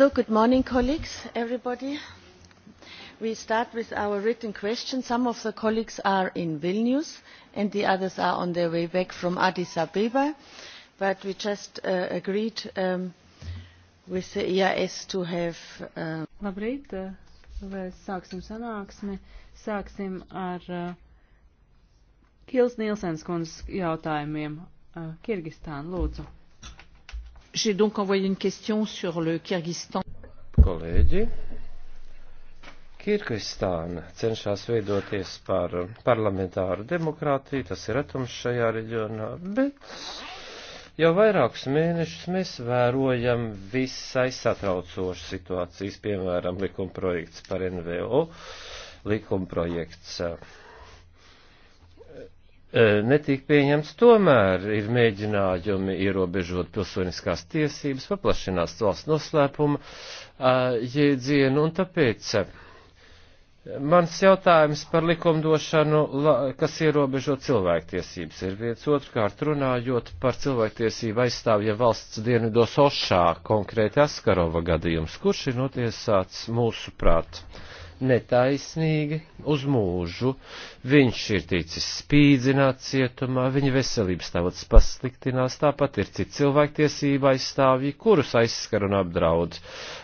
So, good morning, colleagues, everybody. We start with our written questions. Some of the colleagues are in Vilnius, and the others are on their way back from Addis Abeba. But we just uh, agreed um, with the EIS to have. Um, Labrīt, uh, vēl sāksim sanāksmi. Sāksim ar uh, Kils Nielsens kundzes jautājumiem. Uh, Kirgistāna, lūdzu. J'ai donc envoyé une question sur le Kyrgyzstan. Kolēģi, Kirgistāna cenšas veidoties par parlamentāru demokrātiju, tas ir atums šajā reģionā, bet jau vairākus mēnešus mēs vērojam visai satraucošu situācijas, piemēram, likumprojekts par NVO, likumprojekts uh, E, netika pieņemts, tomēr ir mēģinājumi ierobežot pilsoniskās tiesības, paplašinās valsts noslēpuma e, jēdzienu, un tāpēc e, mans jautājums par likumdošanu, kas ierobežo cilvēktiesības, ir viens otrkārt runājot par cilvēktiesību aizstāvja valsts dienvidos Ošā, konkrēti Askarova gadījums, kurš ir notiesāts mūsu prāt netaisnīgi uz mūžu. Viņš ir ticis spīdzināts cietumā, viņa veselības stāvots pasliktinās, tāpat ir citi cilvēktiesība aizstāvji, kurus aizskar un apdraud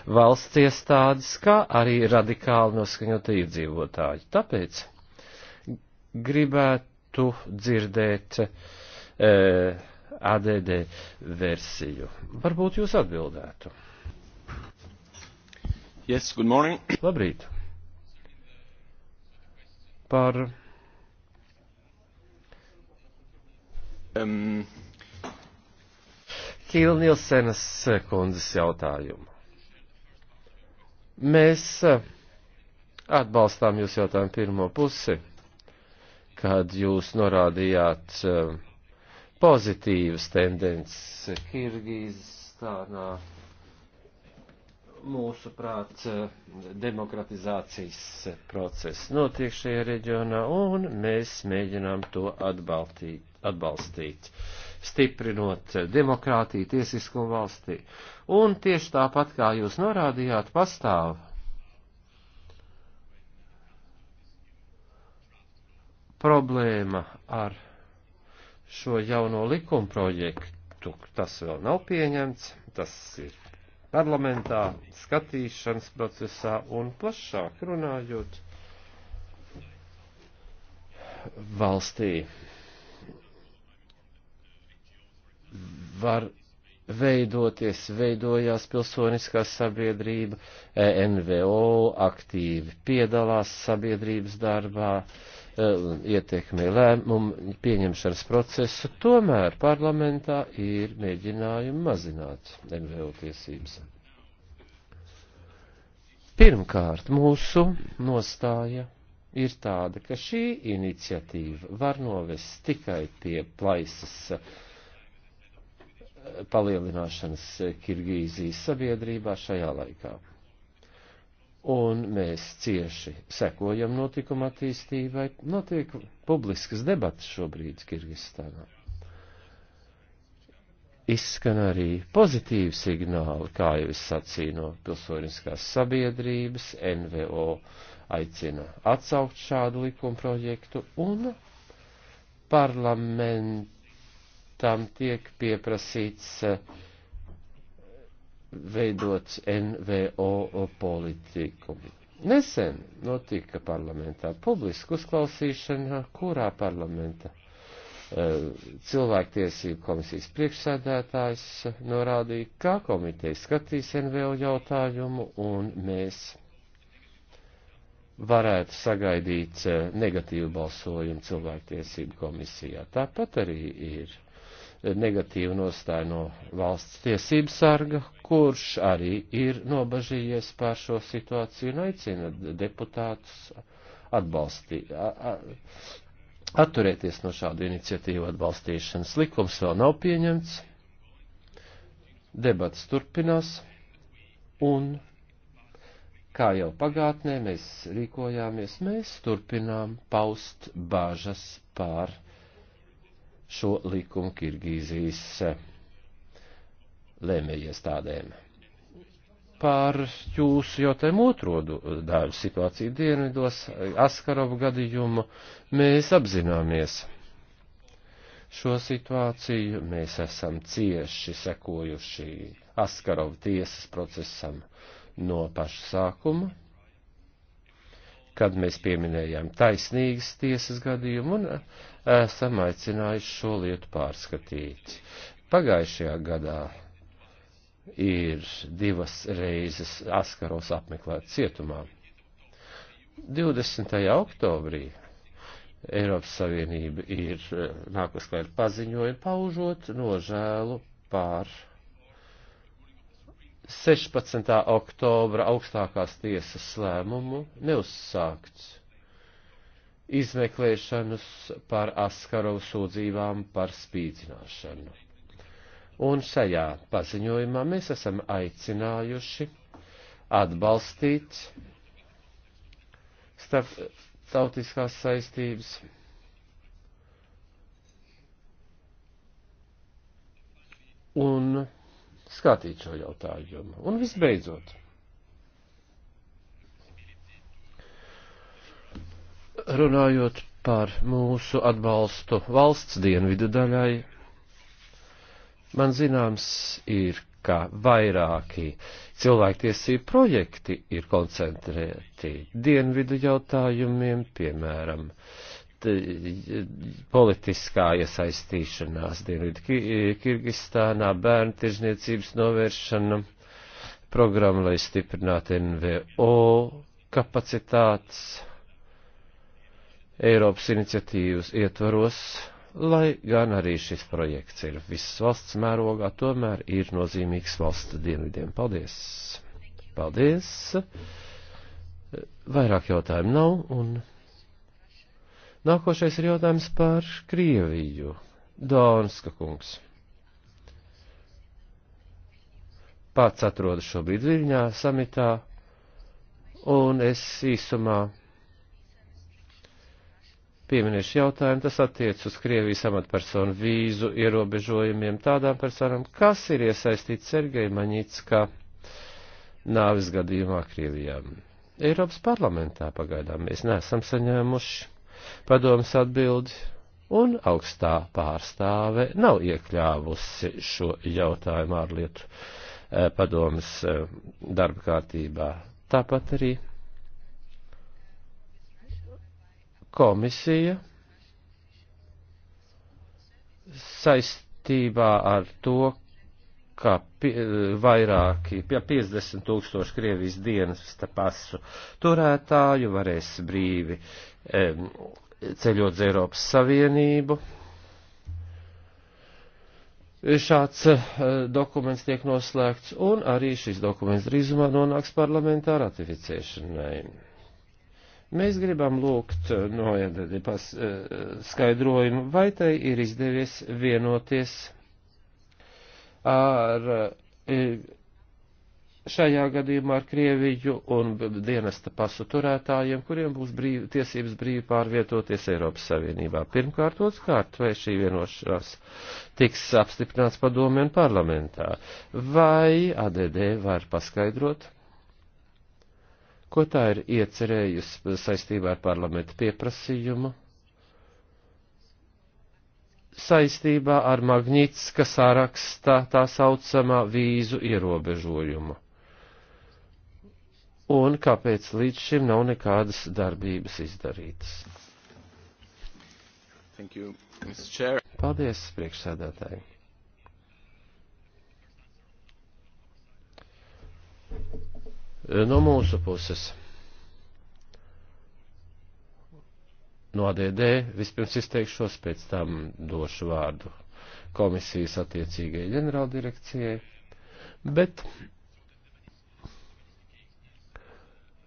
valsts iestādes, kā arī radikāli noskaņotie iedzīvotāji. Tāpēc gribētu dzirdēt e, ADD versiju. Varbūt jūs atbildētu. Yes, good morning. Labrīt par. Um. Kilnilsenas kundzes jautājumu. Mēs uh, atbalstām jūs jautājumu pirmo pusi, kad jūs norādījāt uh, pozitīvas tendences Kirgīzstānā mūsuprāt, demokratizācijas process notiek šajā reģionā, un mēs mēģinām to atbaltīt, atbalstīt, stiprinot demokrātiju, tiesiskumu valstī. Un tieši tāpat, kā jūs norādījāt, pastāv problēma ar šo jauno likumprojektu. Tas vēl nav pieņemts, tas ir parlamentā, skatīšanas procesā un plašāk runājot valstī. Var veidoties, veidojās pilsoniskā sabiedrība, e NVO aktīvi piedalās sabiedrības darbā, Eh, ietekmē lēmumu pieņemšanas procesu, tomēr parlamentā ir mēģinājumi mazināt NVO tiesības. Pirmkārt, mūsu nostāja ir tāda, ka šī iniciatīva var novest tikai pie plaisas eh, palielināšanas eh, Kirgīzijas sabiedrībā šajā laikā un mēs cieši sekojam notikuma attīstībai. Notiek publiskas debatas šobrīd Kirgistānā. Izskan arī pozitīvi signāli, kā jau es sacīju, no pilsoniskās sabiedrības, NVO aicina atsaukt šādu likumprojektu un parlamentam tiek pieprasīts uh, veidot NVO politiku. Nesen notika parlamentā publiska uzklausīšana, kurā parlamenta e, cilvēktiesību komisijas priekšsēdētājs norādīja, kā komiteja skatīs NVO jautājumu, un mēs varētu sagaidīt e, negatīvu balsojumu cilvēktiesību komisijā. Tāpat arī ir negatīvu nostāju no valsts tiesību sarga, kurš arī ir nobažījies pār šo situāciju un aicina deputātus atbalstīt. Atturēties no šādu iniciatīvu atbalstīšanas likums vēl nav pieņemts, debats turpinās, un, kā jau pagātnē mēs rīkojāmies, mēs turpinām paust bāžas pār šo likumu Kirgīzijas eh, lēmējiestādēm. Pār jūsu jautājumu otro daļu situāciju dienvidos, eh, Askarovu gadījumu, mēs apzināmies šo situāciju, mēs esam cieši sekojuši Askarovu tiesas procesam no paša sākuma kad mēs pieminējām taisnīgas tiesas gadījumu un e, esam aicinājuši šo lietu pārskatīt. Pagājušajā gadā ir divas reizes Askaros apmeklēt cietumā. 20. oktobrī Eiropas Savienība ir e, nākus klāt paziņoja paužot nožēlu pār 16. oktobra augstākās tiesas lēmumu neuzsākts izmeklēšanas par Askarovu sūdzībām par spīdzināšanu. Un šajā paziņojumā mēs esam aicinājuši atbalstīt starptautiskās saistības un skatīt šo jautājumu. Un visbeidzot. Runājot par mūsu atbalstu valsts dienvidu daļai, man zināms ir, ka vairāki cilvēktiesību projekti ir koncentrēti dienvidu jautājumiem, piemēram, uh, Eh, politiskā iesaistīšanās Dienvidu eh, Kirgistānā, bērnu tirzniecības novēršana, programma, lai stiprinātu NVO kapacitātes Eiropas iniciatīvas ietvaros, lai gan arī šis projekts ir viss valsts mērogā, tomēr ir nozīmīgs valsts dienvidiem. Paldies! Paldies! Vairāk jautājumu nav un. Nākošais ir jautājums par Krieviju. Dānska kungs. Pats atrodas šobrīd Viļņā samitā, un es īsumā pieminēšu jautājumu, tas attiec uz Krievijas amatpersonu vīzu ierobežojumiem tādām personām, kas ir iesaistīts Sergeja Maņicka nāvis gadījumā Krievijām. Eiropas parlamentā pagaidām mēs neesam saņēmuši padomas atbildi, un augstā pārstāve nav iekļāvusi šo jautājumu ārlietu eh, padomas eh, darba kārtībā. Tāpat arī komisija saistībā ar to, ka pie, eh, vairāki, pie 50 tūkstoši Krievijas dienas pasu turētāju varēs brīvi ceļot uz Eiropas Savienību. Šāds eh, dokuments tiek noslēgts, un arī šis dokuments drīzumā nonāks parlamentā ratificēšanai. Mēs gribam lūgt eh, no Edepas eh, skaidrojumu, vai tai ir izdevies vienoties ar šajā gadījumā ar Krieviju un dienesta pasu turētājiem, kuriem būs brīv, tiesības brīvi pārvietoties Eiropas Savienībā. Pirmkārt, otrkārt, vai šī vienošanās tiks apstiprināts padomē un parlamentā, vai ADD var paskaidrot, ko tā ir iecerējusi saistībā ar parlamenta pieprasījumu saistībā ar Magnitska saraksta tā saucamā vīzu ierobežojumu un kāpēc līdz šim nav nekādas darbības izdarītas. Thank you, Paldies, priekšsēdētāji. No mūsu puses. No ADD vispirms izteikšos, pēc tam došu vārdu komisijas attiecīgajai ģenerāldirekcijai, bet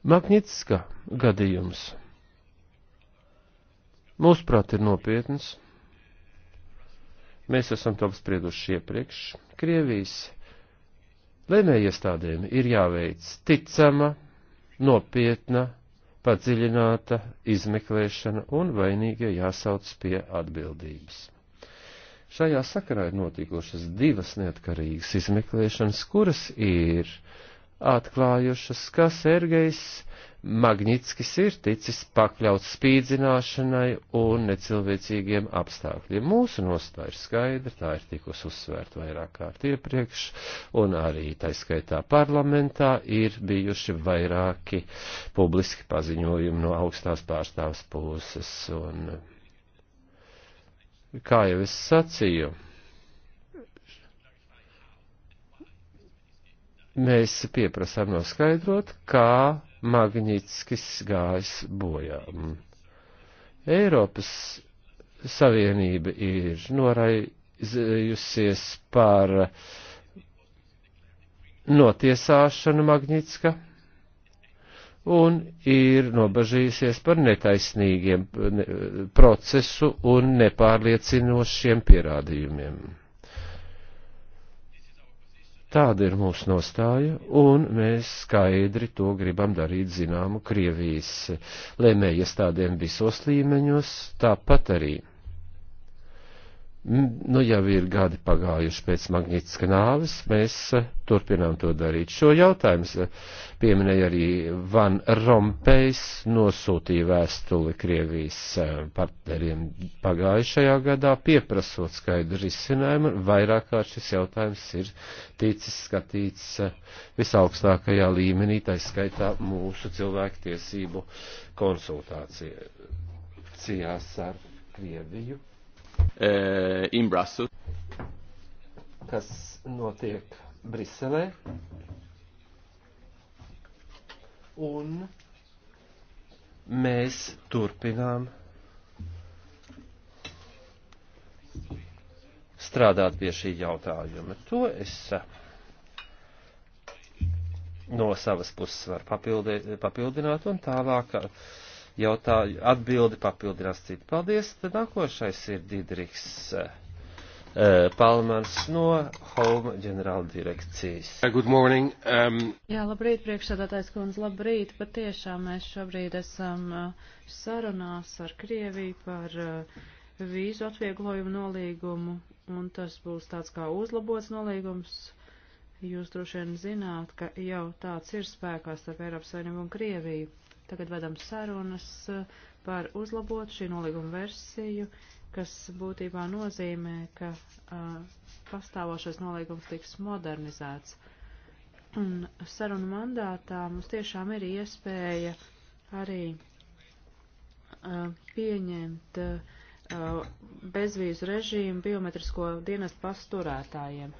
Magnitska gadījums mūsuprāt ir nopietns. Mēs esam to apsprieduši iepriekš. Krievijas lēmējiestādēm ir jāveic ticama, nopietna, padziļināta izmeklēšana un vainīgie jāsauc pie atbildības. Šajā sakarā ir notikušas divas neatkarīgas izmeklēšanas, kuras ir uh, atklājušas, ka Sergejs Magnitskis ir ticis pakļauts spīdzināšanai un necilvēcīgiem apstākļiem. Mūsu nostāja ir skaidra, tā ir tikus uzsvērta vairāk kārt iepriekš, un arī taiskaitā parlamentā ir bijuši vairāki publiski paziņojumi no augstās pārstāvs puses, un kā jau es sacīju, mēs pieprasām noskaidrot, kā Magnitskis gājis bojām. Eiropas Savienība ir noraizījusies par notiesāšanu Magnitska un ir nobažījusies par netaisnīgiem procesu un nepārliecinošiem pierādījumiem. Tāda ir mūsu nostāja, un mēs skaidri to gribam darīt zināmu Krievijas lēmējiestādēm visos līmeņos, tāpat arī nu jau ir gadi pagājuši pēc Magnitska nāves, mēs eh, turpinām to darīt. Šo jautājumu eh, pieminēja arī Van Rompējs, nosūtīja vēstuli Krievijas eh, partneriem pagājušajā gadā, pieprasot skaidru risinājumu. Vairāk kā šis jautājums ir ticis skatīts visaugstākajā līmenī, tā skaitā mūsu cilvēku tiesību konsultācijās ar Krieviju Eh, in Brussels. Kas notiek Briselē? Un mēs turpinām strādāt pie šī jautājuma. To es eh, no savas puses varu papildi, papildināt un tālāk eh, jautāju, atbildi papildinās citu. Paldies, tad nākošais ir Didriks eh, Palmans no Home ģenerāla direkcijas. Good morning. Um... Jā, labrīt, priekšsēdātais kundze, labrīt. Pat tiešām mēs šobrīd esam eh, sarunās ar Krieviju par eh, vīzu atvieglojumu nolīgumu, un tas būs tāds kā uzlabots nolīgums. Jūs droši vien zināt, ka jau tāds ir spēkā starp Eiropas Savienību un Krieviju. Tagad vedam sarunas eh, par uzlabot šī nolīguma versiju, kas būtībā nozīmē, ka uh, pastāvošais nolīgums tiks modernizēts. Un sarunu mandātā mums tiešām ir iespēja arī uh, pieņemt uh, bezvīzu režīmu biometrisko dienestu pasturētājiem.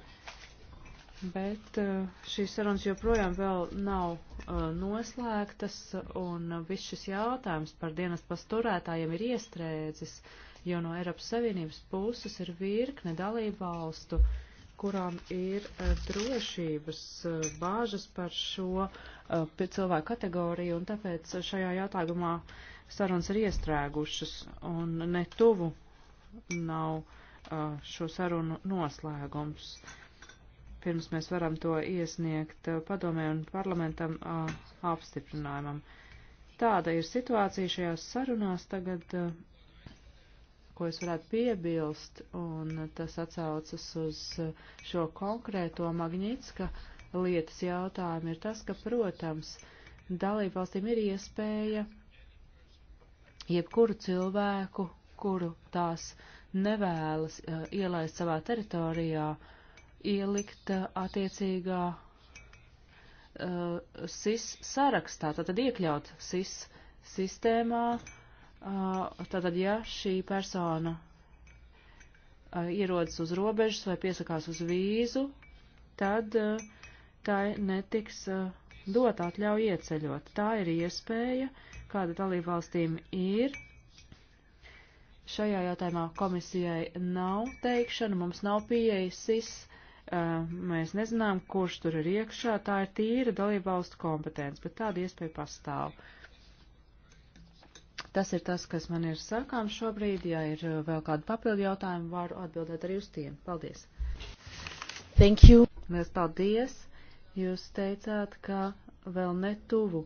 Bet šīs sarunas joprojām vēl nav Uh, noslēgtas, un viss šis jautājums par dienas pasturētājiem ir iestrēdzis, jo no Eiropas Savienības puses ir virkne dalību valstu, kurām ir uh, drošības uh, bāžas par šo cilvēku kategoriju, un tāpēc šajā jautājumā sarunas ir iestrēgušas, un netuvu nav šo sarunu noslēgums. Uh, pirms mēs varam to iesniegt padomē un parlamentam apstiprinājumam. Tāda ir situācija šajās sarunās tagad, ko es varētu piebilst, un tas atsaucas uz šo konkrēto Magnitska lietas jautājumu, ir tas, ka, protams, dalībvalstīm ir iespēja jebkuru cilvēku, kuru tās nevēlas ielaist savā teritorijā, uh, ielikt eh, attiecīgā uh, SIS sarakstā, tātad iekļaut SIS sistēmā, uh, tātad ja šī persona uh, ierodas uz robežas vai piesakās uz vīzu, tad uh, tai netiks uh, dot atļauju ieceļot. Tā ir iespēja, kāda dalībvalstīm ir. Šajā jautājumā komisijai nav teikšana, mums nav pieejas SIS mēs nezinām, kurš tur ir iekšā, tā ir tīra dalībvalstu kompetence, bet tāda iespēja pastāv. Tas ir tas, kas man ir sakām šobrīd. Ja ir vēl kādi papildu jautājumi, varu atbildēt arī uz tiem. Paldies! Thank you! Mēs paldies! Jūs teicāt, ka vēl netuvu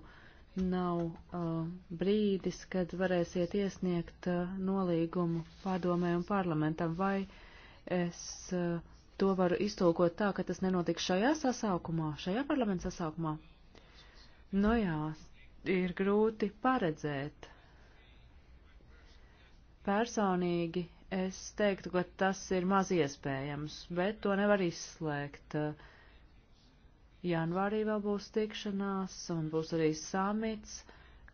nav uh, brīdis, kad varēsiet iesniegt uh, nolīgumu padomē un parlamentam, vai es. Uh, to varu iztulkot tā, ka tas nenotiks šajā sasaukumā, šajā parlamenta sasaukumā. Nu jā, ir grūti paredzēt. Personīgi es teiktu, ka tas ir maz iespējams, bet to nevar izslēgt. Janvārī vēl būs tikšanās un būs arī samits.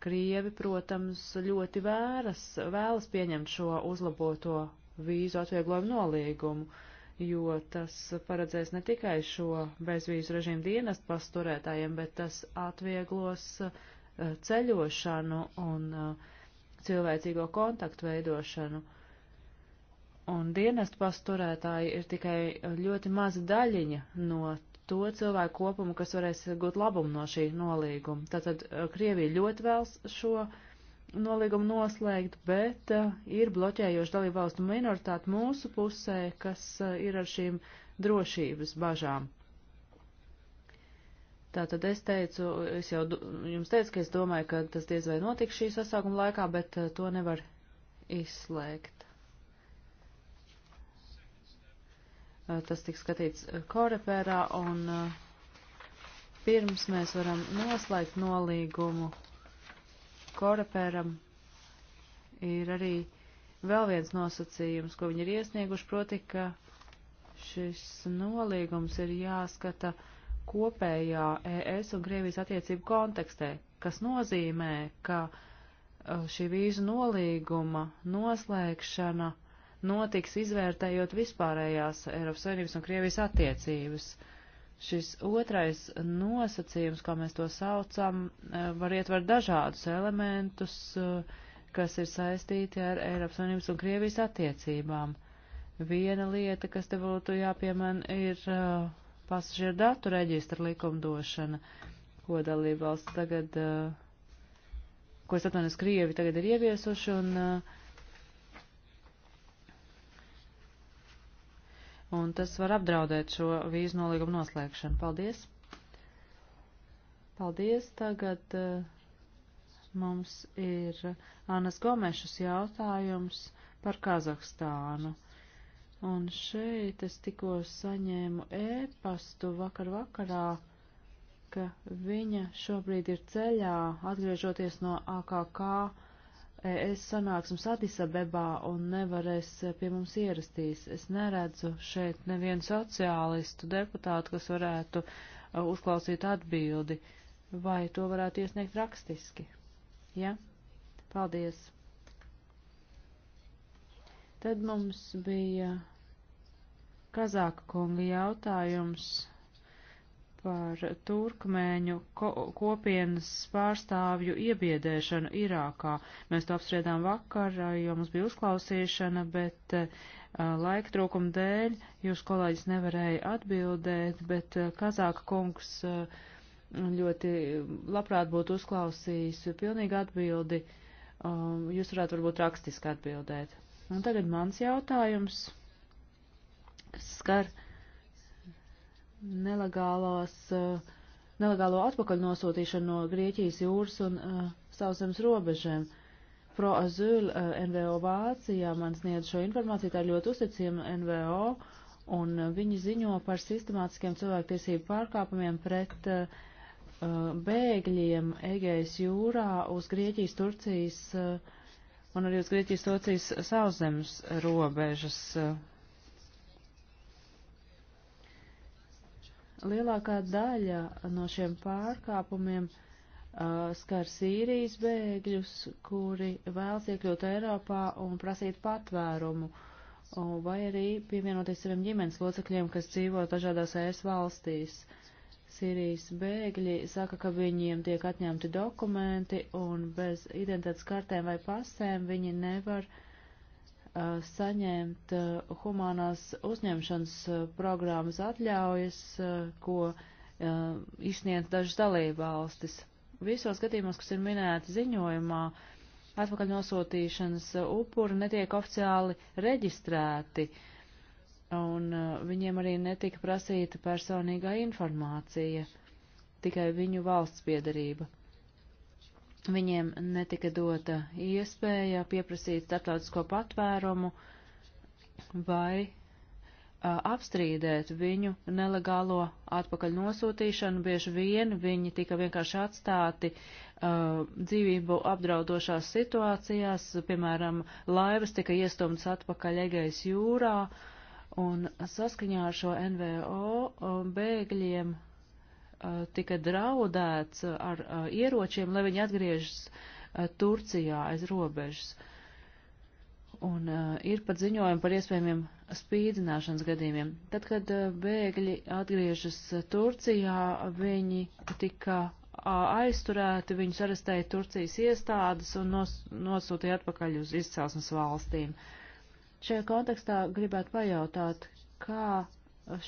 Krievi, protams, ļoti vēras, vēlas pieņemt šo uzlaboto vīzu atvieglojumu nolīgumu. Uh, jo tas paredzēs ne tikai šo bezvīzu režīmu dienestu pasturētājiem, bet tas atvieglos eh, ceļošanu un eh, cilvēcīgo kontaktu veidošanu. Un dienestu pasturētāji ir tikai ļoti maza daļiņa no to cilvēku kopumu, kas varēs gūt labumu no šī nolīguma. Tātad eh, Krievija ļoti vēlas šo uh, nolīgumu noslēgt, bet uh, ir bloķējoši dalību valstu minoritāti mūsu pusē, kas uh, ir ar šīm drošības bažām. Tātad es teicu, es jau jums teicu, ka es domāju, ka tas diez vai notiks šī sasaukuma laikā, bet uh, to nevar izslēgt. Tas tiks skatīts korepērā, un pirms mēs varam noslēgt nolīgumu, Koreperam ir arī vēl viens nosacījums, ko viņi ir iesnieguši, proti, ka šis nolīgums ir jāskata kopējā ES un Krievijas attiecību kontekstē, kas nozīmē, ka e, šī vīzu nolīguma noslēgšana notiks izvērtējot vispārējās Eiropas Savienības un Krievijas attiecības. Uh, Šis otrais nosacījums, kā mēs to saucam, e, var ietver dažādus elementus, e, kas ir saistīti ar Eiropas Savienības un Krievijas attiecībām. Viena lieta, kas te būtu jāpiemēr, ir e, pasažieru datu reģistra likumdošana, ko dalībvalsts tagad, ko es atvainojos, Krievi tagad ir ieviesuši, un uh, un tas var apdraudēt šo vīzu nolīgumu noslēgšanu. Paldies! Paldies! Tagad eh, mums ir Anas Gomešas jautājums par Kazahstānu. Un šeit es tikko saņēmu ēpastu vakar vakarā, ka viņa šobrīd ir ceļā, atgriežoties no AKK es sanāksmes Atisabebā un nevarēs pie mums ierastīs. Es neredzu šeit nevienu sociālistu deputātu, kas varētu e, uzklausīt atbildi. Vai to varētu iesniegt rakstiski? Ja? Paldies. Tad mums bija Kazāka kunga jautājums par turkmēņu ko kopienas pārstāvju iebiedēšanu Irākā. Mēs to apspriedām vakar, jo mums bija uzklausīšana, bet uh, laika trūkuma dēļ jūs kolēģis nevarēja atbildēt, bet uh, Kazāka kungs uh, ļoti labprāt būtu uzklausījis pilnīgi atbildi. Um, jūs varētu varbūt rakstiski atbildēt. Un tagad mans jautājums, kas skar nelegālās, eh, nelegālo atpakaļ nosūtīšanu no Grieķijas jūras un uh, sauszemes robežēm. ProAzul uh, eh, NVO Vācijā man sniedz šo informāciju, tā ir ļoti uzticama NVO, un uh, viņi ziņo par sistemātiskiem cilvēktiesību pārkāpumiem pret uh, bēgļiem Egejas jūrā uz Grieķijas, Turcijas uh, un arī uz Grieķijas, Turcijas sauszemes robežas. Uh, Lielākā daļa no šiem pārkāpumiem uh, skar Sīrijas bēgļus, kuri vēlas iekļūt Eiropā un prasīt patvērumu, uh, vai arī pievienoties saviem ģimenes locekļiem, kas dzīvo dažādās ES valstīs. Sīrijas bēgļi saka, ka viņiem tiek atņemti dokumenti un bez identitātes kartēm vai pasēm viņi nevar uh, saņemt humanās uzņemšanas programmas atļaujas, ko izsniedz dažas dalībvalstis. Visos gadījumos, kas ir minēti ziņojumā, atpakaļ nosūtīšanas upuri netiek oficiāli reģistrēti, un viņiem arī netika prasīta personīgā informācija, tikai viņu valsts piedarība. Viņiem netika dota iespēja pieprasīt starptautisko patvērumu vai apstrīdēt viņu nelegālo atpakaļ nosūtīšanu. Bieži vien viņi tika vienkārši atstāti uh, dzīvību apdraudošās situācijās, piemēram, laivas tika iestumtas atpakaļ Egejas jūrā, un saskaņā ar šo NVO bēgļiem tika draudēts ar ieročiem, lai viņi atgriežas Turcijā aiz robežas. Un ir pat ziņojumi par iespējamiem spīdzināšanas gadījumiem. Tad, kad bēgļi atgriežas Turcijā, viņi tika aizturēti, viņus arestēja Turcijas iestādes un nos, nosūtīja atpakaļ uz izcelsmes valstīm. Šajā kontekstā gribētu pajautāt, kā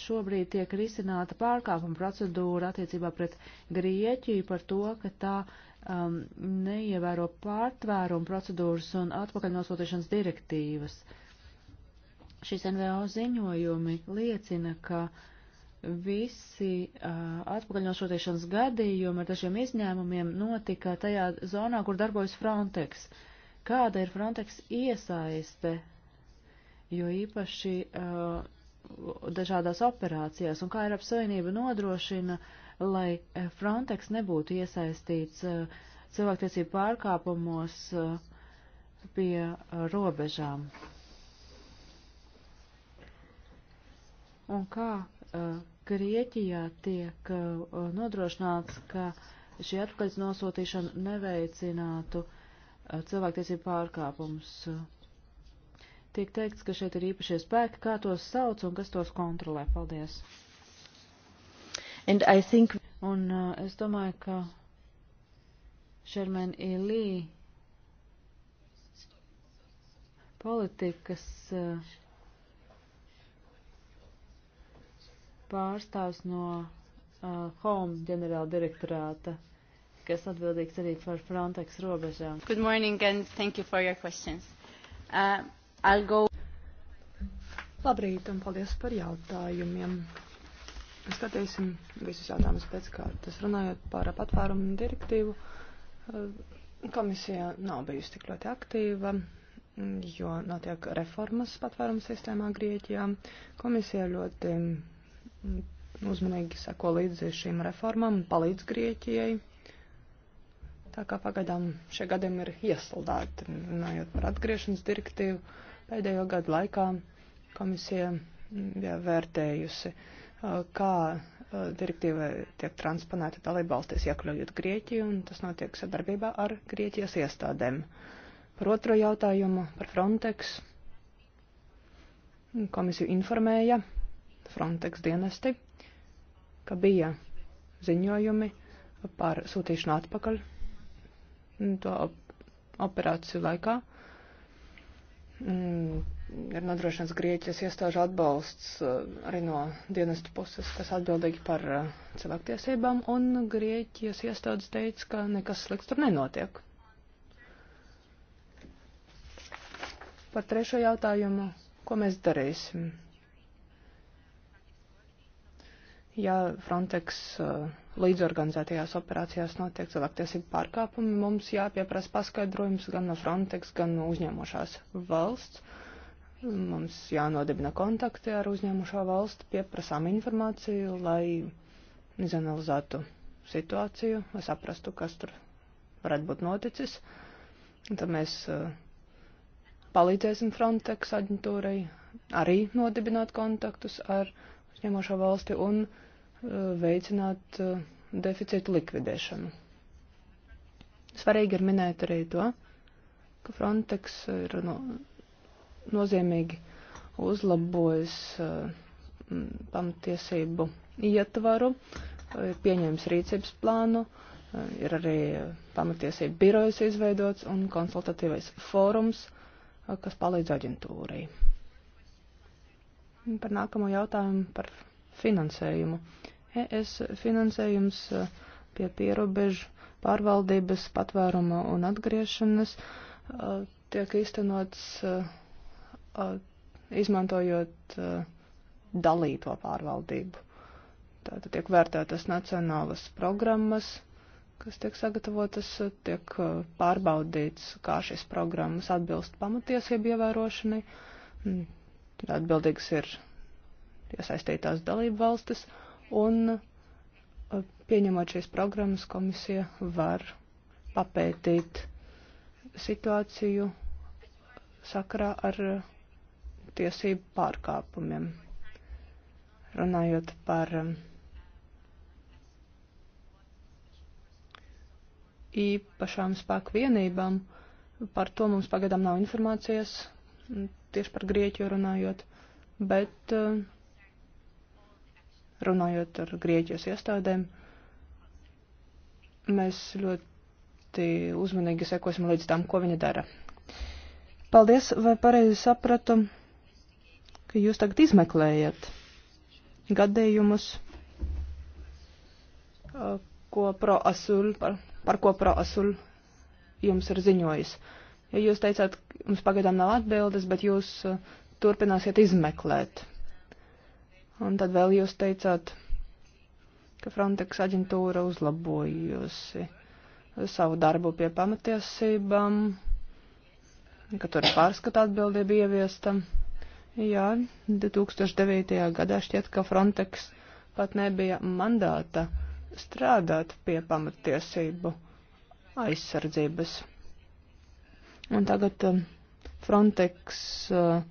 šobrīd tiek risināta pārkāpuma procedūra attiecībā pret Grieķiju par to, ka tā um, neievēro pārtvērumu procedūras un atpakaļnosūtīšanas direktīvas. Šis NVO ziņojumi liecina, ka visi uh, atpakaļnosūtīšanas gadījumi ar dažiem izņēmumiem notika tajā zonā, kur darbojas Frontex. Kāda ir Frontex iesaiste, jo īpaši uh, dažādās operācijās un kā Eiropas Savienība nodrošina, lai eh, Frontex nebūtu iesaistīts eh, cilvēktiesību pārkāpumos eh, pie robežām. Un kā Grieķijā tiek nodrošināts, ka šī atpakaļ nosūtīšana neveicinātu cilvēktiesību pārkāpumus Tiek teikts, ka šeit ir īpašie spēki, kā tos sauc un kas tos kontrolē. Paldies. Think... Un uh, es domāju, ka Šermen Ilī politikas uh, pārstāvs no uh, Home ģenerāla direktorāta, kas atbildīgs arī par Frontex robežām. Good morning and thank you for your questions. Uh, Algo. Labrīt un paldies par jautājumiem. Skatīsim visus jautājumus pēc kārtas. Runājot par patvērumu direktīvu, eh, komisija nav bijusi tik ļoti aktīva, jo notiek reformas patvērumu sistēmā Grieķijā. Komisija ļoti mm, uzmanīgi sako līdzi šīm reformām un palīdz Grieķijai. Tā kā pagaidām šie gadiem ir iesaldēti, runājot par atgriešanas direktīvu, Pēdējo gadu laikā komisija bija mm, vērtējusi, kā direktīva tiek transponēta dalībvalstīs, iekļaujot Grieķiju, un tas notiek sadarbībā ar Grieķijas iestādēm. Par otro jautājumu, par Frontex. Komisiju informēja Frontex dienesti, ka bija ziņojumi par sūtīšanu atpakaļ mm, to operāciju laikā. Mm, ir nodrošināts Grieķijas iestāžu atbalsts eh, arī no dienestu puses, kas atbildīgi par eh, cilvēktiesībām, un Grieķijas iestādes teica, ka nekas slikts tur nenotiek. Par trešo jautājumu, ko mēs darīsim? Ja Frontex uh, līdzorganizētajās operācijās notiek cilvēktiesību pārkāpumi, mums jāpieprasa paskaidrojums gan no Frontex, gan no uzņēmušās valsts. Mums jānodibina kontakti ar uzņēmušo valstu, pieprasām informāciju, lai izanalizētu situāciju, lai saprastu, kas tur varētu būt noticis. Un tad mēs eh, palīdzēsim Frontex aģentūrai arī nodibināt kontaktus ar uzņēmošo valsti un uh, veicināt uh, deficītu likvidēšanu. Svarīgi ir minēt arī to, ka Frontex ir no, nozīmīgi uzlabojis uh, pamatiesību ietvaru, uh, ir pieņēmis rīcības plānu, ir arī pamatiesību birojas izveidots un konsultatīvais fórums, kas palīdz aģentūrai. Par nākamo jautājumu par finansējumu. Uh, ES finansējums e, pie pierobežu pārvaldības patvēruma un atgriešanas e, tiek īstenots e, izmantojot dalīto pārvaldību. Tātad tiek vērtētas nacionālas programmas, kas tiek sagatavotas, tiek pārbaudīts, kā šīs programmas atbilst pamatiesību ievērošanai. Atbildīgs ir iesaistītās dalību valstis. Uh, un uh, pieņemot šīs programmas, komisija var papētīt situāciju sakarā ar uh, tiesību pārkāpumiem. Runājot par um, īpašām spēku vienībām, par to mums pagaidām nav informācijas, tieši par Grieķiju runājot, bet uh, runājot ar Grieķijas iestādēm. Mēs ļoti uzmanīgi sekosim līdz tam, ko viņa dara. Paldies, vai pareizi sapratu, ka jūs tagad izmeklējat gadījumus, uh, ko proasul, par, par ko proasul jums ir ziņojis. Ja jūs teicāt, mums pagaidām nav atbildes, bet jūs uh, turpināsiet izmeklēt. Un tad vēl jūs teicāt, ka Frontex aģentūra uzlabojusi savu darbu pie pamatiesībām, ka tur pārskata atbildība ieviesta. Jā, 2009. gadā šķiet, ka Frontex pat nebija mandāta strādāt pie pamatiesību aizsardzības. Un tagad um, Frontex uh,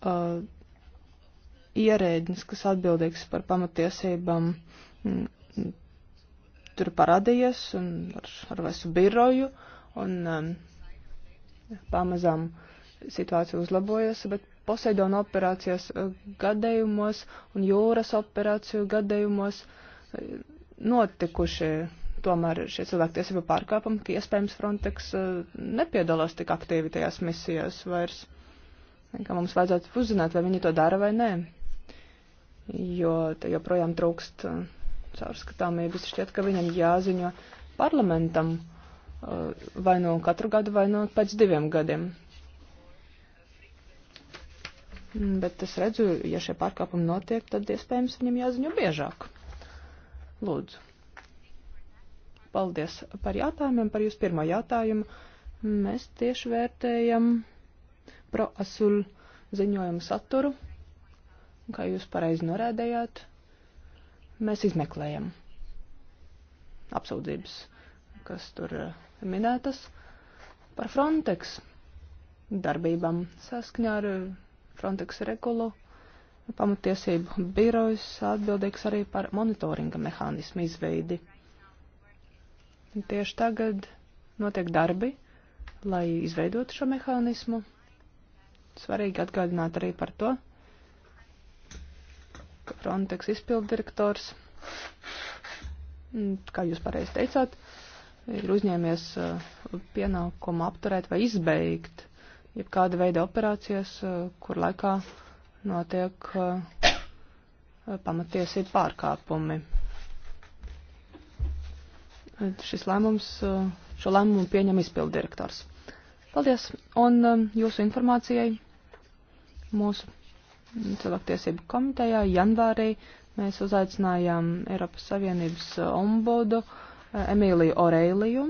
uh, ierēdnis, kas atbildīgs par pamatiesībām, mm, mm, tur parādījies un ar, ar visu biroju, un um, pamazām situācija uzlabojas, bet Poseidona operācijas eh, gadējumos un jūras operāciju gadējumos eh, notikuši tomēr šie cilvēktiesība pārkāpumi, ka iespējams Frontex eh, nepiedalās tik aktīvi tajās misijās vairs. Ka mums vajadzētu uzzināt, vai viņi to dara vai nē jo joprojām trūkst uh, caurskatāmības. Šķiet, ka viņam jāziņo parlamentam uh, vai no nu katru gadu, vai no nu pēc diviem gadiem. Bet es redzu, ja šie pārkāpumi notiek, tad iespējams viņam jāziņo biežāk. Lūdzu. Paldies par jautājumiem, par jūsu pirmo jautājumu. Mēs tieši vērtējam proasul ziņojumu saturu. Un, kā jūs pareizi norādējāt, mēs izmeklējam apsūdzības, kas tur eh, minētas par Frontex darbībām saskaņā ar eh, Frontex regulu. Pamatiesību birojas atbildīgs arī par monitoringa mehānismu izveidi. Tieši tagad notiek darbi, lai izveidotu šo mehānismu. Svarīgi atgādināt arī par to, ka Frontex izpildirektors, kā jūs pareizi teicāt, ir uzņēmies uh, pienākumu apturēt vai izbeigt jebkāda veida operācijas, uh, kur laikā notiek uh, pamatiesību pārkāpumi. Šis lēmums, šo lēmumu pieņem izpildirektors. Paldies, un um, jūsu informācijai mūsu cilvēktiesību komitejā janvārī mēs uzaicinājām Eiropas Savienības ombudu eh, Emīliju Oreiliju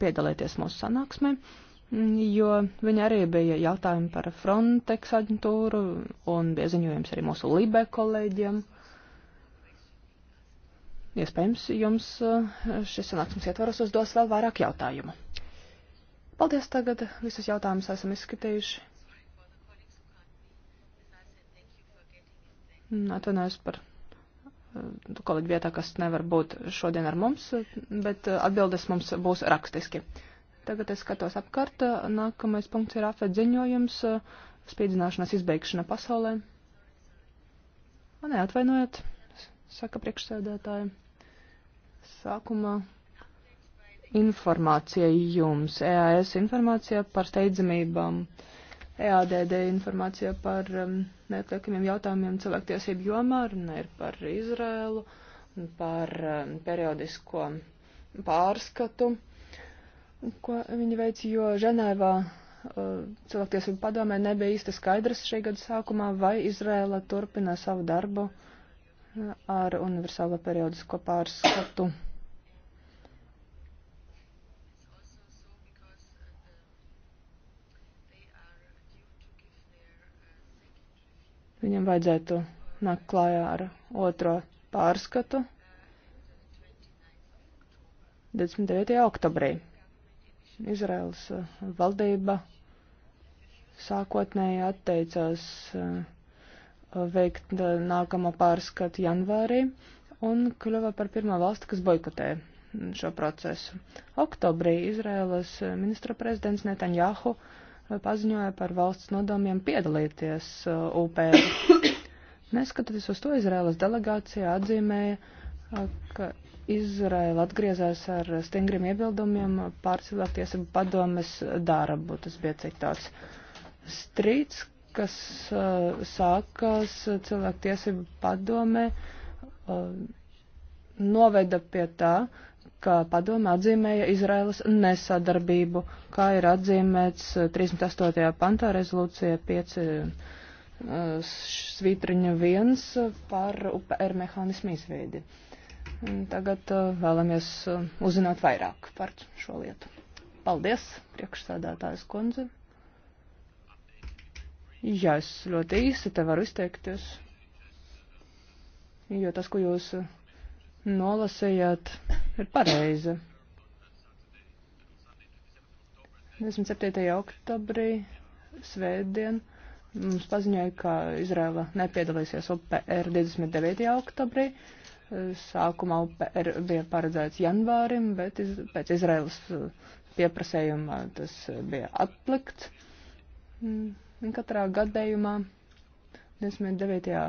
piedalīties mūsu sanāksmē, mm, jo viņa arī bija jautājumi par Frontex aģentūru un bija ziņojums arī mūsu Libe kolēģiem. Iespējams, jums eh, šis sanāksmes ietvaros uzdos vēl vairāk jautājumu. Paldies tagad, visus jautājumus esam izskatījuši. Atvainojos par eh, kolēģi vietā, kas nevar būt šodien ar mums, bet eh, atbildes mums būs rakstiski. Tagad es skatos apkārt. Nākamais punkts ir afet ziņojums eh, - spīdzināšanas izbeigšana pasaulē. Man neatvainojiet, saka priekšsēdētāji. Sākumā informācija jums, EAS informācija par steidzamībām. Um, EADD informācija par um, neatliekamiem jautājumiem cilvēktiesību jomā, runa ir par Izrēlu, par um, periodisko pārskatu, ko viņi veic, jo Ženēvā uh, cilvēktiesību padomē nebija īsti skaidrs šī gada sākumā, vai Izrēla turpina savu darbu uh, ar universālo periodisko pārskatu. Viņam vajadzētu nākt klājā ar otro pārskatu 29. oktobrī. Izraels eh, valdība sākotnēji atteicās eh, veikt eh, nākamo pārskatu janvārī un kļuva par pirmo valsti, kas boikotē šo procesu. Oktobrī Izraēlas ministra prezidents Netanjahu paziņoja par valsts nodomiem piedalīties UPR. Uh, Neskatoties uz to, Izraēlas delegācija atzīmēja, uh, ka Izraēla atgriezās ar stingriem iebildumiem pār cilvēktiesību padomes darbu. Tas bija citāts strīds, kas uh, sākās uh, cilvēktiesību padome, uh, noveda pie tā, uh, ka padome atzīmēja Izraēlas nesadarbību, kā ir atzīmēts 38. pantā rezolūcija 5 uh, svītriņa 1 par UPR er mehānismu izveidi. Tagad uh, vēlamies uh, uzzināt vairāk par šo lietu. Paldies, priekšsādātājs kundze. Jā, es ļoti īsi te varu izteikties, jo tas, ko jūs nolasījāt, ir pareiza. 27. oktobrī, svētdien, mums paziņoja, ka Izraela nepiedalīsies OPR 29. oktobrī. Sākumā OPR bija paredzēts janvārim, bet iz, pēc Izraels uh, pieprasējuma tas bija atlikts. Mm, katrā gadējumā 29.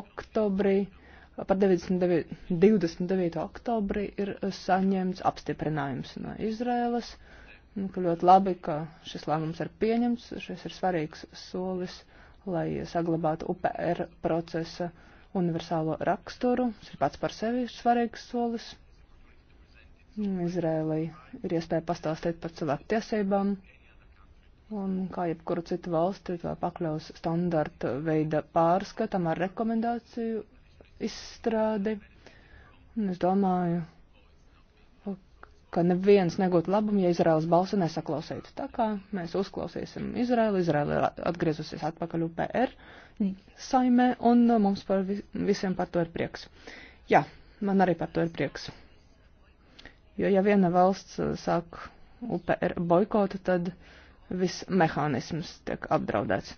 oktobrī par 29, 29. oktobri ir eh, saņemts apstiprinājums no Izrēlas. Nu, ka ļoti labi, ka šis lēmums ir pieņemts, šis ir svarīgs solis, lai saglabātu UPR procesa universālo raksturu. Tas ir pats par sevi svarīgs solis. Nu, Izrēlai ir iespēja pastāstīt par cilvēku tiesībām, un kā jebkuru citu valsti, tā pakļaus standarta veida pārskatam ar rekomendāciju izstrādi. Un es domāju, ka neviens negūtu labumu, ja Izraels balsu nesaklausītu. Tā kā mēs uzklausīsim Izraelu, Izraela ir atgriezusies atpakaļ UPR saimē, un uh, mums par vi visiem par to ir prieks. Jā, man arī par to ir prieks. Jo ja viena valsts uh, sāk UPR boikotu, tad viss mehānisms tiek apdraudēts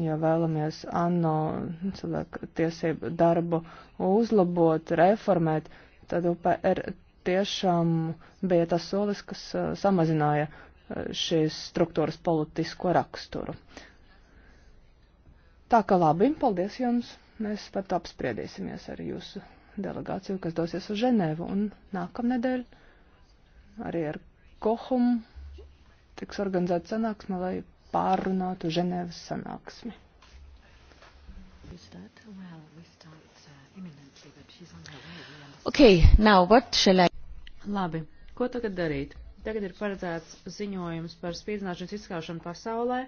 ja vēlamies ANO cilvēku tiesību darbu uzlabot, reformēt, tad UPR tiešām bija tas solis, kas uh, samazināja uh, šīs struktūras politisko raksturu. Tā kā labi, paldies jums, mēs par to apspriedīsimies ar jūsu delegāciju, kas dosies uz Ženēvu un nākamnedēļ arī ar Kohumu tiks organizēta sanāksme, lai pārrunātu Ženēvas sanāksmi. Uh, okay, now what shall I... Labi, ko tagad darīt? Tagad ir paredzēts ziņojums par spīdzināšanas izskaušanu pasaulē.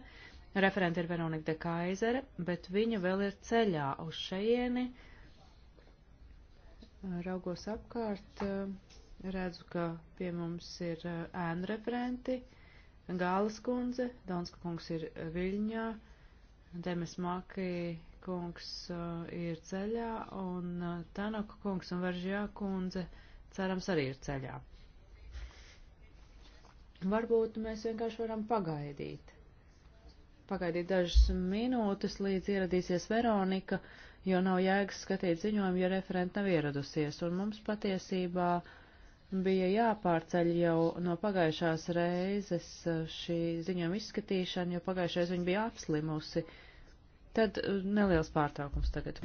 Referenti ir Veronika de Kaizere, bet viņa vēl ir ceļā uz šeieni. Raugos apkārt, redzu, ka pie mums ir uh, ēnu referenti. Uh, Gālas kundze, Donska kungs ir eh, Viļņā, Demes Maki kungs uh, ir ceļā un uh, eh, Tanaka kungs un Veržjā kundze cerams arī ir ceļā. Varbūt mēs vienkārši varam pagaidīt. Pagaidīt dažas minūtes, līdz ieradīsies Veronika, jo nav jēgas skatīt ziņojumu, ja referenta nav ieradusies. Un mums patiesībā uh, bija jāpārceļ jau no pagājušās reizes uh, šī ziņojuma izskatīšana, jo pagājušajā reizē viņa bija apslimusi. Tad uh, neliels pārtraukums tagad.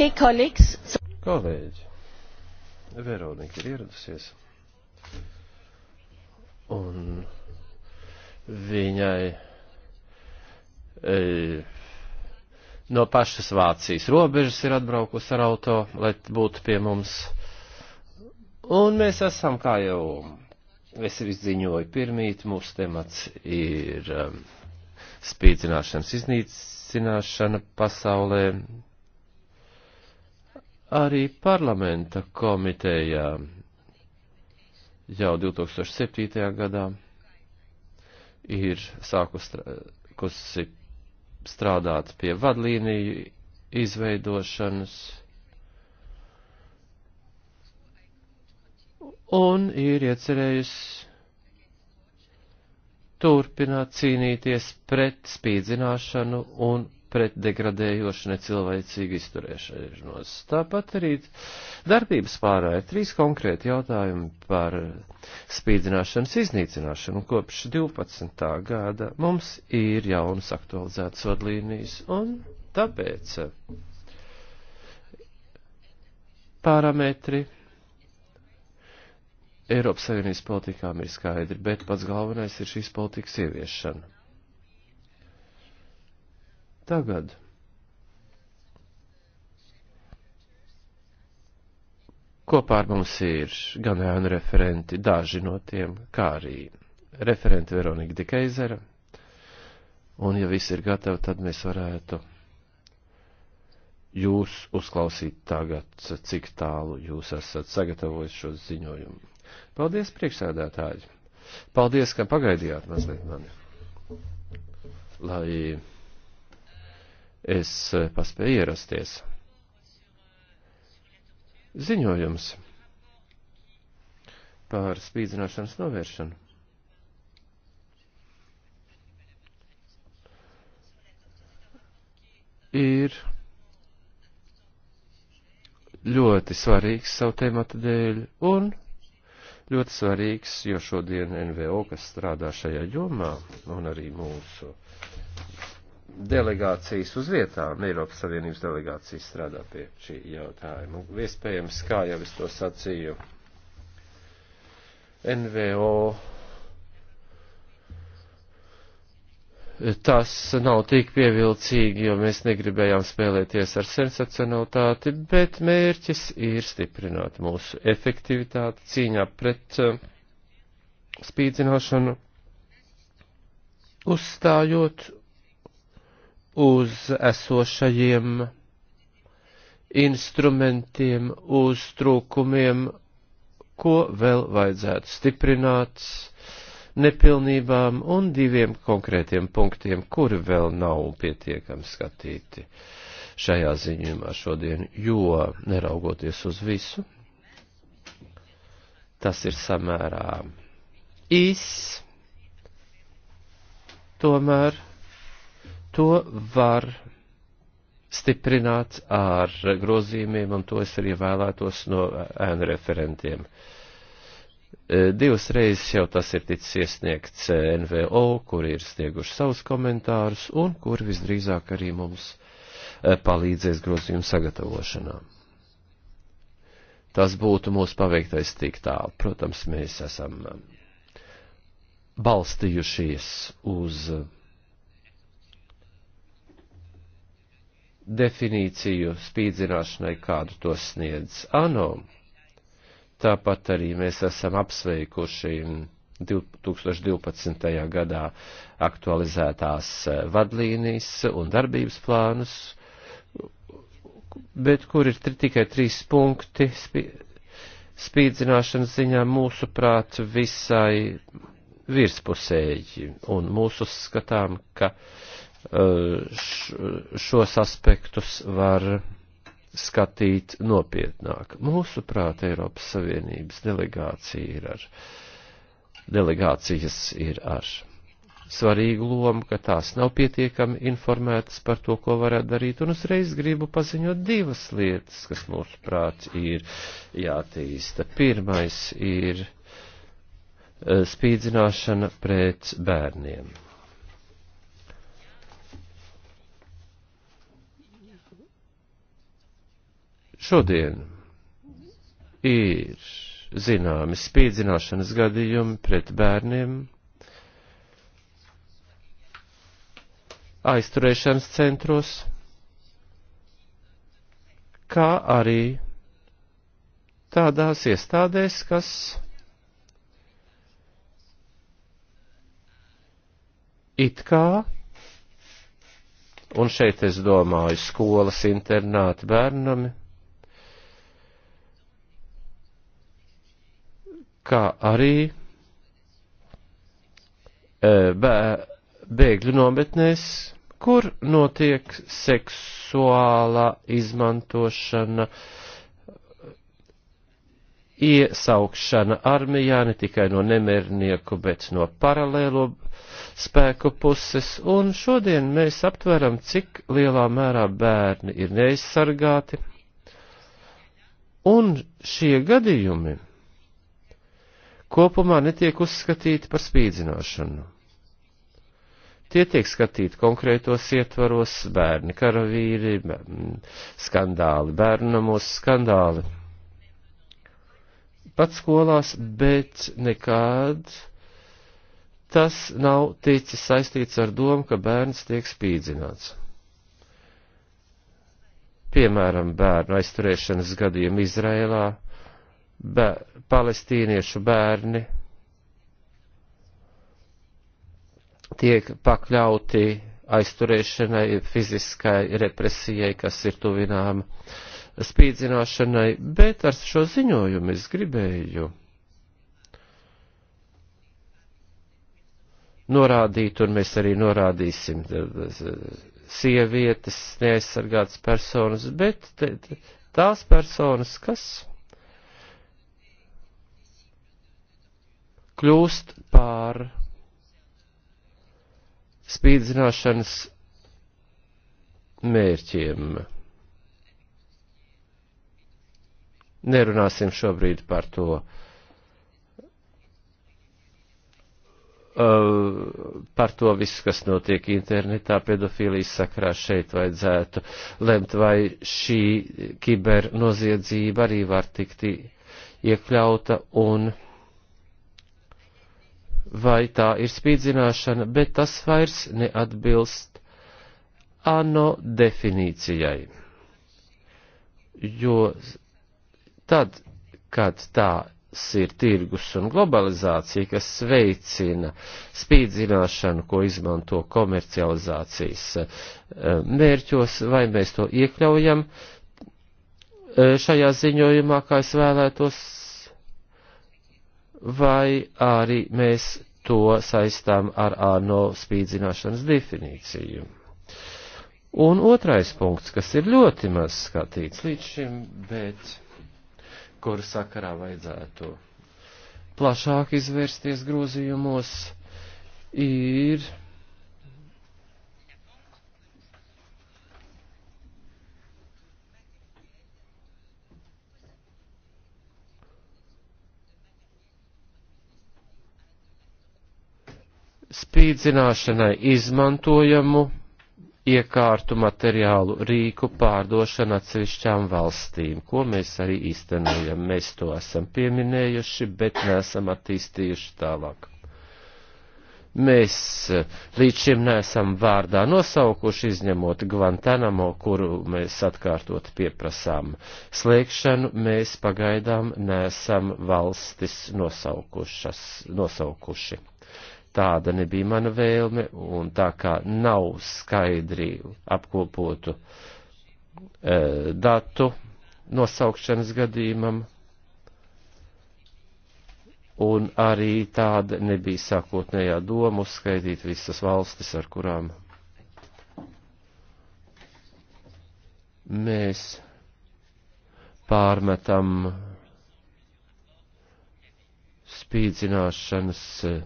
Okay, colleagues. Kolēģi, Veronika ir ieradusies. Un viņai e, no pašas Vācijas robežas ir atbraukusi ar auto, lai būtu pie mums. Un mēs esam, kā jau es arī ziņoju, pirmīt mūsu temats ir um, spīdzināšanas iznīcināšana pasaulē Arī parlamenta komitejā jau 2007. gadā ir sākusi strādāt pie vadlīniju izveidošanas. un ir iecerējusi turpināt cīnīties pret spīdzināšanu un pret degradējošu necilvēcīgu izturēšanos. Tāpat arī darbības pārā ir trīs konkrēti jautājumi par spīdzināšanas iznīcināšanu. Kopš 12. gada mums ir jaunas aktualizētas vadlīnijas, un tāpēc parametri Eiropas Savienības politikām ir skaidri, bet pats galvenais ir šīs politikas ieviešana Tagad kopā ar mums ir gan ēnu referenti, daži no tiem, kā arī referenti Veronika Dikeizera. Un, ja viss ir gatavi, tad mēs varētu jūs uzklausīt tagad, cik tālu jūs esat sagatavojis šo ziņojumu. Paldies, priekšsēdētāji! Paldies, ka pagaidījāt mazliet mani! Lai es eh, paspēju ierasties. Ziņojums par spīdzināšanas novēršanu. Ir ļoti svarīgs savu tēmatu dēļ un ļoti svarīgs, jo šodien NVO, kas strādā šajā jomā, un arī mūsu delegācijas uz vietām, Eiropas Savienības delegācijas strādā pie šī jautājuma. Iespējams, kā jau es to sacīju, NVO tas nav tik pievilcīgi, jo mēs negribējām spēlēties ar sensacionalitāti, bet mērķis ir stiprināt mūsu efektivitāti cīņā pret uh, spīdzināšanu, uzstājot uz esošajiem instrumentiem, uz trūkumiem, ko vēl vajadzētu stiprināt, nepilnībām un diviem konkrētiem punktiem, kuri vēl nav pietiekami skatīti šajā ziņojumā šodien, jo neraugoties uz visu, tas ir samērā īs, tomēr To var stiprināt ar grozījumiem, un to es arī vēlētos no ēnu referentiem. E, divas reizes jau tas ir ticis iesniegts NVO, kur ir snieguši savus komentārus un kur visdrīzāk arī mums e, palīdzēs grozījumu sagatavošanā. Tas būtu mūsu paveiktais tik tālu. Protams, mēs esam balstījušies uz uh, definīciju spīdzināšanai, kādu to sniedz ANO. Tāpat arī mēs esam apsveikuši 2012. gadā aktualizētās eh, vadlīnijas un darbības plānus, bet kur ir tikai trīs punkti spīdzināšanas ziņā mūsuprāt visai virspusēji, un mūsu skatām, ka uh, Eh, šos aspektus var skatīt nopietnāk. Mūsuprāt, Eiropas Savienības delegācija ir ar, delegācijas ir ar svarīgu lomu, ka tās nav pietiekami informētas par to, ko varētu darīt, un uzreiz gribu paziņot divas lietas, kas mūsuprāt ir jātīsta. Pirmais ir eh, spīdzināšana pret bērniem. Šodien ir zināmi spīdzināšanas gadījumi pret bērniem, aizturēšanas centros, kā arī tādās iestādēs, kas it kā, un šeit es domāju skolas internāti bērnami, kā arī e, bēgļu nometnēs, kur notiek seksuālā izmantošana, iesaukšana armijā ne tikai no nemiernieku, bet no paralēlo spēku puses, un šodien mēs aptveram, cik lielā mērā bērni ir neaizsargāti, un šie gadījumi kopumā netiek uzskatīti par spīdzināšanu. Tie tiek skatīti konkrētos ietvaros - bērni karavīri, skandāli, bērnamos skandāli. Pat skolās, bet nekād tas nav ticis saistīts ar domu, ka bērns tiek spīdzināts. Piemēram, bērnu aizturēšanas gadījumu Izrēlā bē, palestīniešu bērni tiek pakļauti aizturēšanai, fiziskai represijai, kas ir tuvināma spīdzināšanai, bet ar šo ziņojumu es gribēju norādīt, un mēs arī norādīsim sievietes, neaizsargātas personas, bet tās personas, kas kļūst par spīdzināšanas mērķiem. Nerunāsim šobrīd par to, uh, par to visu, kas notiek internetā pedofīlijas sakrā šeit vajadzētu lemt, vai šī kibernoziedzība arī var tikt iekļauta un vai tā ir spīdzināšana, bet tas vairs neatbilst ANO definīcijai. Jo tad, kad tās ir tirgus un globalizācija, kas veicina spīdzināšanu, ko izmanto komercializācijas eh, mērķos, vai mēs to iekļaujam eh, šajā ziņojumā, kā es vēlētos vai arī mēs to saistām ar āno spīdzināšanas definīciju. Un otrais punkts, kas ir ļoti maz skatīts līdz šim, bet kuru sakarā vajadzētu plašāk izvērsties grozījumos, ir spīdzināšanai izmantojamu iekārtu materiālu rīku pārdošana atsevišķām valstīm, ko mēs arī īstenojam. Mēs to esam pieminējuši, bet neesam attīstījuši tālāk. Mēs eh, līdz šim neesam vārdā nosaukuši, izņemot Guantanamo, kuru mēs atkārtot pieprasām slēgšanu, mēs pagaidām neesam valstis nosaukušas, nosaukuši. Tāda nebija mana vēlme, un tā kā nav skaidri apkopotu e, datu nosaukšanas gadījumam, un arī tāda nebija sākotnējā doma uzskaitīt visas valstis, ar kurām mēs pārmetam spīdzināšanas e,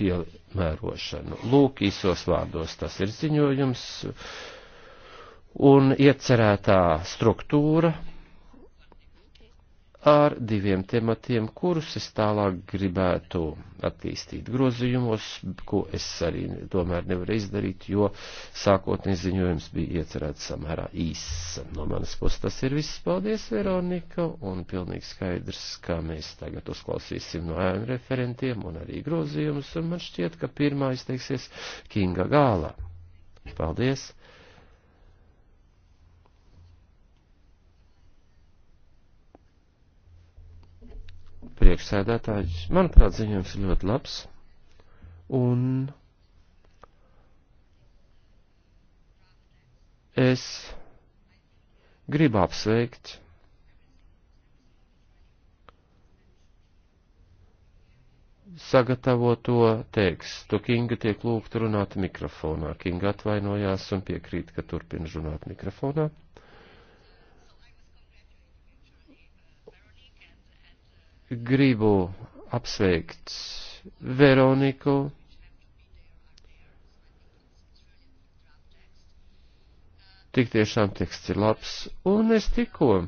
piemērošanu. Lūk, īsos vārdos tas ir ziņojums un iecerētā struktūra ar diviem tematiem, kurus es tālāk gribētu attīstīt grozījumos, ko es arī tomēr nevaru izdarīt, jo sākotnēji ziņojums bija iecerēts samērā īss. No manas puses tas ir viss. Paldies, Veronika, un pilnīgi skaidrs, kā mēs tagad uzklausīsim no ēnu referentiem un arī grozījumus, un man šķiet, ka pirmā izteiksies Kinga Gāla. Paldies! priekšsēdētājs. Manuprāt, ziņojums ir ļoti labs. Un es gribu apsveikt sagatavoto tekstu. Kinga tiek lūgta runāt mikrofonā. Kinga atvainojās un piekrīt, ka turpina runāt mikrofonā. gribu apsveikt Veroniku. Tik tiešām teksts ir labs, un es tikko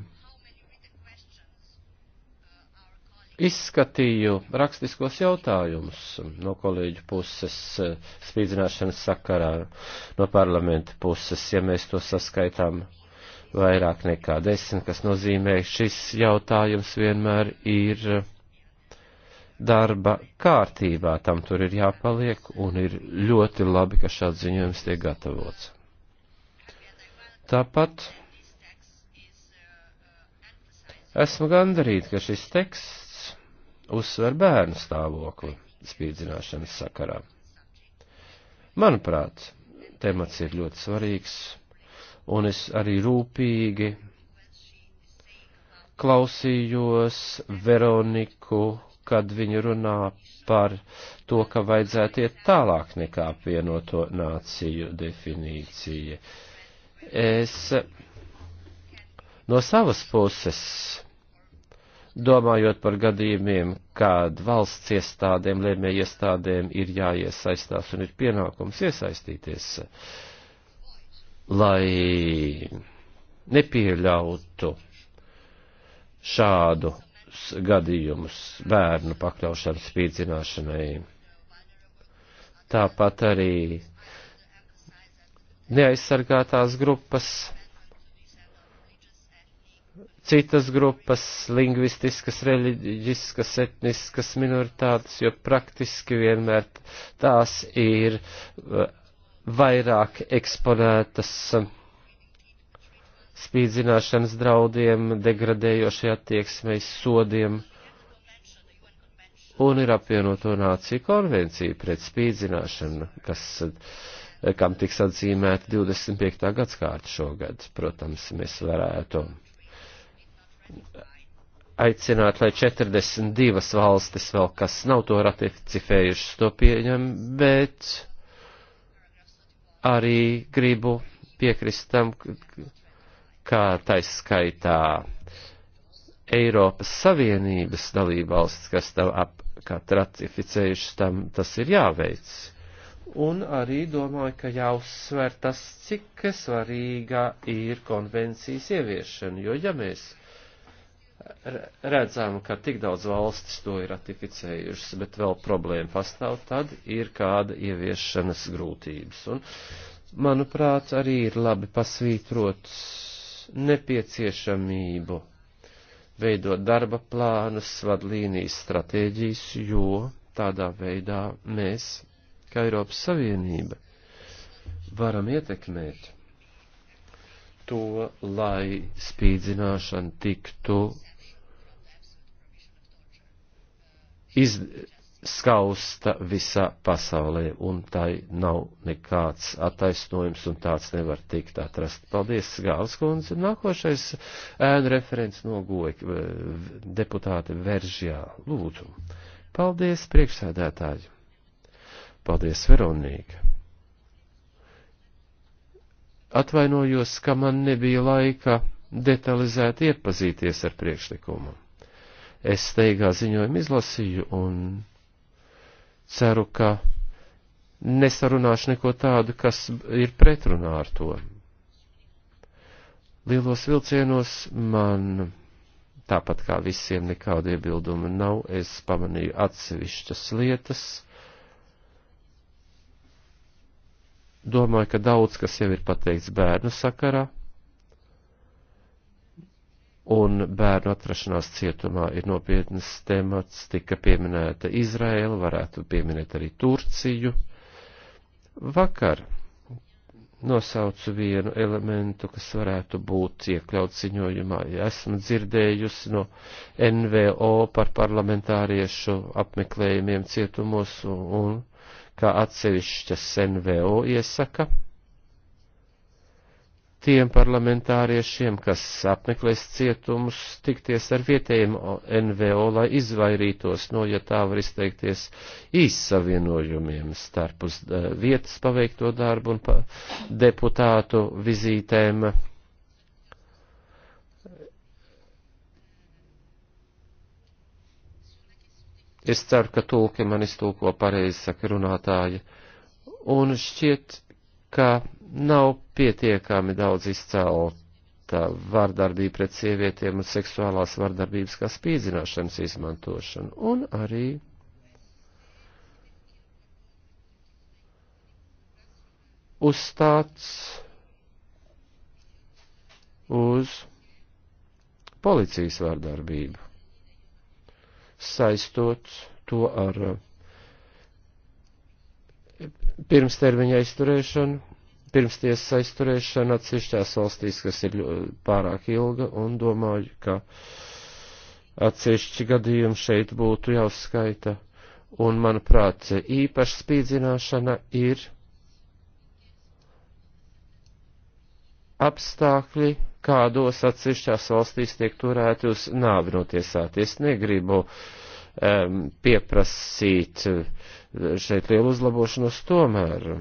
izskatīju rakstiskos jautājumus no kolēģu puses eh, spīdzināšanas sakarā, no parlamenta puses, ja mēs to saskaitām vairāk nekā desmit, kas nozīmē, šis jautājums vienmēr ir eh, darba kārtībā, tam tur ir jāpaliek, un ir ļoti labi, ka šāds ziņojums tiek gatavots. Tāpat esmu gandarīt, ka šis teksts uzsver bērnu stāvokli spīdzināšanas sakarā. Manuprāt, temats ir ļoti svarīgs un es arī rūpīgi klausījos Veroniku, kad viņa runā par to, ka vajadzētu iet tālāk nekā apvienoto nāciju definīcija. Es no savas puses, domājot par gadījumiem, kad valsts iestādēm, lēmē iestādēm ir jāiesaistās un ir pienākums iesaistīties, uh, lai nepieļautu šādu gadījumus bērnu pakļaušanu spīdzināšanai. Tāpat arī neaizsargātās grupas, citas grupas, lingvistiskas, reliģiskas, etniskas minoritātes, jo praktiski vienmēr tās ir vairāk eksponētas spīdzināšanas draudiem, degradējošai attieksmei, sodiem un ir apvienoto nāciju konvencija pret spīdzināšanu, kas, kam tiks atzīmēta 25. gadskārta šogad. Protams, mēs varētu aicināt, lai 42 valstis vēl, kas nav to ratificējušas, to pieņem, bet arī gribu piekrist tam, kā taiskaitā Eiropas Savienības dalībvalstis, kas tam apkārt ratificējušas, tam tas ir jāveic. Un arī domāju, ka jāuzsver tas, cik svarīga ir konvencijas ieviešana, jo ja mēs redzam, ka tik daudz valstis to ir ratificējušas, bet vēl problēma pastāv, tad ir kāda ieviešanas grūtības. Un, manuprāt, arī ir labi pasvītrot nepieciešamību veidot darba plānus, vadlīnijas stratēģijas, jo tādā veidā mēs, kā Eiropas Savienība, varam ietekmēt to, lai spīdzināšana tiktu izskausta visā pasaulē, un tai nav nekāds attaisnojums, un tāds nevar tikt atrast. Paldies, Gāls kundze. Nākošais ēnu referents nogoja deputāte Veržjā. Lūdzu. Paldies, priekšsēdētāji. Paldies, Veronīka. Atvainojos, ka man nebija laika detalizēti iepazīties ar priekšlikumu es steigā ziņojumu izlasīju un ceru, ka nesarunāšu neko tādu, kas ir pretrunā ar to. Lielos vilcienos man tāpat kā visiem nekādu iebildumu nav, es pamanīju atsevišķas lietas. Domāju, ka daudz, kas jau ir pateikts bērnu sakarā, un bērnu atrašanās cietumā ir nopietnas temats, tika pieminēta Izraela, varētu pieminēt arī Turciju. Vakar nosaucu vienu elementu, kas varētu būt iekļauts ziņojumā. Esmu dzirdējusi no NVO par parlamentāriešu apmeklējumiem cietumos un, un kā atsevišķas NVO iesaka tiem parlamentāriešiem, kas apmeklēs cietumus, tikties ar vietējiem NVO, lai izvairītos no, ja tā var izteikties, īssavienojumiem starp uz eh, vietas paveikto darbu un pa deputātu vizītēm. Es ceru, ka tulki man iztulko pareizi, saka runātāja. Un šķiet, ka nav pietiekami daudz izcelta vardarbība pret sievietiem un seksuālās vardarbības kā spīdzināšanas izmantošana. Un arī uzstāts uz policijas vārdarbību, saistot to ar pirmstermiņa aizturēšanu pirmstiesa aizturēšana atsevišķās valstīs, kas ir pārāk ilga, un domāju, ka atsevišķi gadījumi šeit būtu jāuzskaita. Un, manuprāt, īpaši spīdzināšana ir apstākļi, kādos atsevišķās valstīs tiek turēti uz nāvi notiesāti. Es negribu um, pieprasīt eh, šeit lielu uzlabošanos tomēr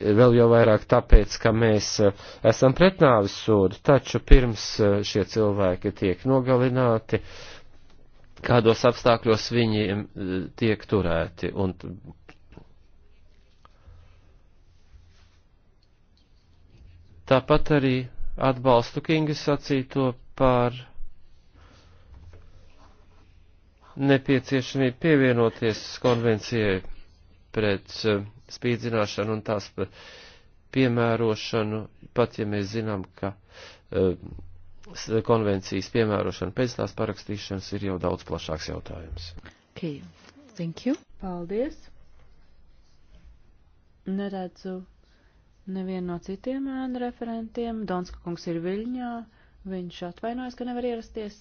vēl jau vairāk tāpēc, ka mēs eh, esam pret nāvis sodu, taču pirms eh, šie cilvēki tiek nogalināti, kādos apstākļos viņi eh, tiek turēti. Un tāpat arī atbalstu Kinga sacīto par nepieciešamību pievienoties konvencijai pret spīdzināšanu un tās piemērošanu, pat ja mēs zinām, ka eh, konvencijas piemērošana pēc tās parakstīšanas ir jau daudz plašāks jautājums. Okay. Thank you. Paldies. Neredzu nevienu no citiem ēnu referentiem. Donska kungs ir Viļņā. Viņš atvainojas, ka nevar ierasties.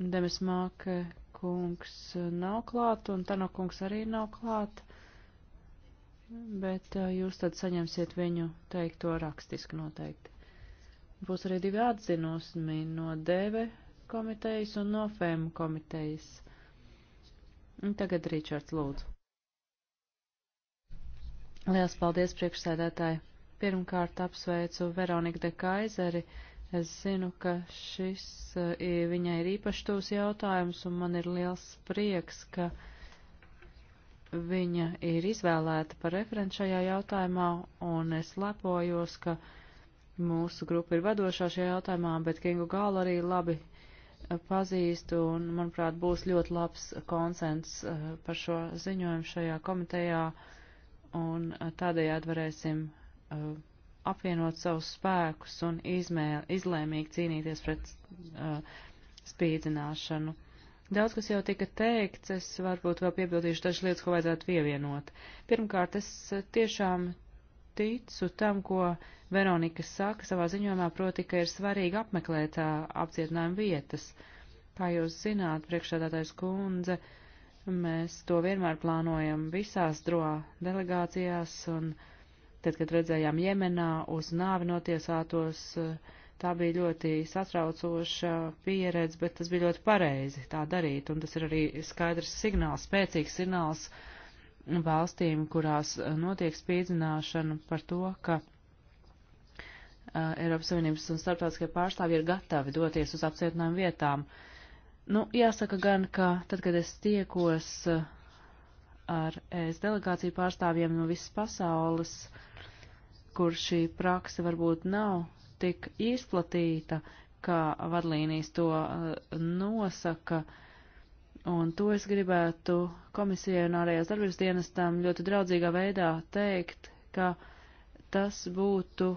Demis Māke kungs nav klāt un Tano kungs arī nav klāt bet eh, jūs tad saņemsiet viņu teikto rakstiski noteikti. Būs arī divi atzinusmi no DV komitejas un no FEM komitejas. Tagad Ričards lūdzu. Liels paldies priekšsēdētāji. Pirmkārt apsveicu Veroniku de Kaiseri. Es zinu, ka šis eh, viņai ir īpaši tūs jautājums, un man ir liels prieks, ka uh, viņa ir izvēlēta par referentu šajā jautājumā, un es lepojos, ka mūsu grupa ir vadošā šajā jautājumā, bet Kingu Gālu arī labi eh, pazīstu, un, manuprāt, būs ļoti labs konsens eh, par šo ziņojumu šajā komitejā, un eh, tādējādi varēsim apvienot savus spēkus un izmē, izlēmīgi cīnīties pret uh, spīdzināšanu. Daudz, kas jau tika teikts, es varbūt vēl piebildīšu dažas lietas, ko vajadzētu pievienot. Pirmkārt, es tiešām ticu tam, ko Veronika saka savā ziņojumā, proti, ka ir svarīgi apmeklēt apcietinājuma vietas. Kā jūs zināt, priekšsēdātais kundze, mēs to vienmēr plānojam visās droā delegācijās, un tad, kad redzējām Jemenā uz nāvi notiesātos, uh, Tā bija ļoti satraucoša pieredze, bet tas bija ļoti pareizi tā darīt, un tas ir arī skaidrs signāls, spēcīgs signāls valstīm, kurās eh, notiek spīdzināšana par to, ka eh, Eiropas Savienības un starptautiskie pārstāvji ir gatavi doties uz apcietinājumu vietām. Nu, jāsaka gan, ka tad, kad es tiekos eh, ar ES delegāciju pārstāvjiem no visas pasaules, kur šī praksa varbūt nav tik izplatīta, kā vadlīnijas to eh, nosaka, un to es gribētu komisijai un ārējās darbības dienestam ļoti draudzīgā veidā teikt, ka tas būtu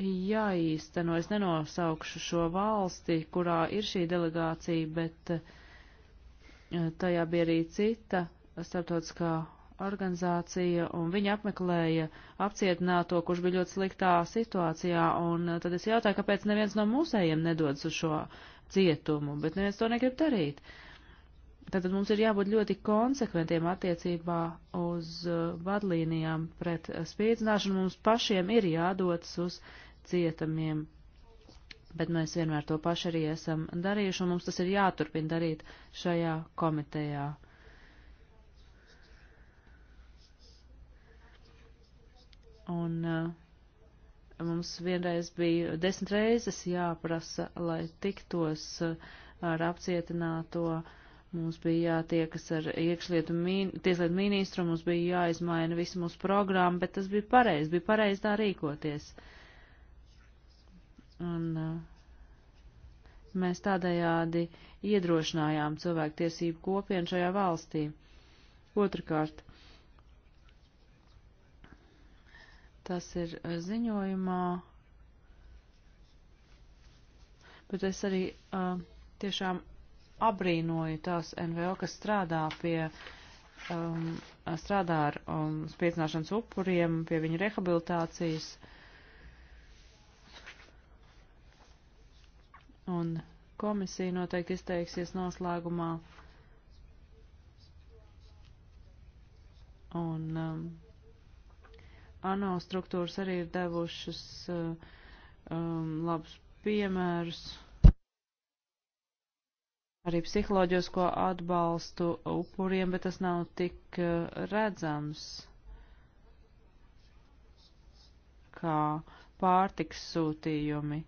jāīsteno. Es nenosaukšu šo valsti, kurā ir šī delegācija, bet eh, tajā bija arī cita starptautiskā organizācija, un viņi apmeklēja apcietināto, kurš bija ļoti sliktā situācijā, un eh, tad es jautāju, kāpēc neviens no mūsējiem nedodas uz šo cietumu, bet neviens to negrib darīt. Tātad mums ir jābūt ļoti konsekventiem attiecībā uz eh, vadlīnijām pret eh, spīdzināšanu, mums pašiem ir jādodas uz cietamiem bet mēs vienmēr to paši arī esam darījuši, un mums tas ir jāturpina darīt šajā komitejā. Un uh, mums vienreiz bija desmit reizes jāprasa, lai tiktos uh, ar apcietināto. Mums bija jātiekas ar iekšlietu mīn, tieslietu ministru, mums bija jāizmaina visu mūsu programmu, bet tas bija pareizi, bija pareizi tā rīkoties. Un uh, mēs tādējādi iedrošinājām cilvēktiesību kopienu šajā valstī. Otrakārt, Tas ir eh, ziņojumā. Bet es arī uh, tiešām abrīnoju tās NVO, kas strādā pie, um, strādā ar um, spiedzināšanas upuriem, pie viņu rehabilitācijas. Un komisija noteikti izteiksies noslēgumā. Un um, ANO struktūras arī ir devušas uh, um, labus piemērus. Arī psiholoģisko atbalstu upuriem, bet tas nav tik uh, redzams kā pārtiks sūtījumi.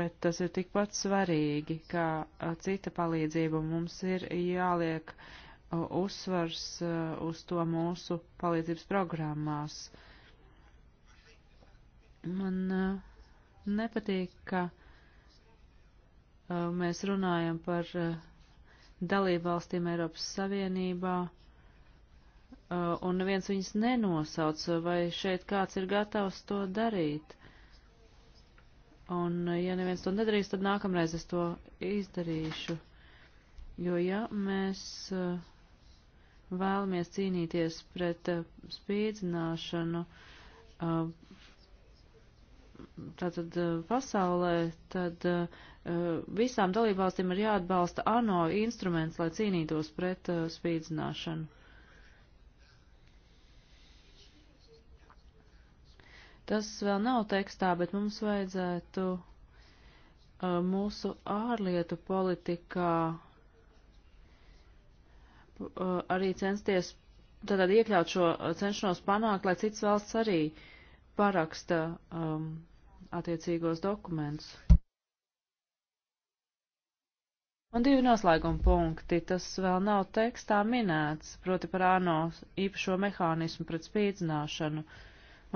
Bet tas ir tikpat svarīgi, kā uh, cita palīdzība mums ir jāliek uh, uzsvars e, uz to mūsu palīdzības programmās. Man e, nepatīk, ka e, mēs runājam par dalību valstīm Eiropas Savienībā, un neviens viņas nenosauc, vai šeit kāds ir gatavs to darīt. Un, ja neviens to nedarīs, tad nākamreiz es to izdarīšu. Jo, ja mēs uh, vēlamies cīnīties pret eh, spīdzināšanu eh, tātad eh, pasaulē, tad visām dalībvalstīm ir jāatbalsta ANO instruments, lai cīnītos pret spīdzināšanu. Tas vēl nav tekstā, bet mums vajadzētu mūsu ārlietu politikā Uh, arī censties tātad iekļaut šo uh, cenšanos panākt, lai cits valsts arī paraksta um, attiecīgos dokumentus. Un divi noslēguma punkti, tas vēl nav tekstā minēts, proti par ANO īpašo mehānismu pret spīdzināšanu.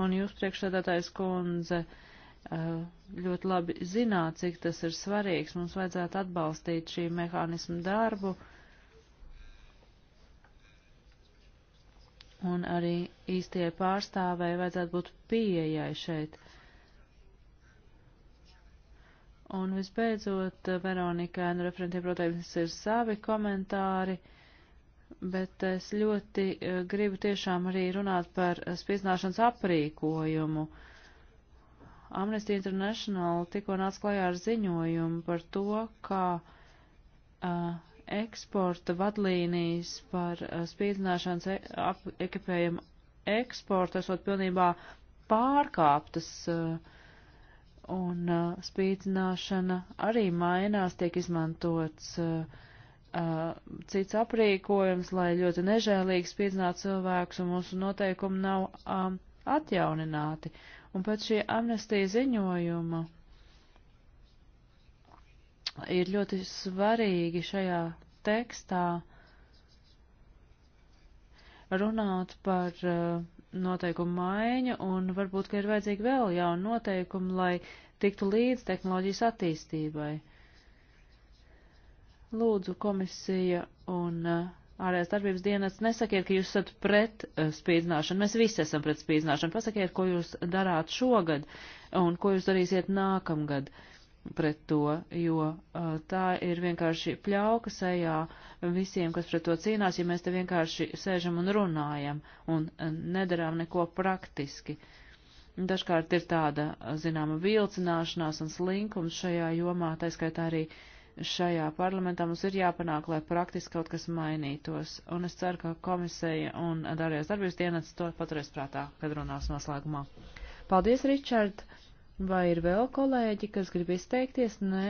Un jūs priekšsēdētājs kundze uh, ļoti labi zināt, cik tas ir svarīgs. Mums vajadzētu atbalstīt šī mehānismu darbu un arī īstie pārstāvēji vajadzētu būt pieejai šeit. Un visbeidzot, Veronika un referentiem, protams, ir savi komentāri, bet es ļoti eh, gribu tiešām arī runāt par spīdzināšanas aprīkojumu. Amnesty International tikko nāca klajā ar ziņojumu par to, kā uh, eksporta vadlīnijas par eh, spīdzināšanas e, ekipējumu eksportu esot pilnībā pārkāptas eh, un eh, spīdzināšana arī mainās, tiek izmantots cits aprīkojums, lai ļoti nežēlīgi spīdzinātu cilvēkus un mūsu noteikumi nav atjaunināti. Un pēc šī amnestija ziņojuma ir ļoti svarīgi šajā tekstā runāt par uh, noteikumu maiņu, un varbūt, ka ir vajadzīgi vēl jauni noteikumi, lai tiktu līdz tehnoloģijas attīstībai. Lūdzu, komisija un uh, ārējās darbības dienas, nesakiet, ka jūs esat pret uh, spīdzināšanu. Mēs visi esam pret spīdzināšanu. Pasakiet, ko jūs darāt šogad un ko jūs darīsiet nākamgad. Uh, pret to, jo uh, tā ir vienkārši pļauka sejā visiem, kas pret to cīnās, ja mēs te vienkārši sēžam un runājam un uh, nedarām neko praktiski. Dažkārt ir tāda, uh, zināma, vilcināšanās un slinkums šajā jomā, taiskaitā arī šajā parlamentā mums ir jāpanāk, lai praktiski kaut kas mainītos. Un es ceru, ka komisija un darījās darbības dienas to paturēs prātā, kad runās noslēgumā. Paldies, Ričard! Vai ir vēl kolēģi, kas grib izteikties? Nē.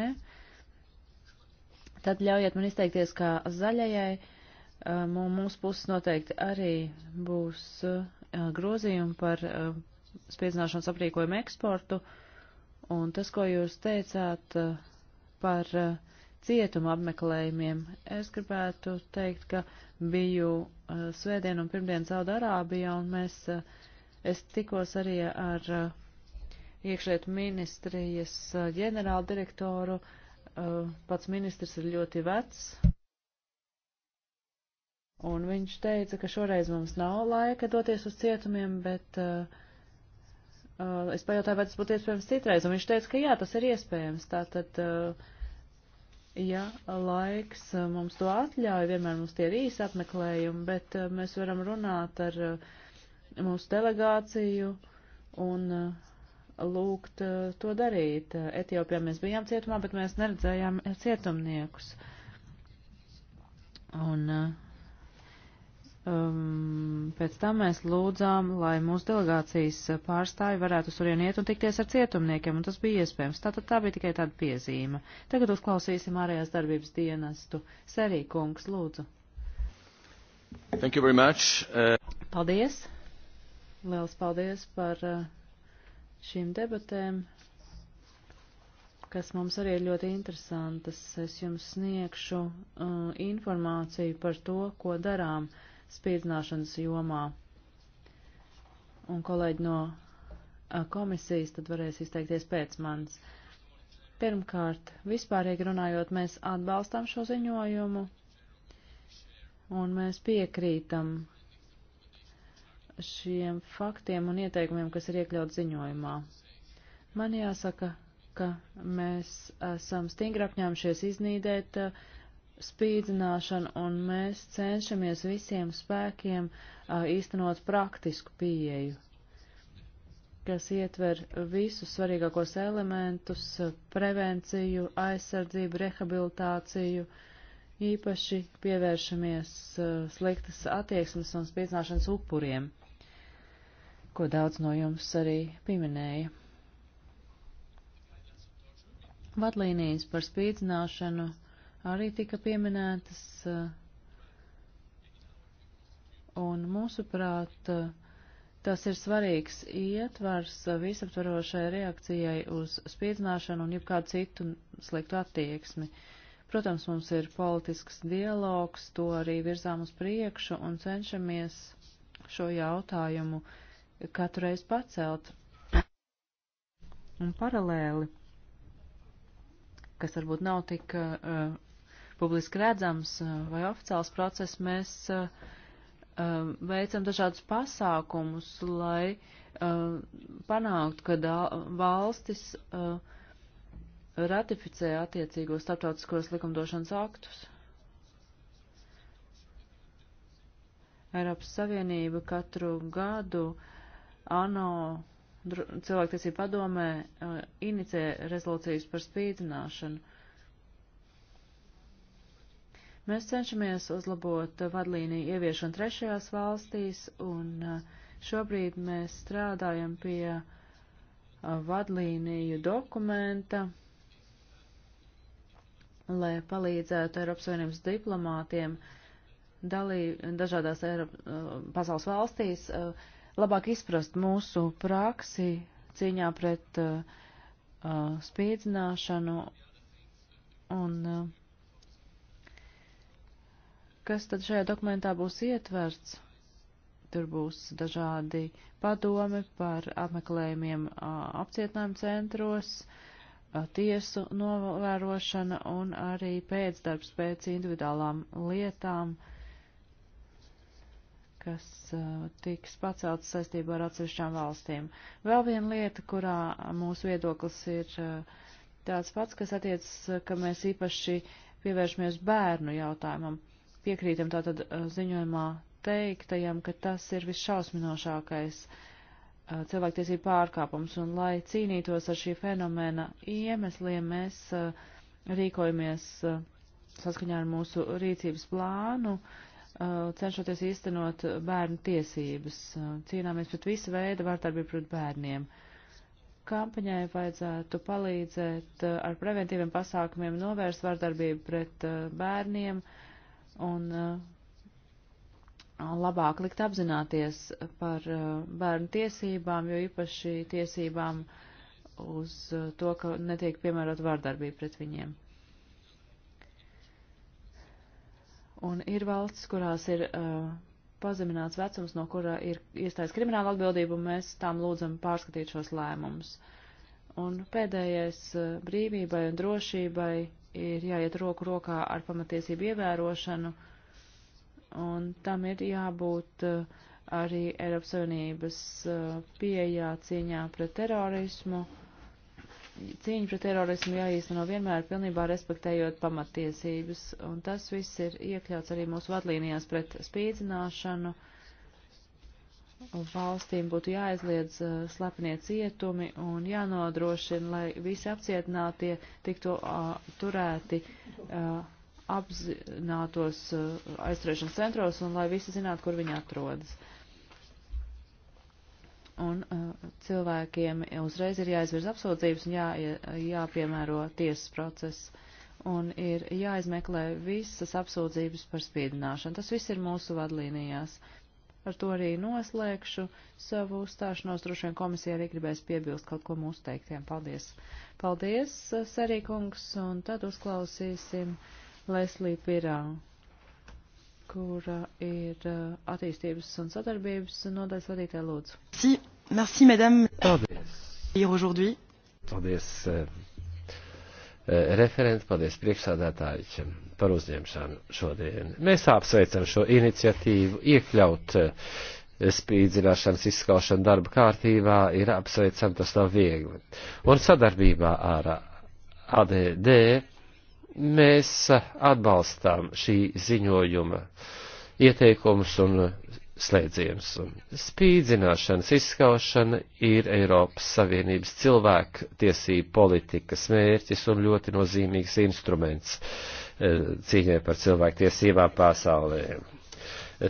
Tad ļaujiet man izteikties kā zaļajai. Mums puses noteikti arī būs grozījumi par spiedzināšanas aprīkojumu eksportu. Un tas, ko jūs teicāt par cietuma apmeklējumiem, es gribētu teikt, ka biju svētdien un pirmdien Saudārābijā, un mēs, es tikos arī ar iekšlietu ministrijas ģenerāla direktoru. Pats ministrs ir ļoti vecs. Un viņš teica, ka šoreiz mums nav laika doties uz cietumiem, bet uh, uh, es pajautāju, vai tas būtu iespējams citreiz. Un viņš teica, ka jā, tas ir iespējams. Tātad, uh, ja laiks uh, mums to atļauj, vienmēr mums tie ir īsi apmeklējumi, bet uh, mēs varam runāt ar uh, mūsu delegāciju un uh, lūgt eh, to darīt. Etiopijā mēs bijām cietumā, bet mēs neredzējām eh, cietumniekus. Un eh, um, pēc tam mēs lūdzām, lai mūsu delegācijas pārstāvi varētu uz turieni iet un tikties ar cietumniekiem, un tas bija iespējams. Tātad tā bija tikai tāda piezīme. Tagad uzklausīsim ārējās darbības dienestu. Serī kungs, lūdzu. Thank you very much. Uh... Paldies. Liels paldies par. Uh, šīm debatēm, kas mums arī ir ļoti interesantas. Es jums sniegšu uh, informāciju par to, ko darām spīdzināšanas jomā. Un kolēģi no uh, komisijas tad varēs izteikties pēc manis. Pirmkārt, vispārīgi runājot, mēs atbalstām šo ziņojumu un mēs piekrītam šiem faktiem un ieteikumiem, kas ir iekļaut ziņojumā. Man jāsaka, ka mēs esam stingri apņēmušies iznīdēt uh, spīdzināšanu, un mēs cenšamies visiem spēkiem uh, īstenot praktisku pieeju, kas ietver visus svarīgākos elementus uh, - prevenciju, aizsardzību, rehabilitāciju, īpaši pievēršamies sliktas attieksmes un spīdzināšanas upuriem ko daudz no jums arī pieminēja. Vadlīnijas par spīdzināšanu arī tika pieminētas, eh, un mūsuprāt, eh, tas ir svarīgs ietvars visaptvarošai reakcijai uz spīdzināšanu un jebkādu citu sliktu attieksmi. Protams, mums ir politisks dialogs, to arī virzām uz priekšu un cenšamies šo jautājumu uh, katru reizi pacelt. Un paralēli, kas varbūt nav tik uh, publiski redzams uh, vai oficiāls process, mēs uh, uh, veicam dažādus pasākumus, lai uh, panāktu, ka valstis uh, ratificē attiecīgos starptautiskos likumdošanas aktus. Eiropas Savienība katru gadu uh, ANO cilvēktiesību padomē inicē rezolūcijas par spīdzināšanu. Mēs cenšamies uzlabot vadlīniju ieviešanu trešajās valstīs, un šobrīd mēs strādājam pie vadlīniju dokumenta, lai palīdzētu Eiropas Savienības diplomātiem dalī, dažādās Eiropa, pasaules valstīs uh, labāk izprast mūsu praksi cīņā pret uh, uh, spīdzināšanu un uh, kas tad šajā dokumentā būs ietverts. Tur būs dažādi padomi par apmeklējumiem uh, apcietinājumu centros, a, uh, tiesu novērošana un arī pēcdarbs pēc individuālām lietām. Uh, kas uh, tiks paceltas saistībā ar atsevišķām valstīm. Vēl viena lieta, kurā mūsu viedoklis ir uh, tāds pats, kas attiecas, uh, ka mēs īpaši pievēršamies bērnu jautājumam. Piekrītam tātad uh, ziņojumā teiktajam, ka tas ir visšausminošākais uh, cilvēktiesību pārkāpums, un lai cīnītos ar šī fenomena iemesliem, mēs uh, rīkojamies saskaņā ar mūsu rīcības plānu, uh, Uh, cenšoties īstenot bērnu tiesības. Uh, cīnāmies pret visu veidu vārtarbību pret bērniem. Kampaņai vajadzētu palīdzēt uh, ar preventīviem pasākumiem novērst vārdarbību pret bērniem un labāk likt apzināties par bērnu tiesībām, jo īpaši tiesībām uz to, ka netiek piemērot vārdarbību pret viņiem. Un ir valsts, kurās ir uh, pazemināts vecums, no kura ir iestājas krimināla atbildība, un mēs tām lūdzam pārskatīt šos lēmumus. Un pēdējais uh, brīvībai un drošībai ir jāiet roku rokā ar pamatiesību ievērošanu, un tam ir jābūt uh, arī Eiropas Savienības uh, pieejā cīņā pret terorismu. Uh, cīņa pret terorismu jāīsteno vienmēr pilnībā respektējot pamatiesības, un tas viss ir iekļauts arī mūsu vadlīnijās pret spīdzināšanu. Valstīm būtu jāaizliedz uh, slepenie cietumi un jānodrošina, lai visi apcietinātie tiktu uh, turēti uh, apzinātos uh, aizturēšanas centros un lai visi zinātu, kur viņi atrodas. Uh, un uh, cilvēkiem uzreiz ir jāizvirz apsūdzības un jā, jāpiemēro tiesas process. Un ir jāizmeklē visas apsūdzības par spīdināšanu. Tas viss ir mūsu vadlīnijās. Ar to arī noslēgšu savu uzstāšanos. Droši vien komisija arī gribēs piebilst kaut ko mūsu teiktiem. Paldies! Paldies, Sarīkungs, un tad uzklausīsim Leslī Pirānu kura ir uh, attīstības un sadarbības nodaļas vadītāja lūdzu. Si, merci, madame. Paldies. Ir aujourd'hui. Paldies. Eh, eh, Referents, paldies priekšsādātāji eh, par uzņemšanu šodien. Mēs apsveicam šo iniciatīvu iekļaut spīdzināšanas izskaušana darba kārtībā ir apsveicam, tas nav viegli. Un sadarbībā ar ADD Mēs atbalstām šī ziņojuma ieteikumus un slēdzienus. Spīdzināšanas izskaušana ir Eiropas Savienības cilvēku tiesību politikas mērķis un ļoti nozīmīgs instruments eh, cīņai par cilvēku tiesībām pasaulē.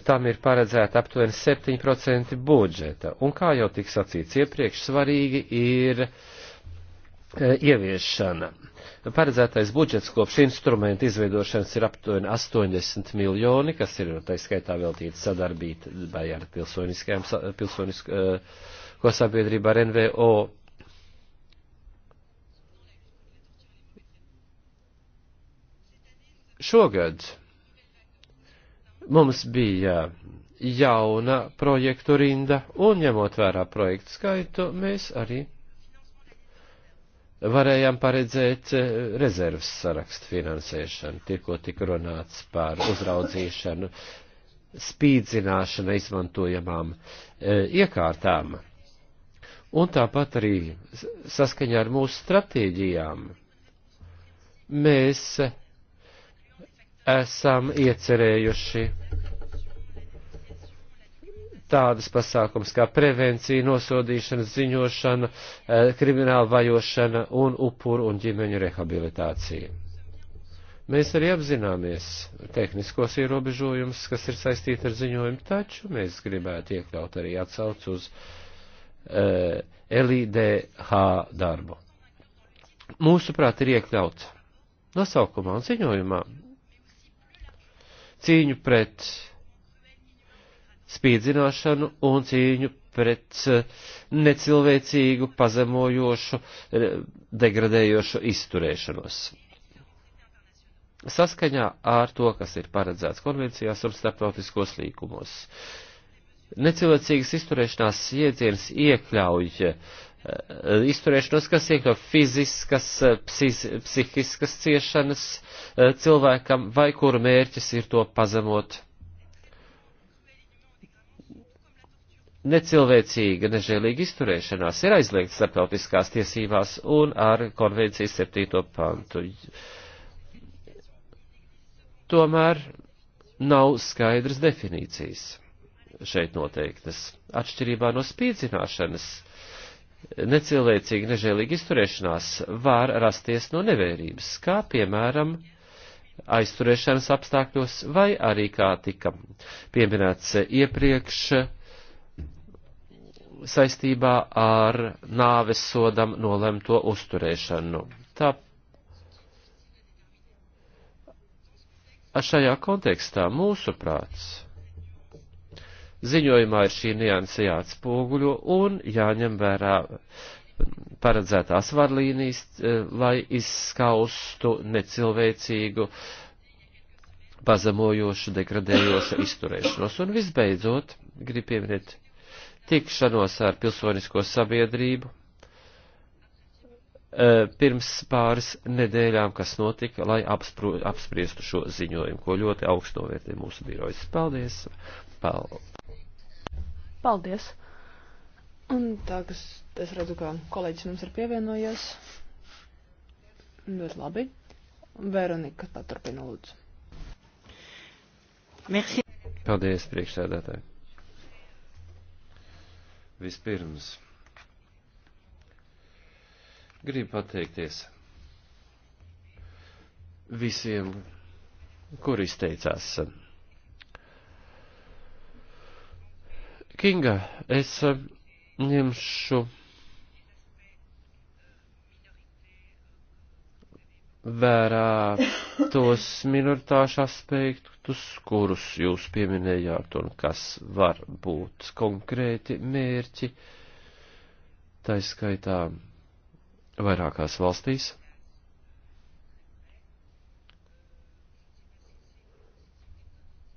Tam ir paredzēta aptuveni 7% budžeta, un kā jau tik sacīts iepriekš, svarīgi ir eh, ieviešana. Paredzētais budžets kopš instrumenta izveidošanas ir aptuveni 80 miljoni, kas ir, tā skaitā, veltīts sadarbībai ar pilsoniskajām, pilsonisko eh, sabiedrību ar NVO. Šogad mums bija jauna projektu rinda, un ņemot vērā projektu skaitu, mēs arī varējām paredzēt eh, rezerves sarakstu finansēšanu, tikko tika runāts par uzraudzīšanu, spīdzināšanu izmantojamām eh, iekārtām. Un tāpat arī saskaņā ar mūsu stratēģijām mēs esam iecerējuši tādas pasākums kā prevencija, nosodīšana, ziņošana, eh, krimināla vajošana un upuru un ģimeņu rehabilitācija. Mēs arī apzināmies tehniskos ierobežojumus, kas ir saistīti ar ziņojumu, taču mēs gribētu iekļaut arī atsauc uz uh, eh, LIDH darbu. Mūsuprāt, ir iekļaut nosaukumā un ziņojumā cīņu pret spīdzināšanu un cīņu pret eh, necilvēcīgu, pazemojošu, eh, degradējošu izturēšanos. Saskaņā ar to, kas ir paredzēts konvencijās un starptautiskos līkumos. Necilvēcīgas izturēšanās jēdziens iekļauj eh, izturēšanos, kas iekļauj fiziskas, psis, psihiskas ciešanas cilvēkam vai kuru mērķis ir to pazemot necilvēcīga, nežēlīga izturēšanās ir aizliegta starptautiskās tiesībās un ar konvencijas septīto pantu. Tomēr nav skaidras definīcijas šeit noteiktas. Atšķirībā no spīdzināšanas, necilvēcīga, nežēlīga izturēšanās var rasties no nevērības, kā piemēram aizturēšanas apstākļos vai arī kā tika pieminēts iepriekš saistībā ar nāves sodam nolemto uzturēšanu. Tā šajā kontekstā mūsu prāts ziņojumā ir šī nianse jāatspoguļo un jāņem vērā paredzētās varlīnijas, e, lai izskaustu necilvēcīgu, pazemojošu, degradējošu izturēšanos. Un visbeidzot, grib pieminēt tikšanos ar pilsonisko sabiedrību e, pirms pāris nedēļām, kas notika, lai apspru, apspriestu šo ziņojumu, ko ļoti augstu novērtē mūsu birojas. Paldies! Pal. Paldies! Un tā, kas es redzu, ka kolēģis mums ir pievienojies. Ļoti labi. Veronika, tā turpina lūdzu. Merci. Paldies, priekšsēdētāji. Vispirms gribu pateikties visiem, kur izteicās. Kinga, es ņemšu vērā tos minoritāšu aspektus, kurus jūs pieminējāt un kas var būt konkrēti mērķi, taiskaitā vairākās valstīs.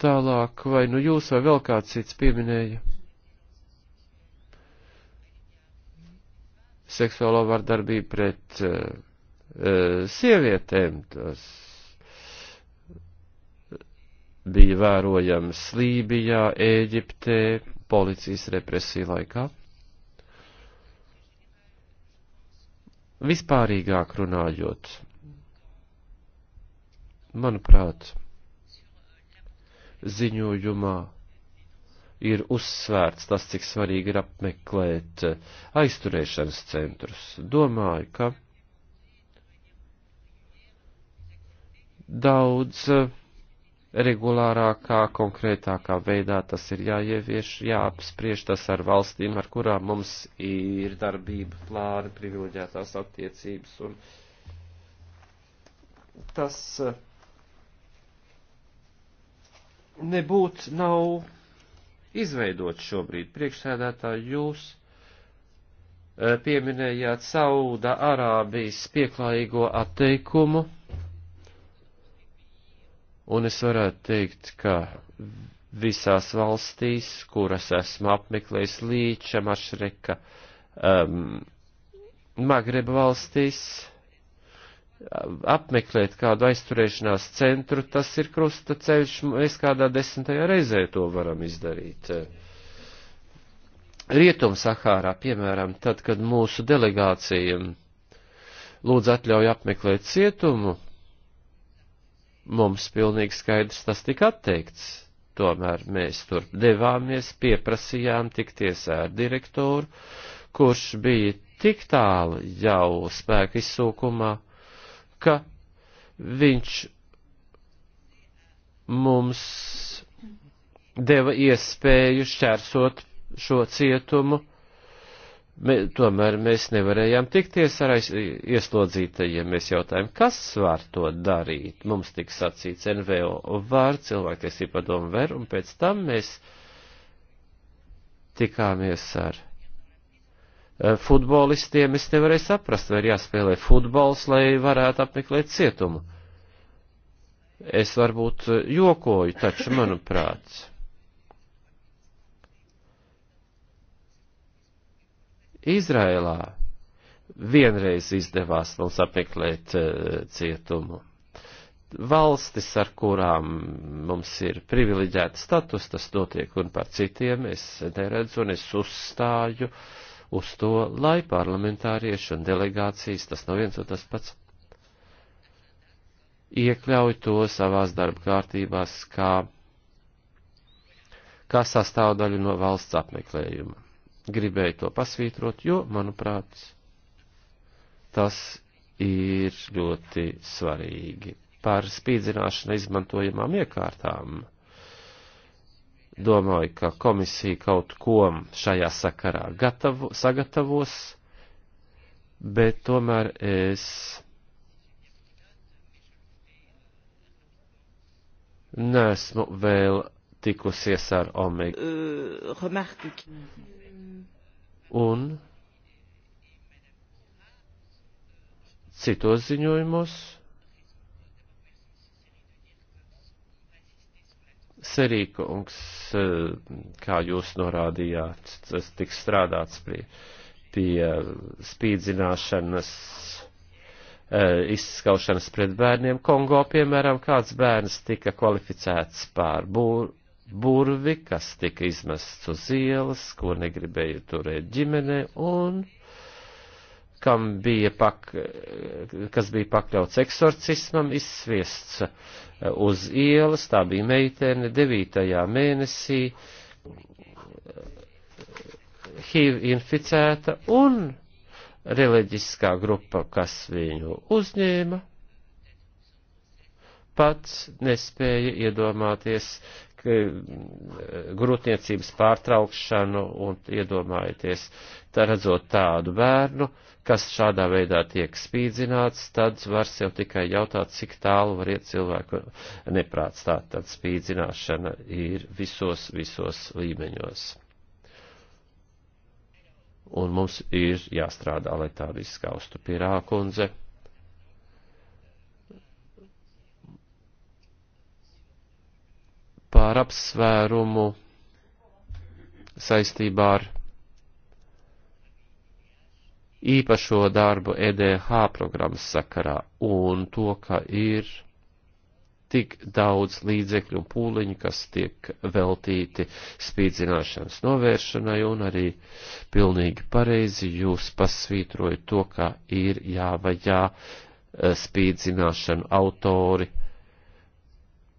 Tālāk, vai nu jūs vai vēl kāds cits pieminēja seksuālo vardarbību pret uh, Eh, sievietēm tas bija vērojams Lībijā, Ēģiptē, policijas represiju laikā. Vispārīgāk runājot, manuprāt, ziņojumā ir uzsvērts tas, cik svarīgi ir apmeklēt eh, aizturēšanas centrus. Domāju, ka daudz eh, regulārākā, konkrētākā veidā tas ir jāievieš, jāapspriež tas ar valstīm, ar kurām mums ir darbība, plāni, privileģētās attiecības. Un tas eh, nebūt nav izveidot šobrīd. Priekšsēdētāji jūs eh, pieminējāt Sauda Arābijas pieklājīgo atteikumu Un es varētu teikt, ka visās valstīs, kuras esmu apmeklējis līča, mašreka, um, Magreba valstīs, apmeklēt kādu aizturēšanās centru, tas ir krusta ceļš, mēs kādā desmitajā reizē to varam izdarīt. Rietum Sahārā, piemēram, tad, kad mūsu delegācija lūdz atļauj apmeklēt cietumu, Mums pilnīgi skaidrs tas tika atteikts. Tomēr mēs tur devāmies, pieprasījām tikties ar direktoru, kurš bija tik tālu jau spēka izsūkumā, ka viņš mums deva iespēju šķērsot šo cietumu me, tomēr mēs nevarējām tikties ar aiz, ieslodzītajiem. Mēs jautājām, kas var to darīt. Mums tika sacīts NVO var, cilvēktiesība padomu var, un pēc tam mēs tikāmies ar eh, futbolistiem. Es nevarēju saprast, vai ir jāspēlē futbols, lai varētu apmeklēt cietumu. Es varbūt jokoju, taču manuprāt Izrēlā vienreiz izdevās mums apmeklēt eh, cietumu. Valstis, ar kurām mums ir privileģēta status, tas notiek un par citiem es neredzu un es uzstāju uz to, lai parlamentārieši un delegācijas, tas nav viens un tas pats, iekļauj to savās darba kārtībās kā, kā sastāvdaļu no valsts apmeklējuma. Gribēju to pasvītrot, jo, manuprāt, tas ir ļoti svarīgi. Par spīdzināšanu izmantojamām iekārtām. Domāju, ka komisija kaut ko šajā sakarā gatavo, sagatavos, bet tomēr es nesmu vēl tikusies ar Omega. Uh, un citos ziņojumos Serīkungs, eh, kā jūs norādījāt, tas tiks strādāts pie, pie spīdzināšanas, eh, izskaušanas pret bērniem. Kongo, piemēram, kāds bērns tika kvalificēts pār būru burvi, kas tika izmests uz ielas, ko negribēja turēt ģimenē, un kam bija pak, kas bija pakļauts eksorcismam, izsviests uz ielas, tā bija meitene, devītajā mēnesī, HIV inficēta un reliģiskā grupa, kas viņu uzņēma, pats nespēja iedomāties E, grūtniecības pārtraukšanu un iedomājieties, tā redzot tādu bērnu, kas šādā veidā tiek spīdzināts, tad var sev tikai jautāt, cik tālu var iet cilvēku neprāts. Tā tad spīdzināšana ir visos, visos līmeņos. Un mums ir jāstrādā, lai tādu izskaustu pirākundze. par apsvērumu saistībā ar īpašo darbu EDH programmas sakarā un to, ka ir tik daudz līdzekļu un pūliņu, kas tiek veltīti spīdzināšanas novēršanai, un arī pilnīgi pareizi jūs pasvītrojat to, ka ir jāvajā eh, spīdzināšanu autori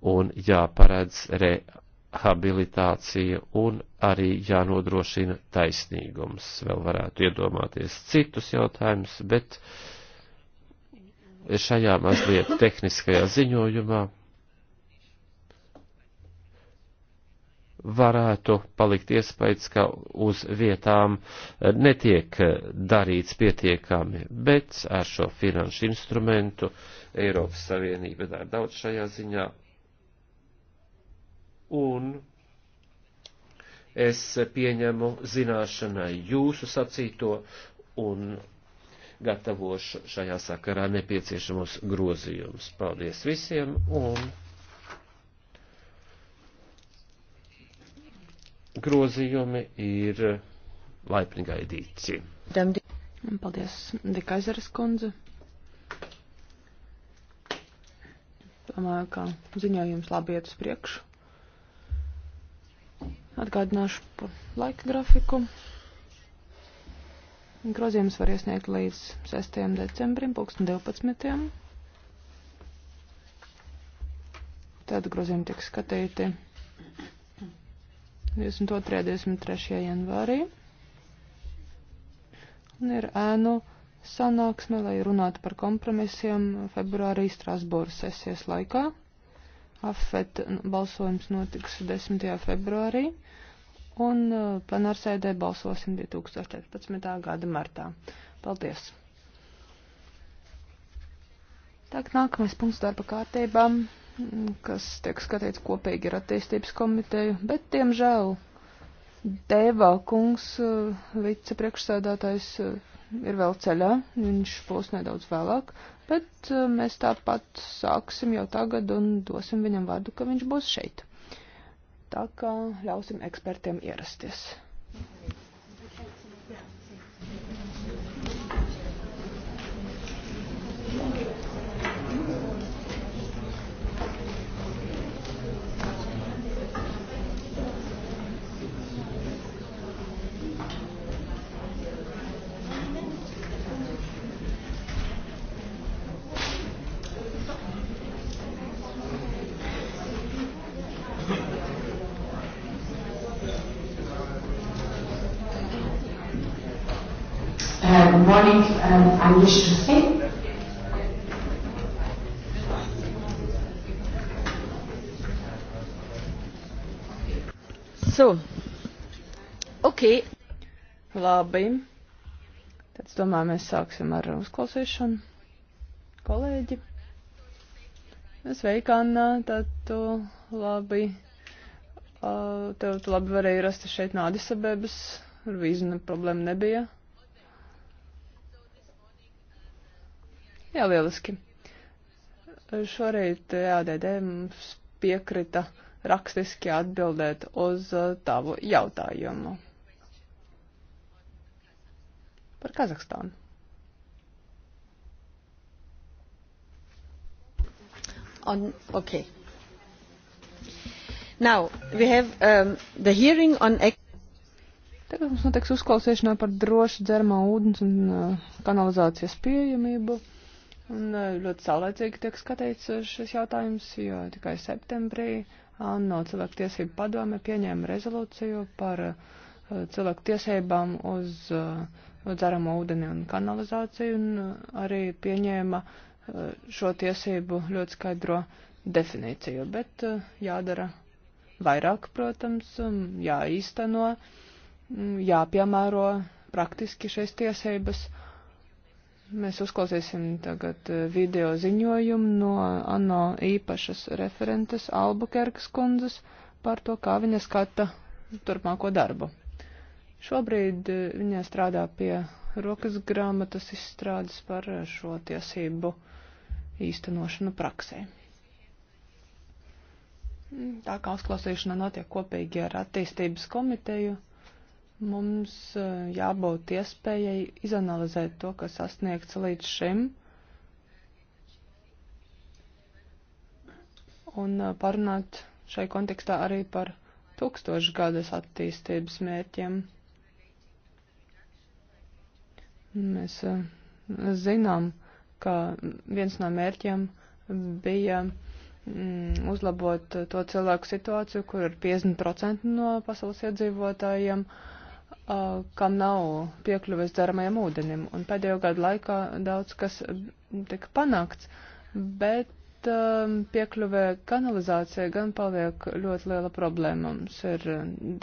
un jāparedz rehabilitācija un arī jānodrošina taisnīgums. Vēl varētu iedomāties citus jautājumus, bet šajā mazliet tehniskajā ziņojumā varētu palikt iespējas, ka uz vietām netiek darīts pietiekami, bet ar šo finanšu instrumentu Eiropas Savienība dara daudz šajā ziņā un es pieņemu zināšanai jūsu sacīto un gatavošu šajā sakarā nepieciešamos grozījumus. Paldies visiem un grozījumi ir laipni gaidīti. Paldies, Dekaizeres kundze. Domāju, ka ziņojums labi iet uz priekšu. Atgādināšu par laika grafiku. Grozījums var iesniegt līdz 6. decembrim, 2012. Tad grozījumi tiek skatīti 22. un 23. janvārī. Un ir ēnu sanāksme, lai runātu par kompromisiem februārī Strasbūras sesijas laikā. AFET nu, balsojums notiks 10. februārī un uh, plenārsēdē balsosim 2014. gada martā. Paldies! Tā, nākamais punkts darba kārtībām, mm, kas tiek skatīts kopīgi ar attīstības komiteju, bet, diemžēl, Dēvā kungs, uh, vicepriekšsēdātājs, uh, ir vēl ceļā, viņš būs nedaudz vēlāk bet eh, mēs tāpat sāksim jau tagad un dosim viņam vārdu, ka viņš būs šeit. Tā kā ļausim ekspertiem ierasties. Spanisch sprechen. So. Okay. Labi. Tad es domāju, mēs sāksim ar uzklausīšanu. Kolēģi. Sveika, Anna. Tad tu labi. Uh, tev tu labi varēji rasti šeit no Adisabebas. Ar vīzu problēmu nebija. Jā, lieliski. Šorīt ADD mums piekrita rakstiski atbildēt uz uh, tavu jautājumu. Par Kazahstānu. On, okay. Now, we have um, the hearing on... Tagad mums notiks uzklausīšanā par drošu dzermā ūdens un uh, kanalizācijas pieejamību. Uh, Un e, ļoti saulēcīgi tiek skatīts šis jautājums, jo tikai septembrī ANO cilvēku tiesību padome pieņēma rezolūciju par e, cilvēku tiesībām uz e, dzeramo ūdeni un kanalizāciju un arī pieņēma šo tiesību ļoti skaidro definīciju, bet jādara vairāk, protams, jāīsteno, jāpiemēro praktiski šīs tiesības. Uh, Mēs uzklausīsim tagad eh, video ziņojumu no ANO īpašas referentes Albukerkas kundzes par to, kā viņa skata turpmāko darbu. Šobrīd eh, viņa strādā pie rokas grāmatas izstrādes par eh, šo tiesību īstenošanu praksē. Tā kā uzklausīšana notiek kopīgi ar attīstības komiteju. Mums eh, jābūt iespējai izanalizēt to, kas sasniegts līdz šim, un eh, parunāt šai kontekstā arī par tūkstošgadas attīstības mērķiem. Mēs eh, zinām, ka viens no mērķiem bija mm, uzlabot to cilvēku situāciju, kur ir 50% no pasaules iedzīvotājiem uh, Uh, kam nav piekļuves dzeramajam ūdenim. Un pēdējo gadu laikā daudz kas tika panākts, bet um, piekļuvē kanalizācijai gan paliek ļoti liela problēma. Mums ir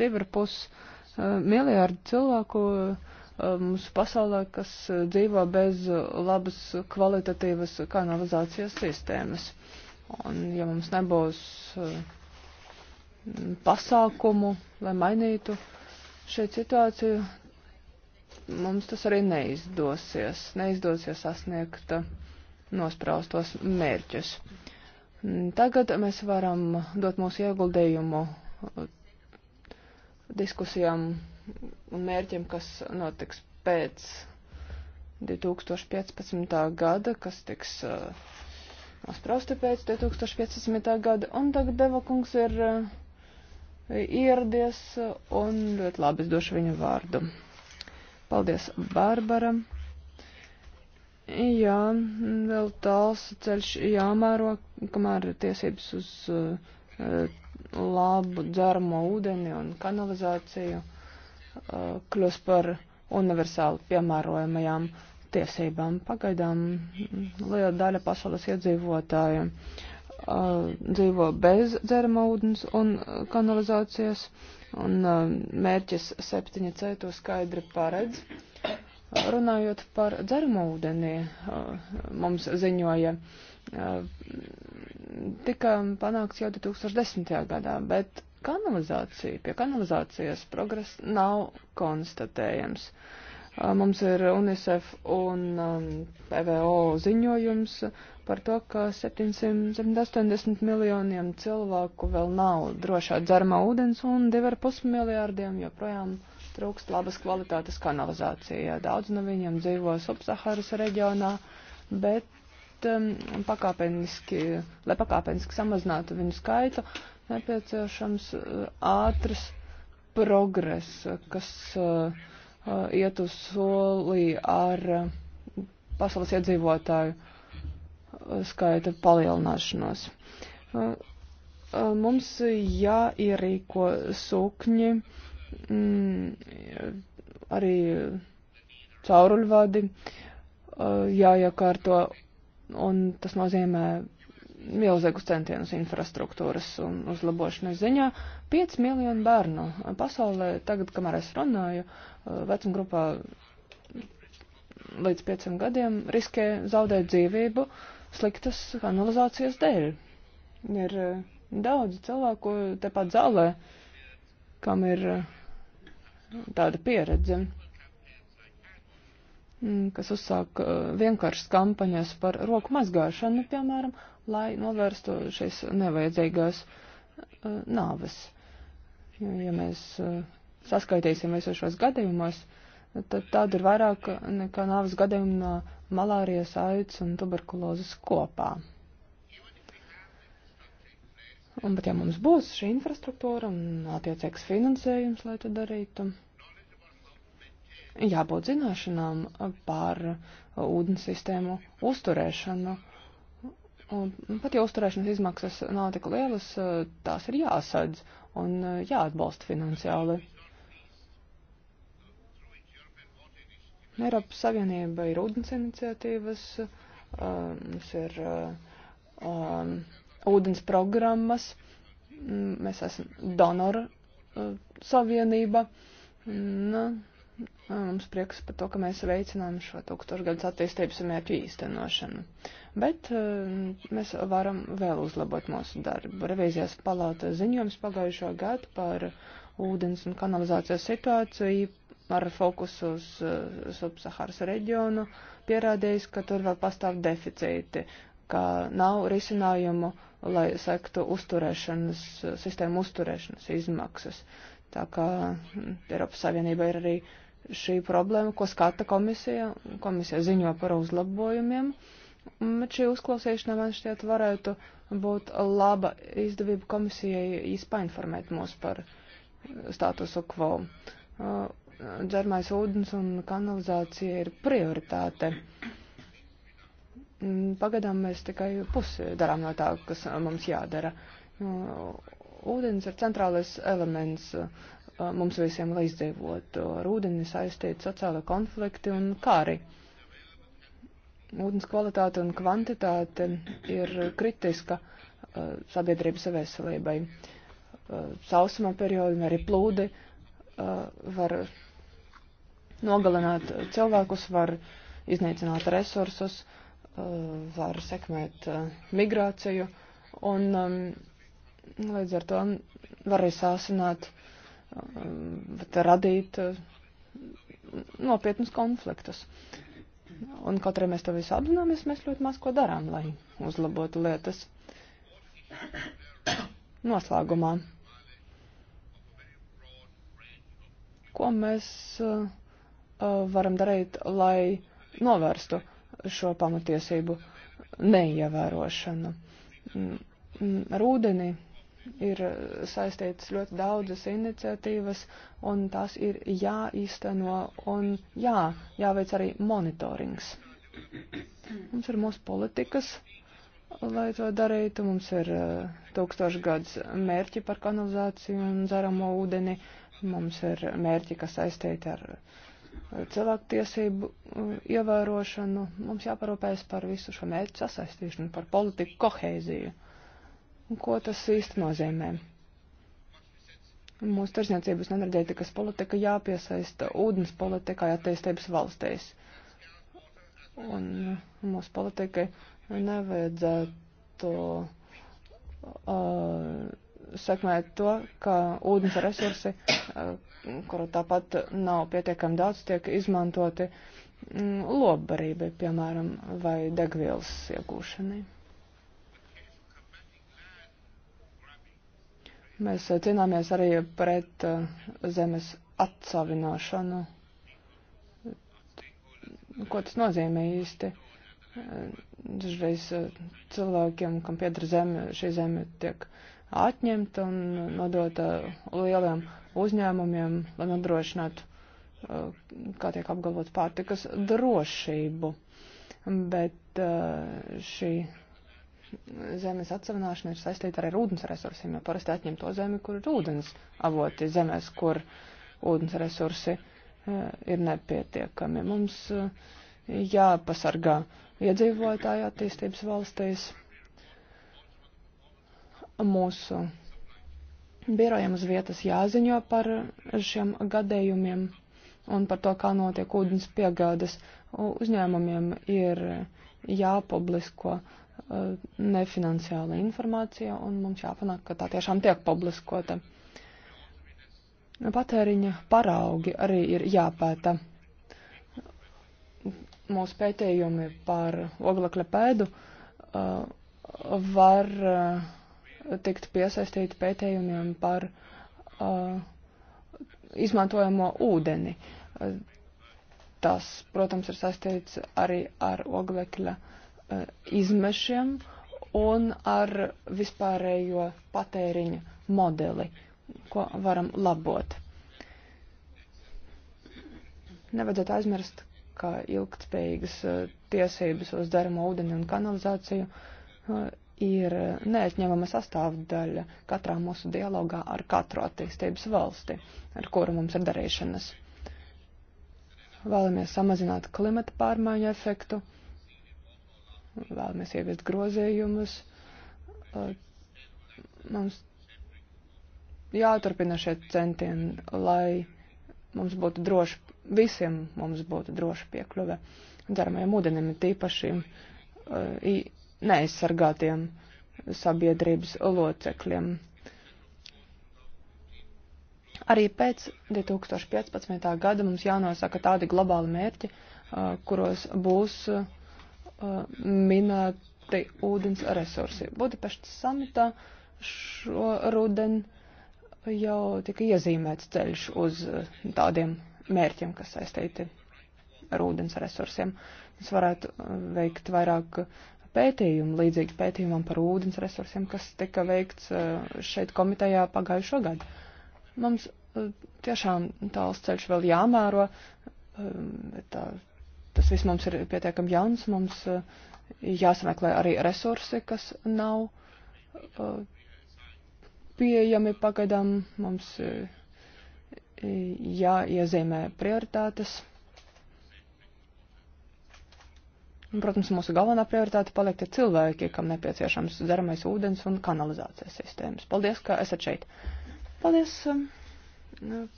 divi ar pus uh, miljārdi cilvēku uh, mūsu pasaulē, kas dzīvo bez labas kvalitatīvas kanalizācijas sistēmas. Un ja mums nebūs pasākumu, lai mainītu uh, šeit situāciju mums tas arī neizdosies. Neizdosies sasniegt nospraustos mērķus. Tagad mēs varam dot mūsu ieguldījumu diskusijām un mērķiem, kas notiks pēc 2015. gada, kas tiks uh, nosprausti pēc 2015. gada. Un tagad Deva kungs ir. Uh, ieradies, un ļoti labi es došu viņu vārdu. Paldies, Bārbara. Jā, vēl tāls ceļš jāmēro, kamēr tiesības uz uh, labu dzeramo ūdeni un kanalizāciju uh, kļūs par universāli piemērojamajām tiesībām. Pagaidām liela daļa pasaules iedzīvotāju uh, uh, dzīvo bez dzerama ūdens un kanalizācijas, un uh, mērķis 7C to skaidri paredz. Runājot par dzerama ūdeni, uh, mums ziņoja, tika panākts jau 2010. gadā, bet kanalizācija, pie kanalizācijas progress nav konstatējams. Mums ir UNICEF un PVO ziņojums, par to, ka 780 miljoniem cilvēku vēl nav drošā dzermā ūdens un 2,5 miljārdiem joprojām trūkst labas kvalitātes kanalizācija. Daudz no viņiem dzīvo subsaharas reģionā, bet um, pakāpeniski, lai pakāpeniski samazinātu viņu skaitu, nepieciešams uh, ātrs progress, kas uh, uh, iet uz solī ar uh, pasaules iedzīvotāju skaita palielināšanos. Mums jāierīko sūkņi, mm, arī cauruļvadi jāiekārto, un tas nozīmē milzīgus centienus infrastruktūras un uzlabošanas ziņā. 5 miljonu bērnu pasaulē, tagad, kamēr es runāju, vecumgrupā līdz 5 gadiem riskē zaudēt dzīvību. Uh, sliktas kanalizācijas dēļ. Ir eh, daudz cilvēku tepat zālē, kam ir eh, tāda pieredze, mm, kas uzsāk eh, vienkāršas kampaņas par roku mazgāšanu, piemēram, lai novērstu šīs nevajadzīgās nāves. Jo, ja mēs saskaitīsim visos šos gadījumos, uh, tad tādu ir vairāk nekā nāves gadījumi no malārijas, aids un tuberkulozes kopā. Un, bet ja mums būs šī infrastruktūra un attiecīgs finansējums, lai to darītu, jābūt zināšanām par ūdens sistēmu uzturēšanu. Un, pat ja uzturēšanas izmaksas nav tik lielas, tās ir jāsadz un jāatbalsta finansiāli. Eiropas Savienība ir ūdens iniciatīvas, mums ir um, ūdens programmas, mēs esam donoru savienība. Un, mums prieks par to, ka mēs veicinām šo tūkstošgadus attīstības mērķu īstenošanu. Bet mēs varam vēl uzlabot mūsu darbu. Revīzijas palāta ziņojums pagājušo gadu par ūdens un kanalizācijas situāciju ar fokusu uz eh, subsaharas reģionu pierādījis, ka tur vēl pastāv deficīti, ka nav risinājumu, lai sektu uzturēšanas, sistēmu uzturēšanas izmaksas. Tā kā hm, Eiropas Savienība ir arī šī problēma, ko skata komisija, komisija ziņo par uzlabojumiem. Bet šī uzklausīšana man šķiet varētu būt laba izdevība komisijai īsti painformēt mūs par eh, statusu quo. Uh, dzermais ūdens un kanalizācija ir prioritāte. Mm, Pagaidām mēs tikai pusi darām no tā, kas mums jādara. Ūdens ir centrālais elements uh, mums visiem, lai izdzīvotu. Ar ūdeni saistīti sociāla konflikti un kari. Ūdens kvalitāte un kvantitāte ir kritiska uh, sabiedrības veselībai. Uh, sausuma periodi, arī plūdi var nogalināt cilvēkus, var iznīcināt resursus, eh, var sekmēt eh, migrāciju un um, līdz ar to var arī sāsināt, um, bet radīt eh, nopietnus konfliktus. Un kaut arī mēs to visu apzināmies, mēs ļoti maz ko darām, lai uzlabotu lietas. Noslēgumā. Ko mēs uh, Uh, varam darīt, lai novērstu šo pamatiesību neievērošanu. Ar mm, mm, ūdeni ir saistīts ļoti daudzas iniciatīvas, un tās ir jāīsteno un jā, jāveic arī monitorings. Mums ir mūsu politikas, lai to darītu. Mums ir uh, tūkstošu gadus mērķi par kanalizāciju un dzeramo ūdeni. Mums ir mērķi, kas saistīti ar uh, cilvēktiesību mm, ievērošanu. Mums jāparūpējas par visu šo mērķu sasaistīšanu, par politiku kohēziju. Un ko tas īsti nozīmē? Mūsu tirsniecības un enerģētikas politika jāpiesaista ūdens politikai attīstības valstīs. Un mūsu politikai nevajadzētu. Uh, sekmē to, ka ūdens resursi, eh, kuru tāpat nav pietiekami daudz, tiek izmantoti mm, lobbarībai, piemēram, vai degvielas iegūšanai. Mēs eh, cīnāmies arī pret eh, zemes atsavināšanu. Ko tas nozīmē īsti? Dažreiz cilvēkiem, kam pieder zeme, šī zeme tiek uh, atņemta un nodota uh, lieliem uzņēmumiem, lai nodrošinātu, uh, kā tiek apgalvots, pārtikas drošību. Bet uh, šī zemes atsevināšana ir saistīta arī ar ūdens resursiem, jo parasti atņem to zemi, kur ir ūdens avoti, zemēs, kur ūdens resursi ir nepietiekami. Mums jāpasargā iedzīvotāji attīstības valstīs mūsu birojiem uz vietas jāziņo par šiem gadījumiem un par to, kā notiek ūdens piegādes. Uzņēmumiem ir jāpublisko uh, nefinanciāla informācija un mums jāpanāk, ka tā tiešām tiek publiskota. Patēriņa paraugi arī ir jāpēta. Mūsu pētījumi par oglekļa pēdu uh, var uh, tikt piesaistīti pētījumiem par uh, izmantojamo ūdeni. Uh, tas, protams, ir saistīts arī ar oglekļa uh, izmešiem un ar vispārējo patēriņa modeli, ko varam labot. Nevajadzētu aizmirst, ka ilgtspējīgas uh, tiesības uz dzeramo ūdeni un kanalizāciju uh, ir neatņemama sastāvdaļa katrā mūsu dialogā ar katru attīstības valsti, ar kuru mums ir darīšanas. Vēlamies samazināt klimata pārmaiņu efektu, vēlamies ieviest grozējumus. Mums jāturpina šie centieni, lai mums būtu droši, visiem mums būtu droši piekļuve dzeramajam ūdenim, tīpaši uh, neaizsargātiem sabiedrības locekļiem. Arī pēc 2015. gada mums jānosaka tādi globāli mērķi, kuros būs minēti ūdens resursi. Budapeštas samitā šo rudeni jau tika iezīmēts ceļš uz tādiem mērķiem, kas saistīti ar ūdens resursiem. Mēs varētu veikt vairāk pētījumu, līdzīgu pētījumam par ūdens resursiem, kas tika veikts uh, šeit komitejā pagājušo gadu. Mums uh, tiešām tāls ceļš vēl jāmēro, um, tā, tas viss mums ir pietiekami jauns, mums uh, jāsameklē arī resursi, kas nav pieejami pagaidām, mums jāiezīmē prioritātes Un, protams, mūsu galvenā prioritāte paliek tie cilvēki, kam nepieciešams dzeramais ūdens un kanalizācijas sistēmas. Paldies, ka esat šeit. Paldies um,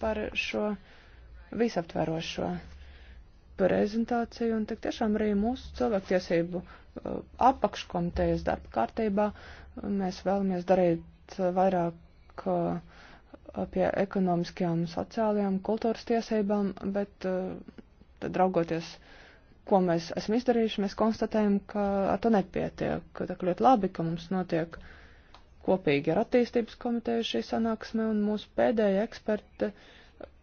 par šo visaptverošo prezentāciju un tik tiešām arī mūsu cilvēktiesību uh, apakškomitejas darba kārtībā um, mēs vēlamies darīt vairāk uh, pie ekonomiskajām, sociālajām, kultūras tiesībām, bet uh, tad raugoties uh, ko mēs esam izdarījuši, mēs konstatējam, ka ar to nepietiek. Tā kā ļoti labi, ka mums notiek kopīgi ar attīstības komiteju šī sanāksme, un mūsu pēdējie eksperti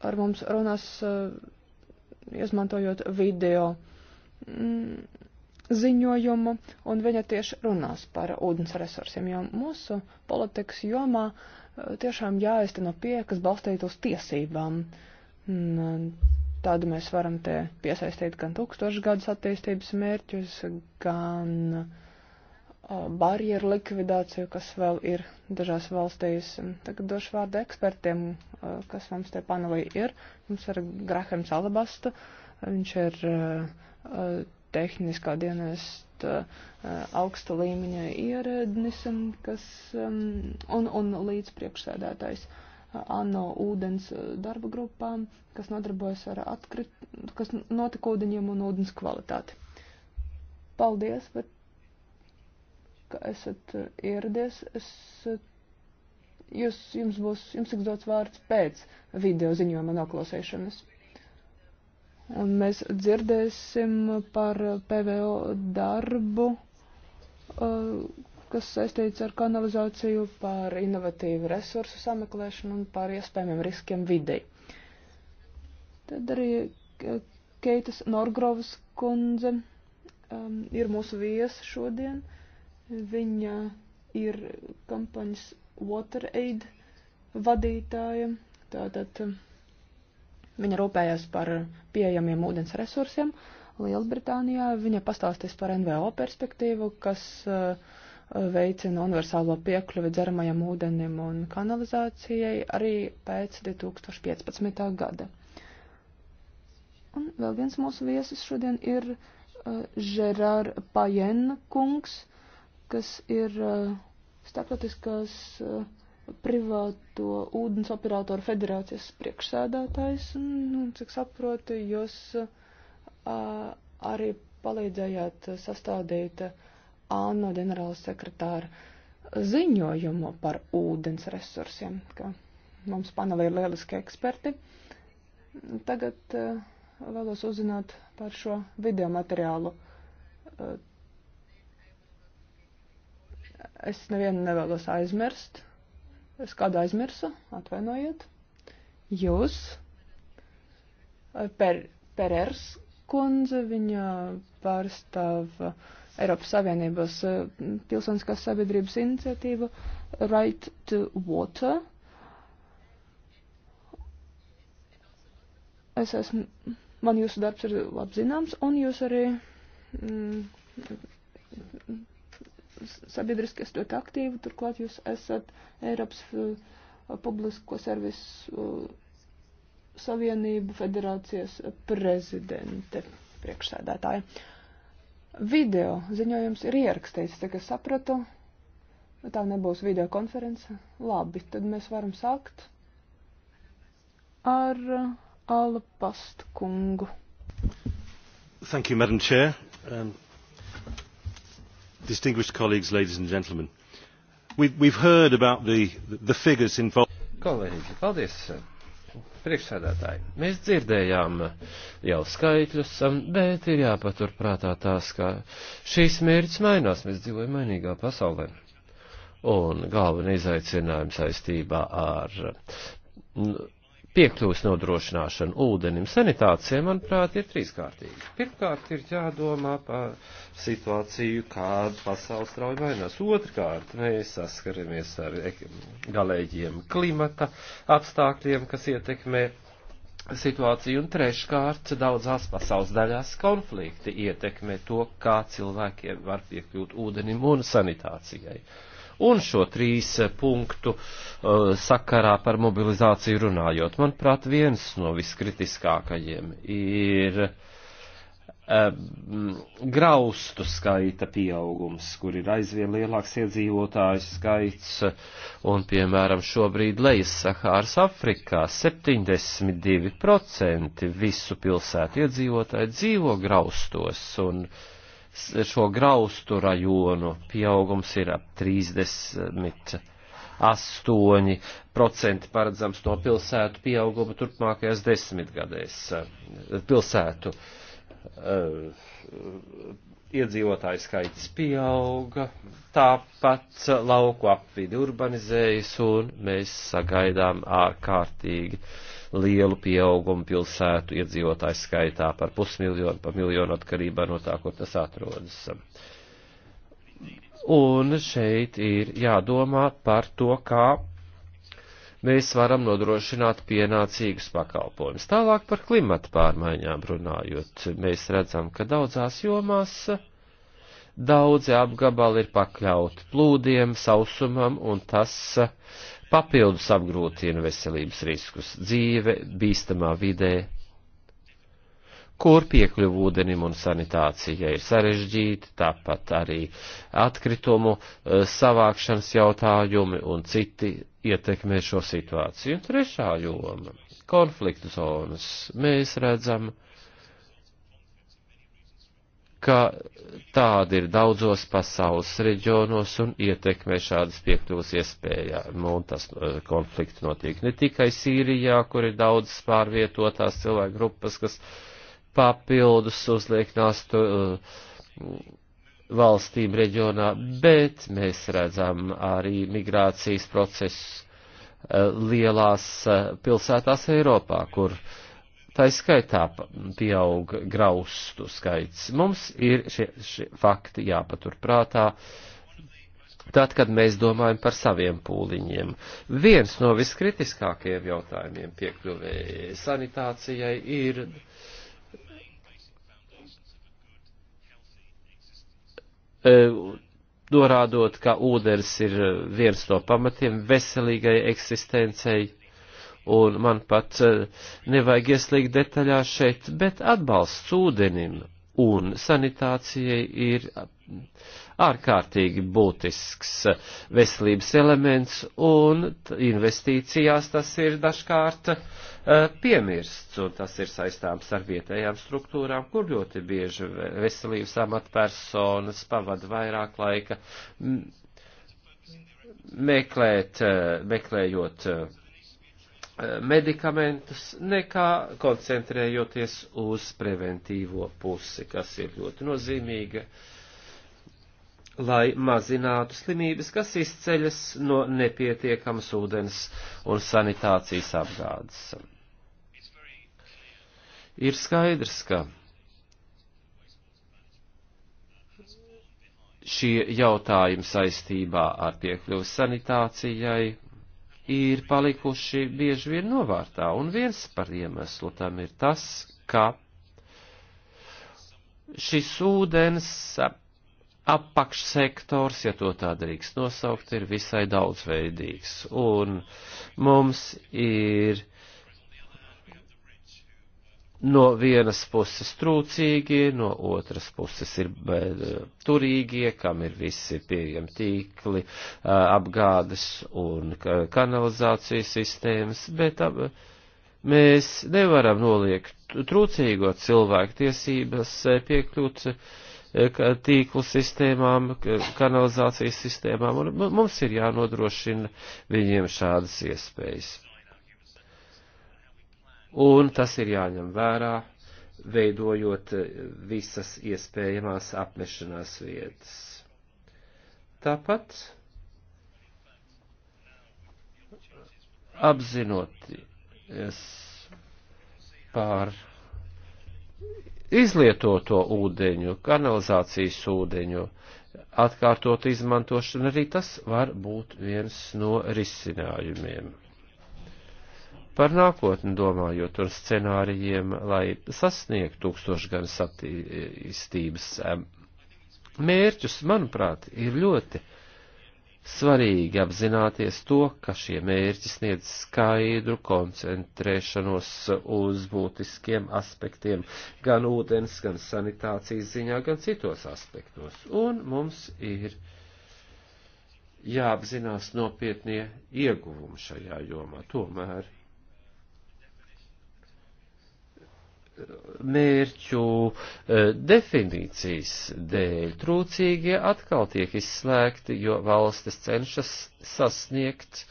ar mums runās, eh, izmantojot video mm, ziņojumu, un viņa tieši runās par ūdens resursiem, jo mūsu politikas jomā eh, tiešām jāizteno pie, kas balstītu uz tiesībām. Un, mm, Tad mēs varam te piesaistīt gan tūkstošgadus attīstības mērķus, gan barjeru likvidāciju, kas vēl ir dažās valstīs. Tagad došu vārdu ekspertiem, kas mums te panelī ir. Mums ir Grahams Alabasta, viņš ir tehniskā dienesta augsta līmeņa ierednis, kas, un, un līdz priekšsēdētājs. Uh, ANO ūdens eh, darba grupām, kas nodarbojas ar atkrit, kas notika ūdeņiem un ūdens kvalitāti. Paldies, bet, ka esat eh, ieradies. Es, eh, jūs, jums būs, jums tiks dots vārds pēc video ziņojuma noklausīšanas. Un mēs dzirdēsim par PVO darbu kas saistīts ar kanalizāciju, par inovatīvu resursu sameklēšanu un par iespējamiem riskiem videi. Tad arī Keitas Norgrovas kundze um, ir mūsu viesa šodien. Viņa ir kampaņas WaterAid vadītāja. Tātad um, viņa rūpējas par pieejamiem ūdens resursiem Lielbritānijā. Viņa pastāstīs par NVO perspektīvu, kas uh, veicina universālo piekļuvi dzeramajam ūdenim un kanalizācijai arī pēc 2015. gada. Un vēl viens mūsu viesis šodien ir uh, Žerār Pajen kungs, kas ir uh, starptautiskās uh, privāto ūdens operātoru federācijas priekšsēdētājs. Un, un nu, cik saprotu, jūs uh, arī palīdzējāt sastādīt uh, ANO ģenerāla sekretāra ziņojumu par ūdens resursiem, ka mums panelī ir lieliski eksperti. Tagad uh, vēlos uzzināt par šo video materiālu. Uh, es nevienu nevēlos aizmirst. Es kādu aizmirsu, atvainojiet. Jūs, eh, per, Perers kundze, viņa pārstāv uh, Eiropas Savienības eh, pilsoniskās sabiedrības iniciatīva Right to Water. Es esmu, man jūsu darbs ir apzināms, un jūs arī mm, sabiedriski esat ļoti aktīvi, turklāt jūs esat Eiropas eh, publisko servisu eh, savienību federācijas prezidente priekšsēdētāja. Uh, Video ziņojums ir ierakstīts, tā kā sapratu. Nu, tā nebūs video konference. Labi, tad mēs varam sākt ar uh, Ala Pastkungu. Thank you, Madam Chair. Um, distinguished colleagues, ladies and gentlemen. We've, we've heard about the, the figures involved. Kolēģi, paldies. Priekšsēdētāji, mēs dzirdējām jau skaitļus, um, bet ir jāpaturprātā tās, ka šīs mērķis mainās, mēs dzīvojam mainīgā pasaulē. Un galvenais izaicinājums saistībā ar piekļuvis nodrošināšanu ūdenim, sanitācija, manuprāt, ir trīskārtīga. Pirmkārt, ir jādomā par situāciju, kāda pasaules strauji mainās. Otrkārt, mēs saskaramies ar galēģiem klimata apstākļiem, kas ietekmē situāciju, un treškārt, daudzās pasaules daļās konflikti ietekmē to, kā cilvēkiem var piekļūt ūdenim un sanitācijai. Uh, un šo trīs punktu uh, sakarā par mobilizāciju runājot. Manuprāt, viens no viskritiskākajiem ir um, graustu skaita pieaugums, kur ir aizvien lielāks iedzīvotāju skaits, un, piemēram, šobrīd lejas Sahāras Afrikā 72% visu pilsētu iedzīvotāju dzīvo graustos, un uh, šo graustu rajonu pieaugums ir ap 30 astoņi procenti paredzams no pilsētu pieauguma turpmākajās desmitgadēs. Pilsētu uh, iedzīvotāju skaits pieauga, tāpat lauku apvidi urbanizējas un mēs sagaidām ārkārtīgi uh, lielu pieaugumu pilsētu iedzīvotāju skaitā par pusmiljonu, pa miljonu atkarībā no tā, kur tas atrodas. Un šeit ir jādomā par to, kā mēs varam nodrošināt pienācīgus pakalpojumus. Tālāk par klimata pārmaiņām runājot, mēs redzam, ka daudzās jomās daudzi apgabali ir pakļauti plūdiem, sausumam, un tas papildus apgrūtina veselības riskus, dzīve bīstamā vidē, kur piekļuvu ūdenim un sanitācijai ir sarežģīti, tāpat arī atkritumu eh, savākšanas jautājumi un citi ietekmē šo situāciju. Un trešā joma - konfliktu zonas. Mēs redzam, uh, ka tāda ir daudzos pasaules reģionos un ietekmē šādas piekļuvas iespējā. Nu, un tas eh, konflikti notiek ne tikai Sīrijā, kur ir daudz pārvietotās cilvēku grupas, kas papildus uzliek nastu eh, valstīm reģionā, bet mēs redzam arī migrācijas procesus eh, lielās pilsētās Eiropā, kur uh, tā skaitā pieaug graustu skaits. Mums ir šie, šie fakti jāpaturprātā. Tad, kad mēs domājam par saviem pūliņiem, viens no viskritiskākajiem jautājumiem piekļuvēja sanitācijai ir e, norādot, ka ūdens ir viens no pamatiem veselīgai eksistencei un man pat eh, nevajag ieslīgt detaļās šeit, bet atbalsts ūdenim un sanitācijai ir ārkārtīgi būtisks veselības elements, un investīcijās tas ir dažkārt eh, piemirsts, un tas ir saistāms ar vietējām struktūrām, kur ļoti bieži veselības amatpersonas pavada vairāk laika meklēt, eh, meklējot medikamentus, nekā koncentrējoties uz preventīvo pusi, kas ir ļoti nozīmīga, lai mazinātu slimības, kas izceļas no nepietiekamas ūdens un sanitācijas apgādes. Ir skaidrs, ka šie jautājumi saistībā ar piekļuvu sanitācijai ir palikuši bieži vien novārtā, un viens par iemeslu tam ir tas, ka šis ūdens apakšsektors, ja to tā drīkst nosaukt, ir visai daudzveidīgs, un mums ir no vienas puses trūcīgie, no otras puses ir e, turīgie, kam ir visi pieejami tīkli, e, apgādes un kanalizācijas sistēmas, bet ab, mēs nevaram noliegt trūcīgo cilvēku tiesības e, piekļūt tīklu sistēmām, kanalizācijas sistēmām, un mums ir jānodrošina viņiem šādas iespējas un tas ir jāņem vērā, veidojot eh, visas iespējamās apmešanās vietas. Tāpat apzinoties pār izlietoto ūdeņu, kanalizācijas ūdeņu, atkārtot izmantošanu, arī tas var būt viens no risinājumiem. Par nākotni domājot un scenārijiem, lai sasniegtu tūkstošgadus attīstības mērķus, manuprāt, ir ļoti svarīgi apzināties to, ka šie mērķi sniedz skaidru koncentrēšanos uz būtiskiem aspektiem gan ūdens, gan sanitācijas ziņā, gan citos aspektos. Un mums ir jāapzinās nopietnie ieguvumi šajā jomā. Tomēr mērķu e, definīcijas dēļ trūcīgie atkal tiek izslēgti, jo valstis cenšas sasniegt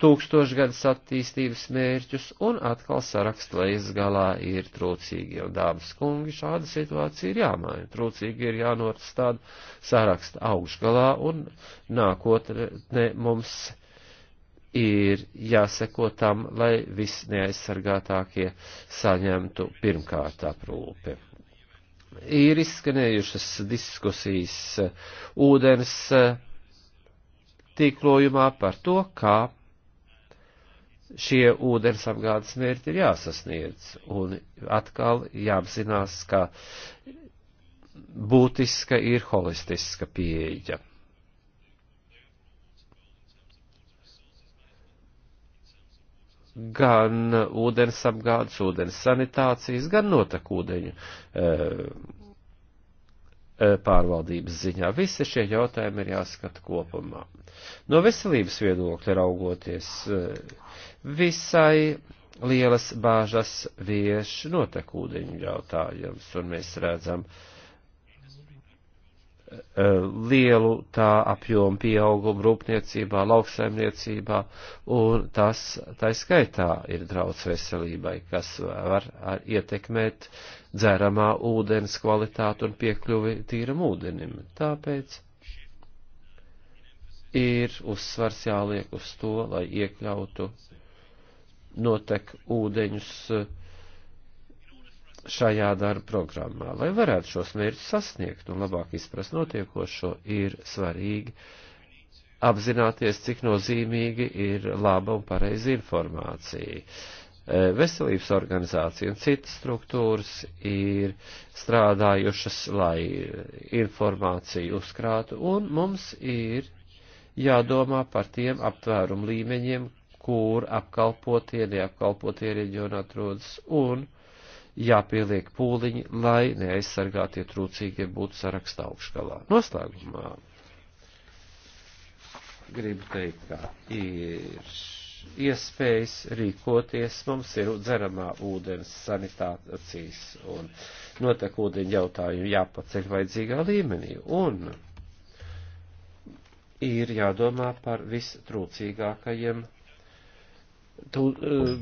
tūkstošgadus attīstības mērķus, un atkal saraksts lejas galā ir trūcīgi, un dāmas kungi šāda situācija ir jāmaina. Trūcīgi ir jānotas tāda saraksta augšgalā, un nākotnē mums ir jāseko tam, lai viss neaizsargātākie saņemtu pirmkārt aprūpi. Ir izskanējušas diskusijas ūdens tīklojumā par to, kā šie ūdens apgādes mērķi ir jāsasniedz, un atkal jāapzinās, ka būtiska ir holistiska pieeja gan ūdens apgādes, ūdens sanitācijas, gan notekūdeņu e, e, pārvaldības ziņā. Visi šie jautājumi ir jāskata kopumā. No veselības viedokļa raugoties, e, visai lielas bāžas vieš notekūdeņu jautājums, un mēs redzam, uh, Eh, lielu tā apjomu pieaugumu rūpniecībā, lauksaimniecībā, un tas tā skaitā ir draudz veselībai, kas var ietekmēt dzeramā ūdens kvalitātu un piekļuvi tīram ūdenim. Tāpēc ir uzsvars jāliek uz to, lai iekļautu notek ūdeņus uh, šajā darba programmā. Lai varētu šos mērķus sasniegt un labāk izprast notiekošo, ir svarīgi apzināties, cik nozīmīgi ir laba un pareiza informācija. E, veselības organizācija un citas struktūras ir strādājušas, lai informāciju uzkrātu, un mums ir jādomā par tiem aptvērumu līmeņiem, kur apkalpotie, neapkalpotie reģiona atrodas, un uh, jāpieliek pūliņi, lai neaizsargātie trūcīgie būtu sarakstā augšgalā. Noslēgumā gribu teikt, ka ir iespējas rīkoties, mums ir dzeramā ūdens sanitācijas un notekūdeņu jautājumu jāpaceļ vajadzīgā līmenī. Un ir jādomā par vistrūcīgākajiem tu,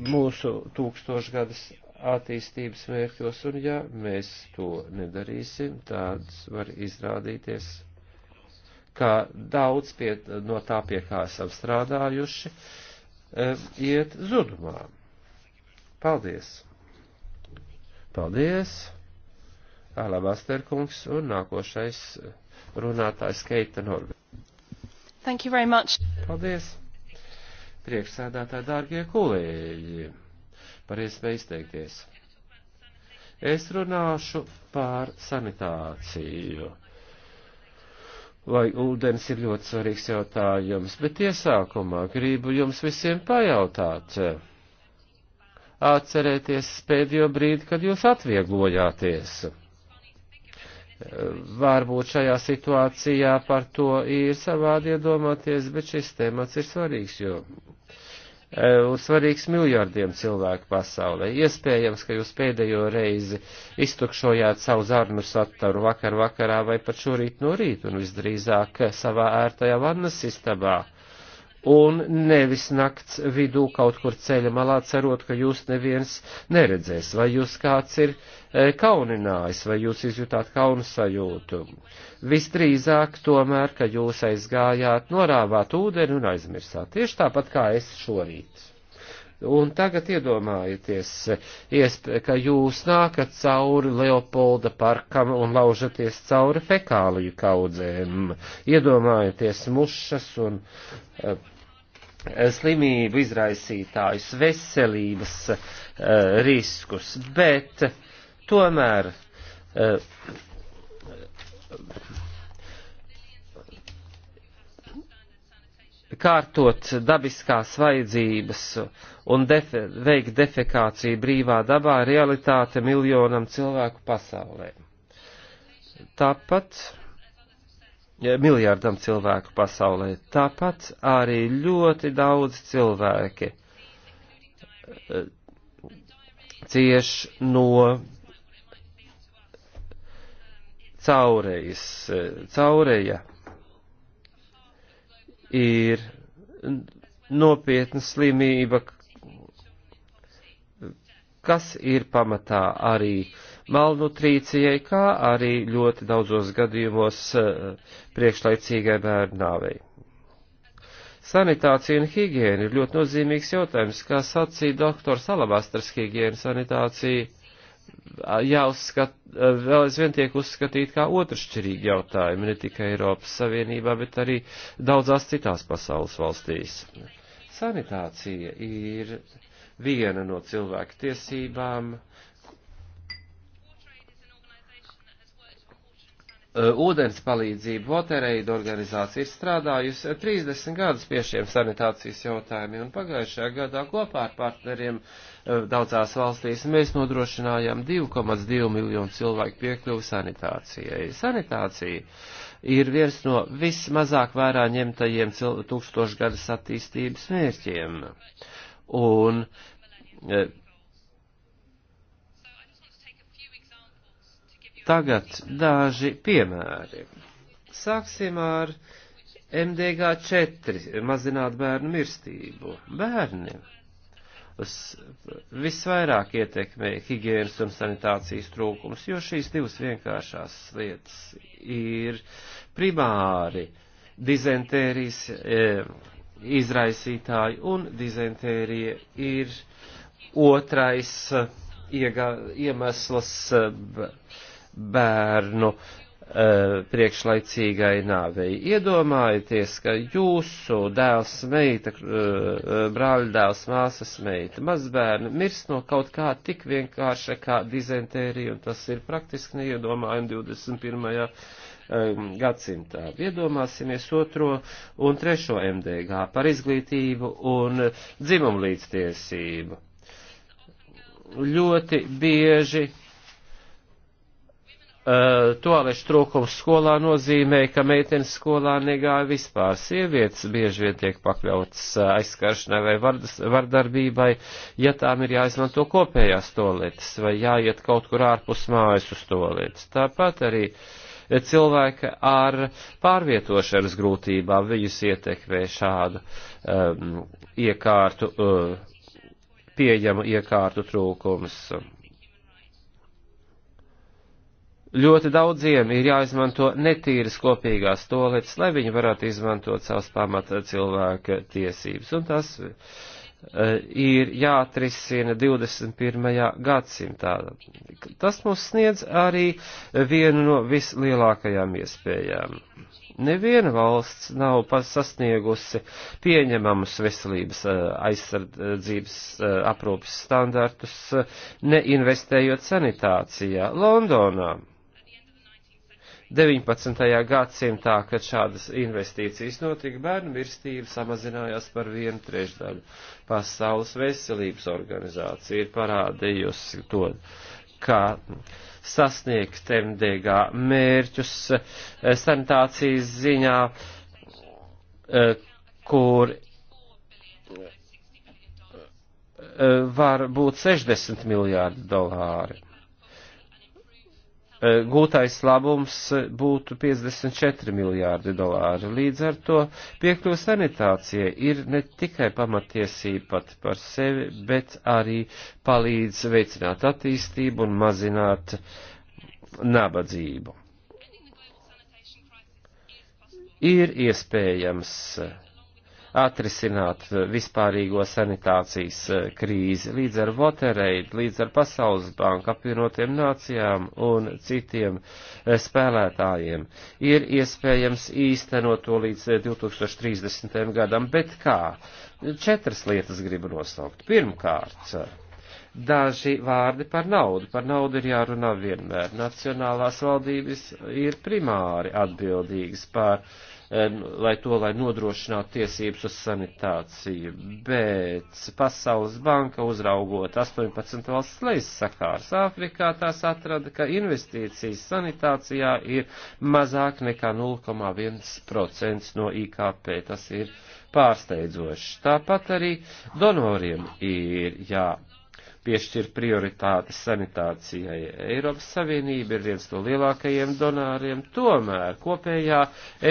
mūsu tūkstošgadas attīstības mērķos, un ja mēs to nedarīsim, tāds var izrādīties, ka daudz pie, no tā, pie kā esam strādājuši, iet zudumā. Paldies! Paldies! Alabasterkungs un nākošais runātājs Keita Norga. Thank you very much. Paldies! Priekšsēdētāji, dārgie kolēģi! par iespēju izteikties. Es runāšu par sanitāciju. Lai ūdens ir ļoti svarīgs jautājums, bet iesākumā gribu jums visiem pajautāt. Atcerieties pēdējo brīdi, kad jūs atvieglojāties. Varbūt šajā situācijā par to ir savādi iedomāties, bet šis temats ir svarīgs, jo Eh, svarīgs miljardiem cilvēku pasaulē. Iespējams, ka jūs pēdējo reizi iztukšojāt savu zarnu sataru vakar vakarā vai pat šorīt no rīta un visdrīzāk savā ērtajā vannas istabā un nevis nakts vidū kaut kur ceļa malā cerot, ka jūs neviens neredzēs, vai jūs kāds ir e, kauninājis, vai jūs izjutāt kaunu sajūtu. Visdrīzāk tomēr, ka jūs aizgājāt, norāvāt ūdeni un aizmirsāt, tieši tāpat kā es šorīt. Un tagad iedomājieties, ka jūs nākat cauri Leopolda parkam un laužaties cauri fekāliju kaudzēm. Iedomājieties mušas un uh, slimību izraisītājus, veselības uh, riskus, bet tomēr uh, kārtot dabiskās vajadzības un defe, veikt defekāciju brīvā dabā realitāte miljonam cilvēku pasaulē. Tāpat miljardam cilvēku pasaulē. Tāpat arī ļoti daudz cilvēki eh, cieš no caurejas, eh, caureja ir nopietna slimība, kas ir pamatā arī malnutrīcijai, kā arī ļoti daudzos gadījumos eh, priekšlaicīgai bērnu nāvei. Sanitācija un higiēna ir ļoti nozīmīgs jautājums, kā sacīja doktors Alabastras higiēna sanitācija jāuzskat, vēl aizvien tiek uzskatīt kā otršķirīgi jautājumi ne tikai Eiropas Savienībā, bet arī daudzās citās pasaules valstīs. Sanitācija ir viena no cilvēku tiesībām, Uh, ūdens palīdzību Waterēda organizācija ir strādājusi 30 uh, gadus pie šiem sanitācijas jautājumiem, un pagājušajā gadā kopā ar partneriem uh, daudzās valstīs mēs nodrošinājām 2,2 miljonu cilvēku piekļuvu sanitācijai. Sanitācija ir viens no vismazāk vērā ņemtajiem tūkstošgadas attīstības mērķiem, un Tagad daži piemēri. Sāksim ar MDG 4 mazināt bērnu mirstību. Bērni visvairāk ietekmē higienas un sanitācijas trūkums, jo šīs divas vienkāršās lietas ir primāri dizentērijas e, izraisītāji un dizentērija ir otrais e, iega, iemesls. E, bērnu e, priekšlaicīgai nāvei. Iedomājieties, ka jūsu dēls meita, e, e, brāļdēls, māsas meita, mazbērni mirst no kaut kā tik vienkārša kā dizentērija, un tas ir praktiski neiedomājami 21. gadsimtā. Iedomāsimies otro un trešo MDG par izglītību un dzimumlīdztiesību. Ļoti bieži Eh, toalešu trūkums skolā nozīmē, ka meitenes skolā negāja vispār. Sievietes bieži vien tiek pakļautas eh, aizskaršanai vai vardas, vardarbībai, ja tām ir jāizmanto kopējās toaletes vai jāiet kaut kur ārpus mājas uz toaletes. Tāpat arī eh, cilvēki ar pārvietošanas grūtībām viņus ietekmē šādu um, iekārtu, uh, pieejamu iekārtu trūkums. Um Ļoti daudziem ir jāizmanto netīras kopīgās tolets, lai viņi varētu izmantot savas pamata cilvēka tiesības. Un tas uh, ir jāatrisina 21. gadsimtā. Tas mums sniedz arī vienu no vislielākajām iespējām. Neviena valsts nav sasniegusi pieņemamus veselības e, aizsardzības e, aprūpes standartus, neinvestējot sanitācijā. Londonā 19. gadsimtā, kad šādas investīcijas notika, bērnu mirstība samazinājās par vienu trešdaļu. Pasaules veselības organizācija ir parādījusi to, kā sasniegt MDG mērķus eh, sanitācijas ziņā, eh, kur eh, var būt 60 miljārdi dolāri Eh, gūtais labums eh, būtu 54 miljārdi dolāri. Līdz ar to piekļuva sanitācija ir ne tikai pamatiesība pat par sevi, bet arī palīdz veicināt attīstību un mazināt nabadzību. Ir iespējams eh, atrisināt vispārīgo sanitācijas eh, krīzi līdz ar Waterreid, līdz ar Pasaules banku, apvienotiem nācijām un citiem eh, spēlētājiem. Ir iespējams īstenot to līdz 2030. Eh, gadam, bet kā? Četras lietas gribu nosaukt. Pirmkārt, daži vārdi par naudu. Par naudu ir jārunā vienmēr. Nacionālās valdības ir primāri atbildīgas par uh, lai to, lai nodrošinātu tiesības uz sanitāciju. Bet Pasaules banka uzraugot 18 valsts leizsakārs Āfrikā, tās atrada, ka investīcijas sanitācijā ir mazāk nekā 0,1% no IKP. Tas ir pārsteidzoši. Tāpat arī donoriem ir jā. Ja piešķir prioritāti sanitācijai. Eiropas Savienība ir viens no lielākajiem donāriem, tomēr kopējā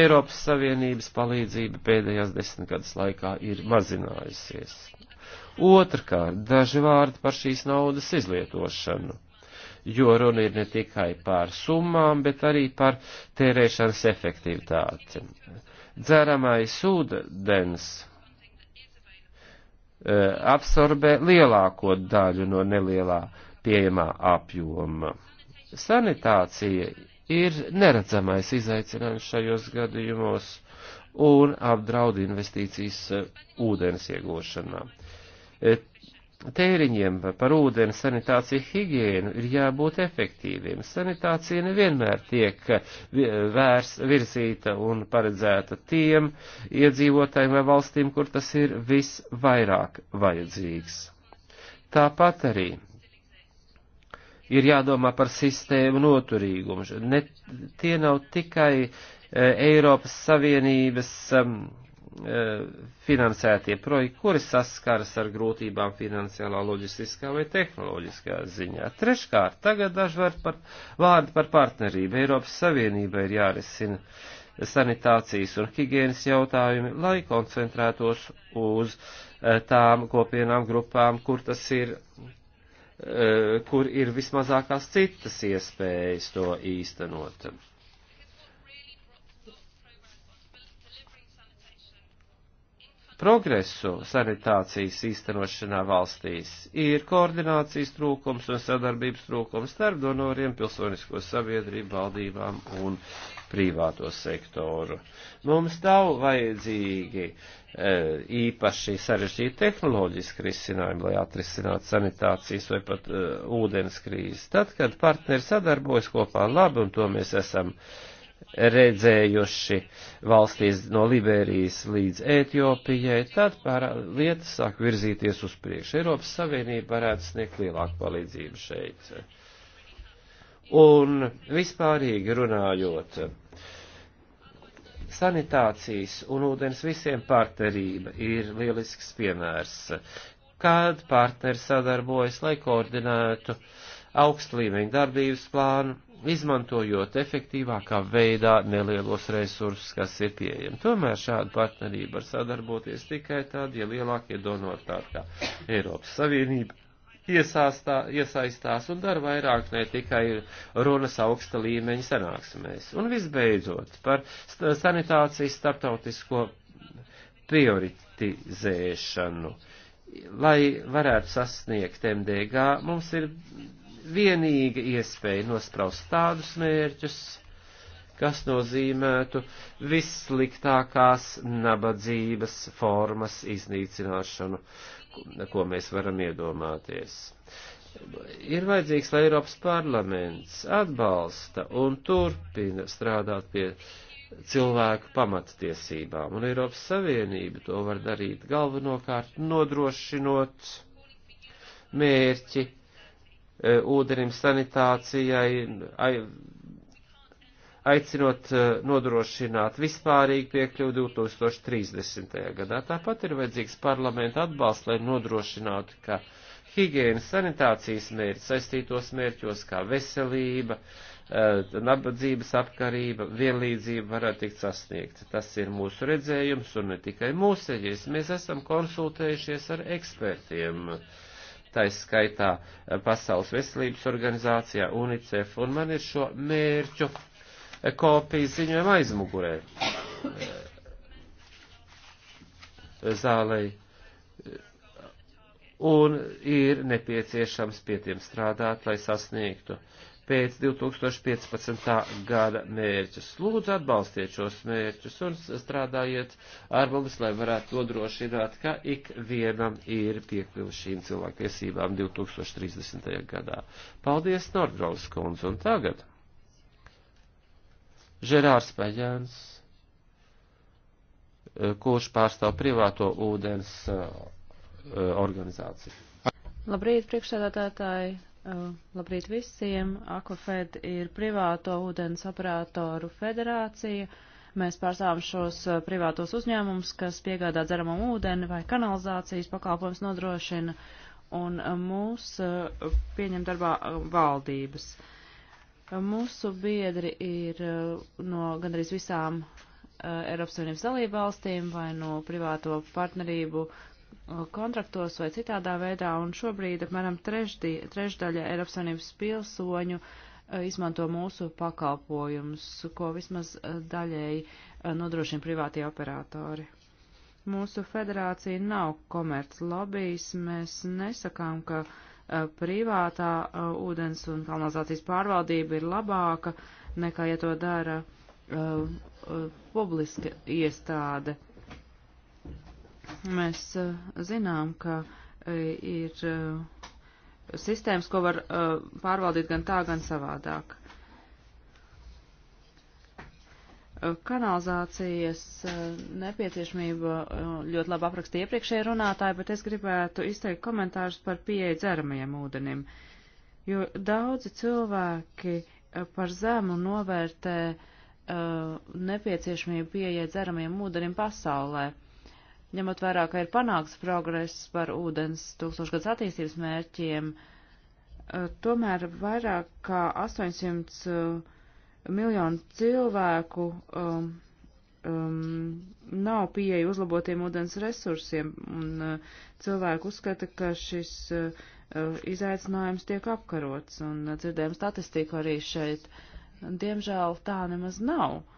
Eiropas Savienības palīdzība pēdējās desmitgades laikā ir mazinājusies. Otrkārt, daži vārdi par šīs naudas izlietošanu jo runa ir ne tikai par summām, bet arī par tērēšanas efektivitāti. Dzeramais ūdens E, absorbē lielāko daļu no nelielā pieejamā apjoma. Sanitācija ir neredzamais izaicinājums šajos gadījumos un apdraud investīcijas e, ūdens iegūšanā. E, tēriņiem par ūdeni, sanitāciju, higienu ir jābūt efektīviem. Sanitācija nevienmēr tiek vērs, virzīta un paredzēta tiem iedzīvotājiem vai valstīm, kur tas ir visvairāk vajadzīgs. Tāpat arī ir jādomā par sistēmu noturīgumu. Ne, tie nav tikai e, Eiropas Savienības um, e, E, finansētie projekti, kuri saskaras ar grūtībām finansiālā, loģistiskā vai tehnoloģiskā ziņā. Treškārt, tagad daži var par vārdu par partnerību. Eiropas Savienība ir jārisina sanitācijas un higienas jautājumi, lai koncentrētos uz e, tām kopienām grupām, kur tas ir e, kur ir vismazākās citas iespējas to īstenot. progresu sanitācijas īstenošanā valstīs, ir koordinācijas trūkums un sadarbības trūkums starp donoriem, pilsonisko sabiedrību, valdībām un privāto sektoru. Mums nav vajadzīgi e, īpaši sarežģīti tehnoloģiski risinājumi, lai atrisinātu sanitācijas vai pat e, ūdens krīzes. Tad, kad partneri sadarbojas kopā labi, un to mēs esam redzējuši valstīs no Liberijas līdz Ētjopijai, tad pārā lietas sāk virzīties uz priekšu. Eiropas Savienība varētu sniegt lielāku palīdzību šeit. Un vispārīgi runājot, sanitācijas un ūdens visiem partnerība ir lielisks piemērs, kad partneri sadarbojas, lai koordinētu augstu līmeņu darbības plānu izmantojot efektīvākā veidā nelielos resursus, kas ir pieejami. Tomēr šāda partnerība var sadarboties tikai tad, ja lielākie donori tādi kā Eiropas Savienība iesāstā, iesaistās un dara vairāk ne tikai runas augsta līmeņa sanāksmēs. Un visbeidzot, par sanitācijas starptautisko prioritizēšanu. Lai varētu sasniegt MDG, mums ir vienīga iespēja nospraust tādus mērķus, kas nozīmētu vissliktākās nabadzības formas iznīcināšanu, ko mēs varam iedomāties. Ir vajadzīgs, lai Eiropas parlaments atbalsta un turpina strādāt pie cilvēku pamattiesībām, un Eiropas Savienība to var darīt galvenokārt nodrošinot mērķi E, ūdenim, sanitācijai, aicinot e, nodrošināt vispārīgu piekļuvu 2030. gadā. Tāpat ir vajadzīgs parlamenta atbalsts, lai nodrošinātu, ka higienas sanitācijas mērķi saistītos mērķos kā veselība, e, nabadzības apkarība, vienlīdzība varētu tikt sasniegta. Tas ir mūsu redzējums un ne tikai mūsejais. Mēs esam konsultējušies ar ekspertiem. Uh, tā skaitā eh, Pasaules veselības organizācijā, UNICEF, un man ir šo mērķu eh, kopija ziņojuma aizmugurē eh, zālei. Un ir nepieciešams pie tiem strādāt, lai sasniegtu pēc 2015. gada mērķus. Lūdzu, atbalstiet šos mērķus un strādājiet ar mums, lai varētu nodrošināt, ka ik vienam ir piekļuva šīm cilvēktiesībām 2030. gadā. Paldies, Nordgraus kundze, un tagad Žerārs Paģēns, kurš pārstāv privāto ūdens eh, organizāciju. Labrīt, priekšsēdētāji, Uh, labrīt visiem! Aquafed ir privāto ūdens operatoru federācija. Mēs pārstāvam šos uh, privātos uzņēmumus, kas piegādā dzeramo ūdeni vai kanalizācijas pakalpojums nodrošina, un uh, mūs pieņem darbā valdības. Mūsu biedri ir no gandrīz visām Eiropas Savienības dalību valstīm vai no privāto partnerību kontraktos vai citādā veidā, un šobrīd apmēram trešdi, trešdaļa Eiropas Savienības pilsoņu eh, izmanto mūsu pakalpojumus, ko vismaz eh, daļēji eh, nodrošina privātie operatori. Mūsu federācija nav komerc lobijs, mēs nesakām, ka privātā ūdens un kanalizācijas pārvaldība ir labāka nekā, ja to dara publiska iestāde Mēs zinām, ka ir sistēmas, ko var pārvaldīt gan tā, gan savādāk. Kanalizācijas nepieciešamība ļoti labi aprakstīja iepriekšējā runātāja, bet es gribētu izteikt komentārus par pieeja dzeramajam ūdenim, jo daudzi cilvēki par zemu novērtē nepieciešamību pieeja dzeramajam ūdenim pasaulē. Uh, ņemot vērā, ka ir panāks progress par ūdens tūkstošgads attīstības mērķiem, eh, tomēr vairāk kā 800 eh, miljonu cilvēku um, um, nav pieeja uzlabotiem ūdens resursiem, un uh, cilvēki uzskata, ka šis uh, izaicinājums tiek apkarots, un uh, dzirdējam statistiku arī šeit. Diemžēl tā nemaz nav. Uh,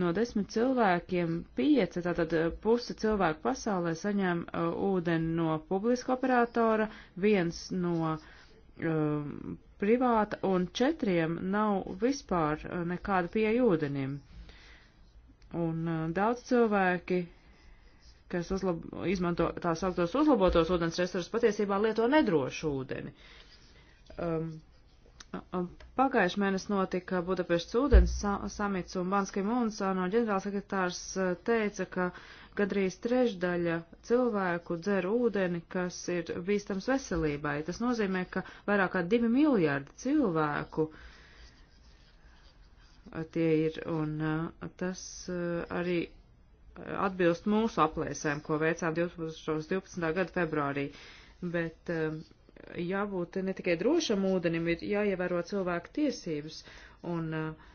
no desmit cilvēkiem pieci, tātad eh, puse cilvēku pasaulē saņem uh, ūdeni no publiska operatora, viens no uh, privāta un četriem nav vispār uh, nekāda pieeja ūdenim. Un uh, daudz cilvēki, kas uzlab, izmanto tā sauktos uzlabotos ūdens resursus, patiesībā lieto nedrošu ūdeni. Um, Pagājuši mēnesi notika Budapešts ūdens samits un Banski Munsāno ģenerālsekretārs teica, ka gadrīz trešdaļa cilvēku dzer ūdeni, kas ir bīstams veselībai. Tas nozīmē, ka vairāk kā divi miljārdi cilvēku tie ir, un tas arī atbilst mūsu aplēsēm, ko veicām 2012. gada februārī. Bet jābūt ne tikai drošam ūdenim, ir jāievēro cilvēku tiesības. Un uh,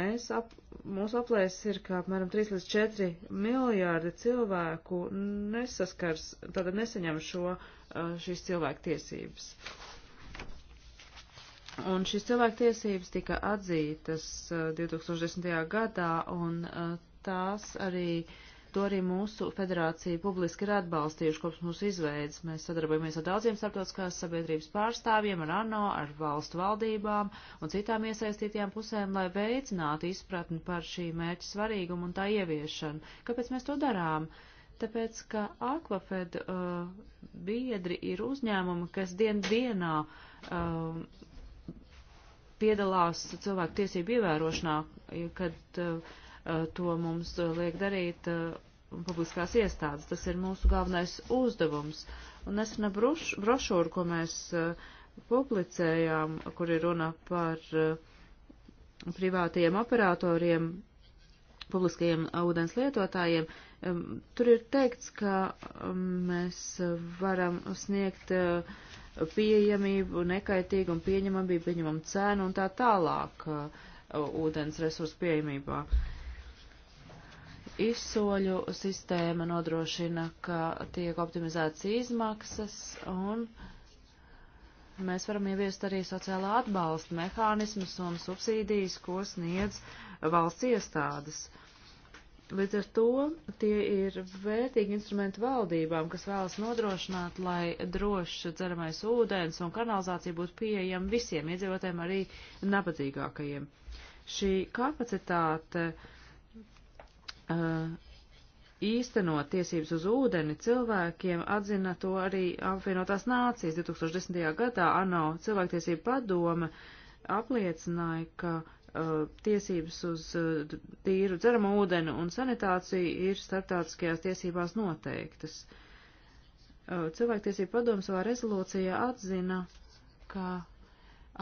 mēs ap, mūsu aplēses ir, ka apmēram 3 līdz 4 miljārdi cilvēku nesaskars, tātad nesaņem šo, uh, šīs cilvēku tiesības. Un šīs cilvēku tiesības tika atzītas 2010. Uh, gadā, un tās arī uh, To arī mūsu federācija publiski ir atbalstījuši kopš mūsu izveidas. Mēs sadarbojamies ar daudziem starptautiskās sabiedrības pārstāvjiem, ar ANO, ar valstu valdībām un citām iesaistītajām pusēm, lai veicinātu izpratni par šī mērķa svarīgumu un tā ieviešanu. Kāpēc mēs to darām? Tāpēc, ka Aquafed uh, biedri ir uzņēmumi, kas dien dienā uh, piedalās cilvēku tiesību ievērošanā, kad uh, Eh, to mums eh, liek darīt eh, publiskās iestādes. Tas ir mūsu galvenais uzdevums. Un nesena brošūra, ko mēs publicējām, kur ir runa par privātajiem operatoriem, publiskajiem ūdens lietotājiem, tur ir teikts, ka mēs varam sniegt pieejamību, nekaitīgumu, pieņemamību, pieņemam cenu un tā tālāk ūdens resursu pieejamībā. Uh, Izsoļu sistēma nodrošina, ka tiek optimizētas izmaksas un mēs varam ieviest arī sociālā atbalsta mehānismus un subsīdijas, ko sniedz valsts iestādes. Līdz ar to tie ir vērtīgi instrumenti valdībām, kas vēlas nodrošināt, lai drošs dzeramais ūdens un kanalizācija būtu pieejama visiem iedzīvotājiem, arī nabadzīgākajiem. Šī kapacitāte uh, Uh, īstenot tiesības uz ūdeni cilvēkiem atzina to arī apvienotās nācijas 2010. gadā ANO cilvēktiesība padome apliecināja, ka uh, tiesības uz uh, tīru dzeramu ūdeni un sanitāciju ir starptautiskajās tiesībās noteiktas. Uh, cilvēktiesība padome savā rezolūcijā atzina, ka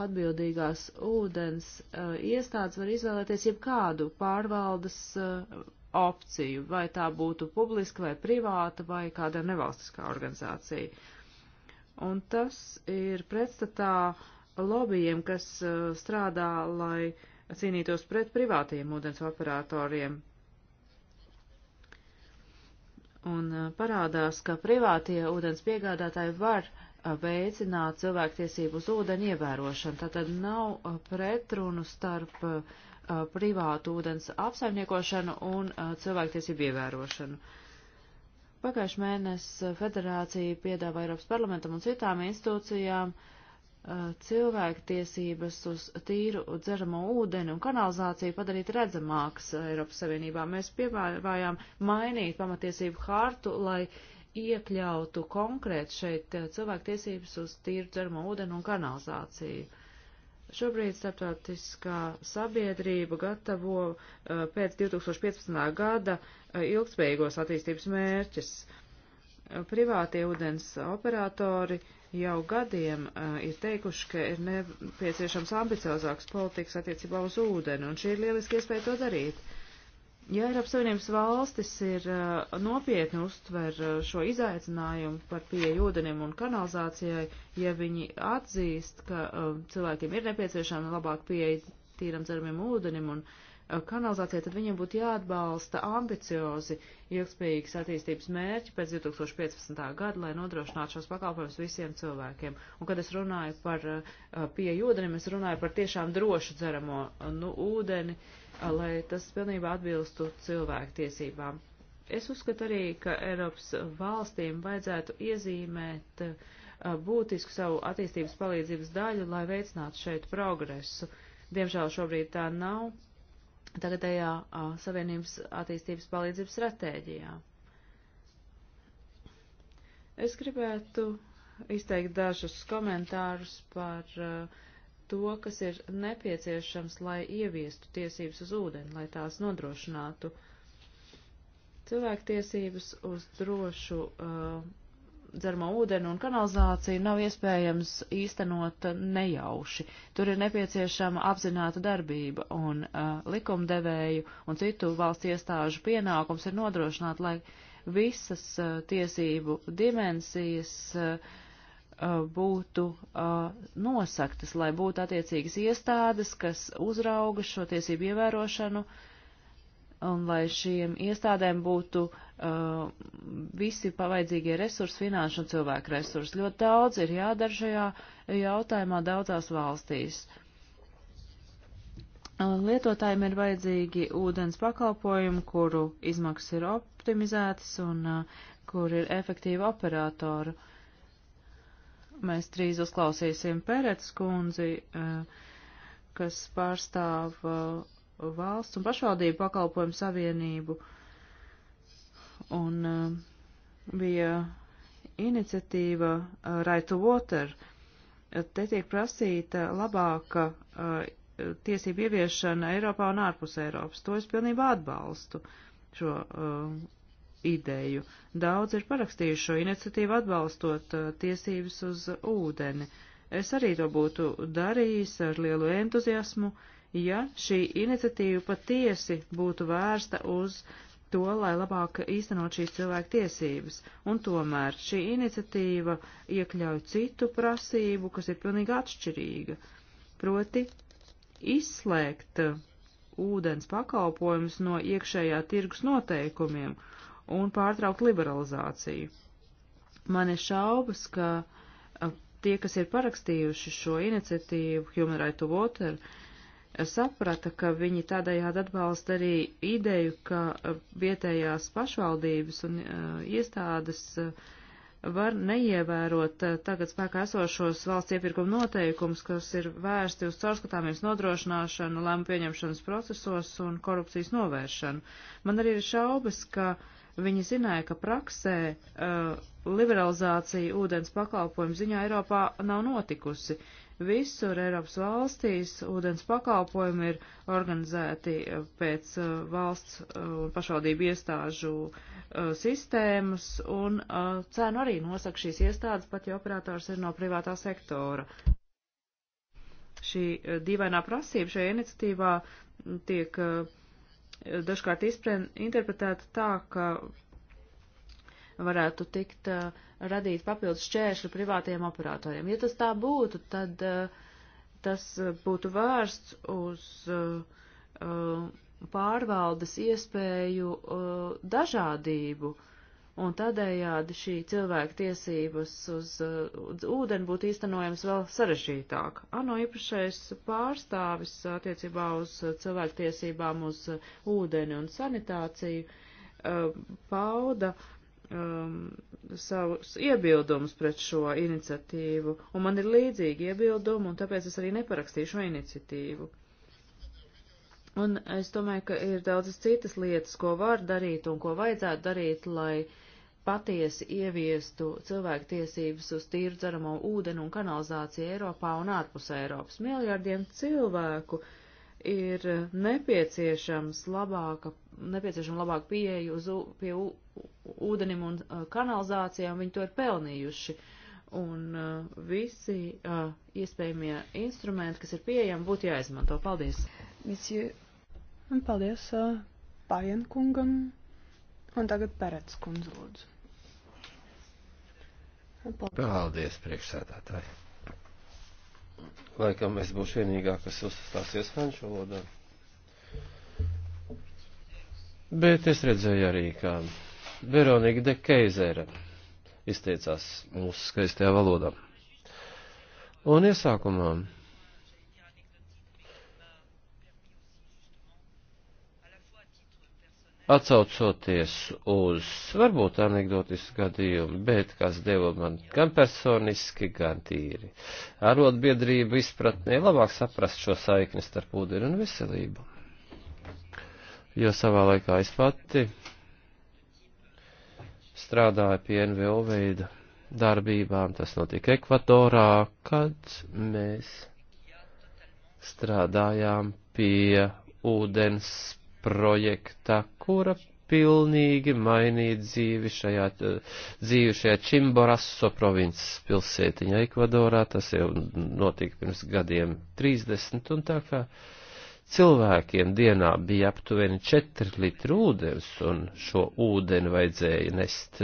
atbildīgās ūdens uh, iestādes var izvēlēties jebkādu pārvaldes uh, opciju, vai tā būtu publiska vai privāta vai kāda nevalstiskā organizācija. Un tas ir pretstatā lobbyiem, kas uh, strādā, lai cīnītos pret privātiem ūdens operatoriem. Un uh, parādās, ka privātie ūdens piegādātāji var uh, veicināt cilvēktiesību uz ūdeni ievērošanu. Tātad nav pretrunu starp uh, Uh, privātu ūdens apsaimniekošanu un uh, cilvēktiesību ievērošanu. Pagājuši mēnesi uh, federācija piedāvā Eiropas parlamentam un citām institūcijām cilvēktiesības uz tīru dzeramo ūdeni un kanalizāciju padarīt redzamāks Eiropas Savienībā. Mēs pievājām mainīt pamatiesību hartu, lai iekļautu konkrēt šeit cilvēktiesības uz tīru dzeramo ūdeni un kanalizāciju. Šobrīd starptautiskā sabiedrība gatavo uh, pēc 2015. gada uh, ilgspējīgos attīstības mērķus. Uh, privātie ūdens operatori jau gadiem ir teikuši, ka ir nepieciešams ambiciozāks politikas attiecībā uz ūdeni, un šī ir lieliski iespēja to darīt. Ja Eiropas Savienības valstis ir uh, nopietni uztver uh, šo izaicinājumu par pieeju ūdenim un kanalizācijai, ja viņi atzīst, ka um, cilvēkiem ir nepieciešama labāk pieeja tīram dzeramiem ūdenim un uh, kanalizācijai, tad viņiem būtu jāatbalsta ambiciozi ilgspējīgas attīstības mērķi pēc 2015. gada, lai nodrošinātu šos pakalpojumus visiem cilvēkiem. Un, kad es runāju par pieeju ūdenim, es runāju par tiešām drošu dzeramo nu, ūdeni. Uh, lai tas pilnībā atbilstu cilvēktiesībām. Es uzskatu arī, ka Eiropas valstīm vajadzētu iezīmēt būtisku savu attīstības palīdzības daļu, lai veicinātu šeit progresu. Diemžēl šobrīd tā nav tagadējā Savienības attīstības palīdzības stratēģijā. Es gribētu izteikt dažus komentārus par uh, to, kas ir nepieciešams, lai ieviestu tiesības uz ūdeni, lai tās nodrošinātu. Cilvēktiesības uz drošu uh, dzeramo ūdeni un kanalizāciju nav iespējams īstenot nejauši. Tur ir nepieciešama apzināta darbība, un uh, likumdevēju un citu valsts iestāžu pienākums ir nodrošināt, lai visas uh, tiesību dimensijas uh, Uh, būtu uh, nosaktas, lai būtu attiecīgas iestādes, kas uzrauga šo tiesību ievērošanu, un lai šiem iestādēm būtu uh, visi pavadzīgie resursi, finanšu un cilvēku resursi. Ļoti daudz ir jādara šajā jautājumā daudzās valstīs. Uh, lietotājiem ir vajadzīgi ūdens pakalpojumi, kuru izmaksas ir optimizētas un uh, kur ir efektīva operatora. Uh, Mēs drīz uzklausīsim Pērets kundzi, eh, kas pārstāv eh, valsts un pašvaldību pakalpojumu savienību. Un eh, bija iniciatīva Right to Water. Te tiek prasīta labāka tiesību ieviešana Eiropā un ārpus Eiropas. To es pilnībā atbalstu šo uh, ideju. Daudz ir parakstījuši šo iniciatīvu atbalstot uh, tiesības uz ūdeni. Es arī to būtu darījis ar lielu entuziasmu, ja šī iniciatīva patiesi būtu vērsta uz to, lai labāk īstenot šīs cilvēku tiesības, un tomēr šī iniciatīva iekļauj citu prasību, kas ir pilnīgi atšķirīga, proti izslēgt uh, ūdens pakalpojumus no iekšējā tirgus noteikumiem un pārtraukt liberalizāciju. Man ir šaubas, ka tie, kas ir parakstījuši šo iniciatīvu Human Right to Water, saprata, ka viņi tādējādi atbalsta arī ideju, ka vietējās pašvaldības un uh, iestādes uh, var neievērot uh, tagad spēkā esošos valsts iepirkuma noteikumus, kas ir vērsti uz caurskatāmības nodrošināšanu, lēmu pieņemšanas procesos un korupcijas novēršanu. Man arī ir šaubas, ka uh, Viņi zināja, ka praksē uh, liberalizācija ūdens pakalpojumu ziņā Eiropā nav notikusi. Visur Eiropas valstīs ūdens pakalpojumi ir organizēti uh, pēc uh, valsts uh, uh, un uh, pašvaldību iestāžu sistēmas, un cenu arī nosaka šīs iestādes, pat ja operators ir no privātā sektora šī dīvainā prasība šajā iniciatīvā tiek uh, dažkārt izpren, interpretēta tā, ka varētu tikt uh, radīt papildus šķēršļi privātiem operatoriem. Ja tas tā būtu, tad uh, tas būtu vērsts uz uh, uh pārvaldes iespēju uh, dažādību. Uh, un tādējādi šī cilvēka tiesības uz, uz ūdeni būtu īstenojams vēl sarežģītāk. ANO īpašais pārstāvis attiecībā uz cilvēku tiesībām uz ūdeni un sanitāciju eh, pauda um, savus iebildumus pret šo iniciatīvu, un man ir līdzīgi iebildumi, un tāpēc es arī neparakstīšu šo iniciatīvu. Un es domāju, ka ir daudzas citas lietas, ko var darīt un ko vajadzētu darīt, lai uh, patiesi ieviestu cilvēku tiesības uz tīru dzeramo ūdeni un kanalizāciju Eiropā un ārpus Eiropas. Miljardiem cilvēku ir nepieciešams labāka, nepieciešama labāka pieeja uz, pie u, ūdenim un uh, kanalizācijām, viņi to ir pelnījuši. Un uh, visi uh, iespējamie instrumenti, kas ir pieejami, būtu jāizmanto. Paldies! Monsieur. Un paldies uh, Pajankungam. Un tagad Perets kundze lūdzu. Paldies, Paldies priekšsēdētāji. Laikam es būšu vienīgā, kas uzstāsies franču valodā. Bet es redzēju arī, kā Veronika de Keizere izteicās mūsu skaistajā valodā. Un iesākumā Atcaucoties uz varbūt anegdotisku gadījumu, bet kas deva man gan personiski, gan tīri arotbiedrību izpratnē labāk saprast šo saikni starp ūdeni un veselību. Jo savā laikā es pati strādāju pie NVO veida darbībām, tas notika Ekvadorā, kad mēs strādājām pie ūdens projekta, kura pilnīgi mainīja dzīvi šajā, dzīvi šajā Čimboraso provinces pilsētiņā Ekvadorā. Tas jau notika pirms gadiem 30 un tā kā cilvēkiem dienā bija aptuveni 4 litri ūdens un šo ūdeni vajadzēja nest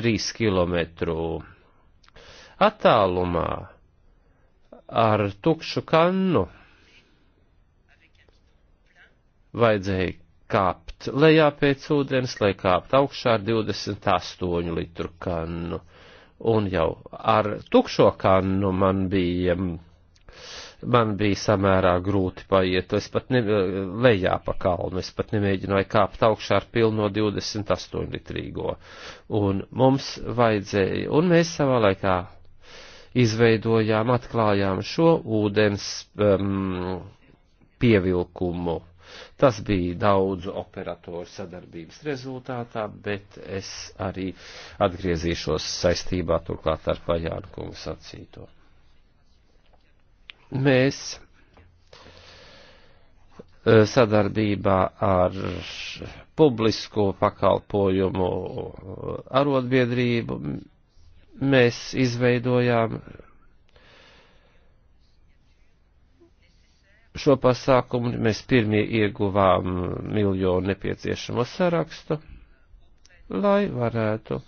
3 km attālumā ar tukšu kannu vajadzēja kāpt lejā pēc ūdens, lai kāpt augšā ar 28 litru kannu. Un jau ar tukšo kannu man bija, man bija samērā grūti paiet, es pat ne, lejā pa kalnu, es pat nemēģināju kāpt augšā ar pilno 28 litrīgo. Un mums vajadzēja, un mēs savā laikā izveidojām, atklājām šo ūdens um, pievilkumu Tas bija daudzu operatoru sadarbības rezultātā, bet es arī atgriezīšos saistībā turklāt ar Pajānu kungu sacīto. Mēs e, sadarbībā ar publisko pakalpojumu e, arotbiedrību mēs izveidojām šo pasākumu. Mēs pirmie ieguvām miljonu nepieciešamo sarakstu, lai varētu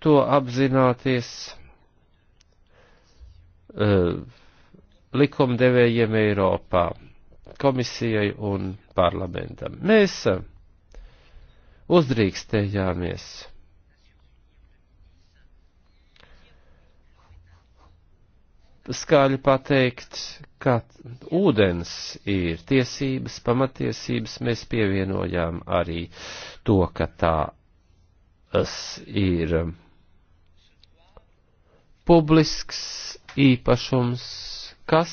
to apzināties uh, likumdevējiem Eiropā, komisijai un parlamentam. Mēs eh, uzdrīkstējāmies skaļi pateikt, ka ūdens ir tiesības, pamatiesības, mēs pievienojām arī to, ka tās ir publisks īpašums, kas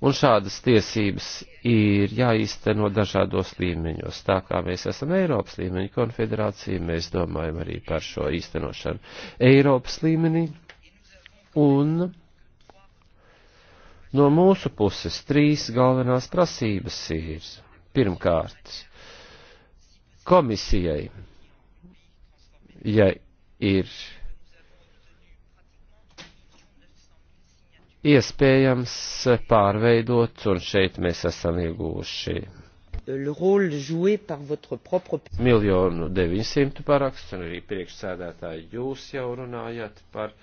un šādas tiesības ir jāīsteno dažādos līmeņos. Tā kā mēs esam Eiropas līmeņa konfederācija, mēs domājam arī par šo īstenošanu Eiropas līmenī. Un No mūsu puses trīs galvenās prasības ir. Pirmkārt, komisijai, ja ir iespējams pārveidot, un šeit mēs esam iegūši miljonu 900 parakstu, un arī priekšsēdētāji jūs jau runājat par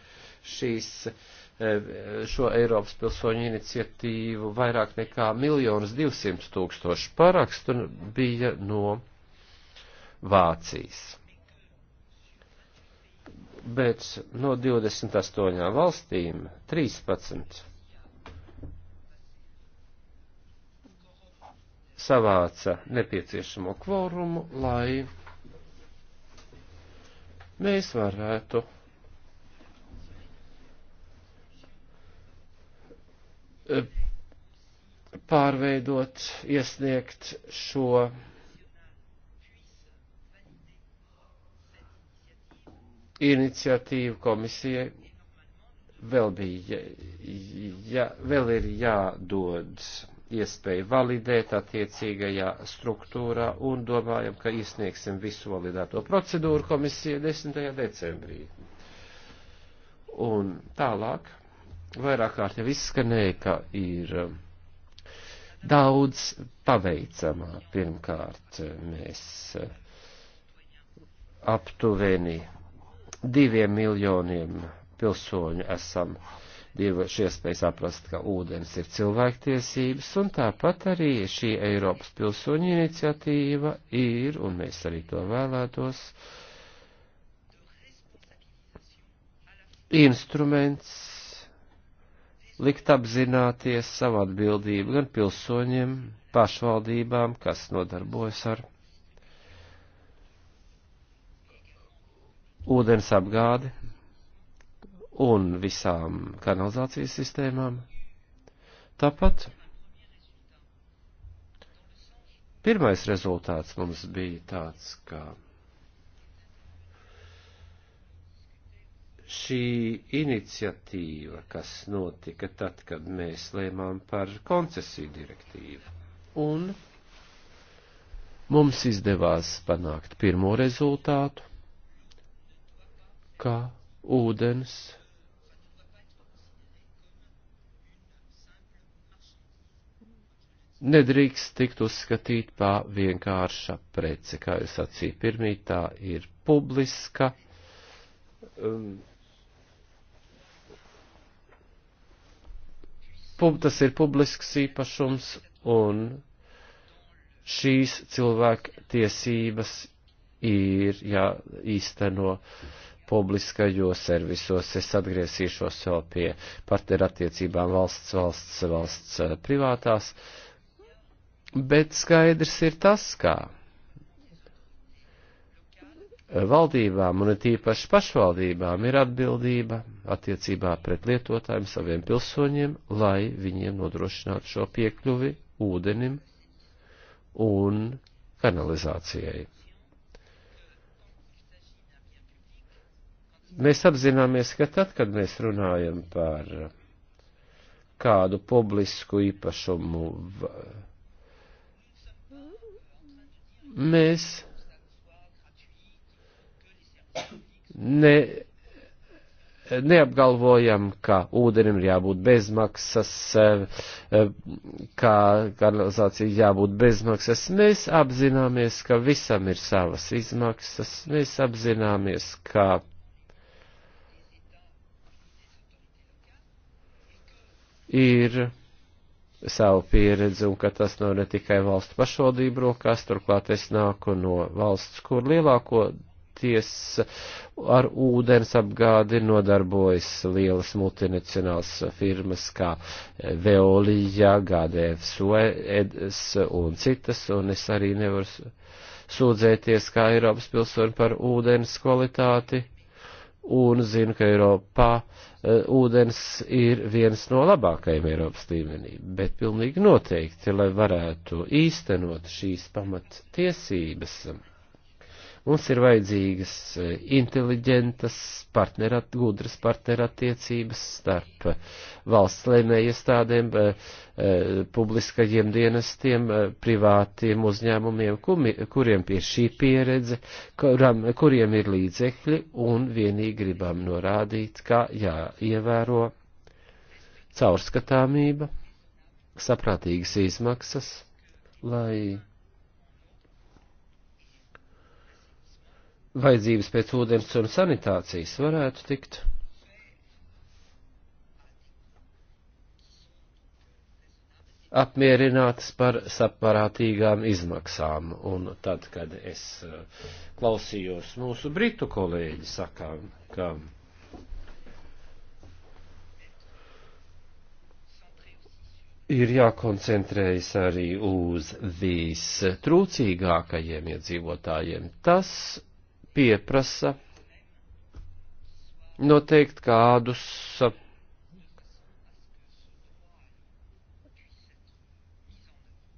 šīs uh, E, šo Eiropas pilsoņu iniciatīvu vairāk nekā miljonus divsimt tūkstošu parakstu bija no Vācijas. Bet no 28 valstīm 13 savāca nepieciešamo kvorumu, lai mēs varētu Eh, pārveidot, iesniegt šo iniciatīvu komisijai. Vēl bija, ja, vēl ir jādod iespēju validēt attiecīgajā struktūrā un domājam, ka izsniegsim visu validēto procedūru komisija 10. decembrī. Un tālāk vairāk kārt jau izskanēja, ka ir um, daudz paveicamā. Pirmkārt, mēs uh, aptuveni diviem miljoniem pilsoņu esam devuši iespēju saprast, ka ūdens ir cilvēktiesības, un tāpat arī šī Eiropas pilsoņu iniciatīva ir, un mēs arī to vēlētos, instruments likt apzināties savu atbildību gan pilsoņiem, pašvaldībām, kas nodarbojas ar ūdens apgādi un visām kanalizācijas sistēmām. Tāpat pirmais rezultāts mums bija tāds, ka šī iniciatīva, kas notika tad, kad mēs lēmām par koncesiju direktīvu. Un mums izdevās panākt pirmo rezultātu, kā ūdens nedrīkst tikt uzskatīt par vienkārša preci, kā jūs sacīja pirmī, tā ir publiska um, pub, tas ir publisks īpašums un šīs cilvēku tiesības ir jāīsteno publiskajos servisos. Es atgriezīšos vēl pie partnerattiecībām valsts, valsts, valsts eh, privātās, bet skaidrs ir tas, kā valdībām un tīpaši pašvaldībām ir atbildība attiecībā pret lietotājiem, saviem pilsoņiem, lai viņiem nodrošinātu šo piekļuvi ūdenim un kanalizācijai. Mēs apzināmies, ka tad, kad mēs runājam par kādu publisku īpašumu, mēs ne, neapgalvojam, ka ūdenim ir jābūt bezmaksas, eh, eh, ka kanalizācija jābūt bezmaksas. Mēs apzināmies, ka visam ir savas izmaksas, mēs apzināmies, ka ir savu pieredzi un ka tas nav ne tikai valstu pašvaldību rokās, turklāt es nāku no valsts, kur lielāko lielākoties ar ūdens apgādi nodarbojas lielas multinacionāls firmas kā Veolija, GDF, Suedes un citas, un es arī nevaru sūdzēties kā Eiropas pilsoni par ūdens kvalitāti, un zinu, ka Eiropā e, ūdens ir viens no labākajiem Eiropas līmenī, bet pilnīgi noteikti, lai varētu īstenot šīs pamattiesības, Mums ir vajadzīgas e, inteliģentas, partnerat, gudras partnerattiecības starp e, valsts lēmējiestādēm, e, publiskajiem dienestiem, privātiem uzņēmumiem, kuriem ir šī pieredze, kuram, kuriem ir līdzekļi, un vienīgi gribam norādīt, kā jāievēro caurskatāmība, saprātīgas izmaksas, lai vajadzības pēc ūdens un sanitācijas varētu tikt apmierinātas par saprātīgām izmaksām. Un tad, kad es uh, klausījos mūsu britu kolēģi sakām, ka ir jākoncentrējas arī uz vistrūcīgākajiem iedzīvotājiem, tas pieprasa noteikt kādus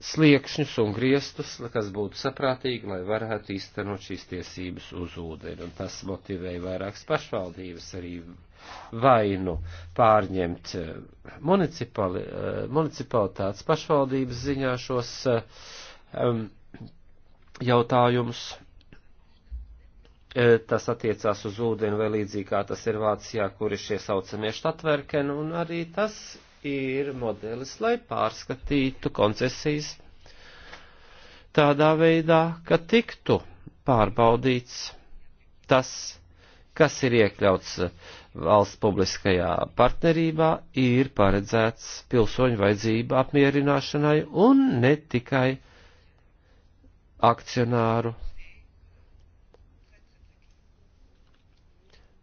sliekšņus un griestus, kas būtu saprātīgi, lai varētu īstenot šīs tiesības uz ūdeni. Un tas motivēja vairākas pašvaldības arī vainu pārņemt eh, municipali, eh, municipalitātes pašvaldības ziņā šos um, jautājumus E, tas attiecās uz ūdeni vai līdzīgi kā tas ir Vācijā, kur ir šie saucamie štatverkeni, un arī tas ir modelis, lai pārskatītu koncesijas tādā veidā, ka tiktu pārbaudīts tas, kas ir iekļauts valsts publiskajā partnerībā, ir paredzēts pilsoņu vajadzību apmierināšanai un ne tikai akcionāru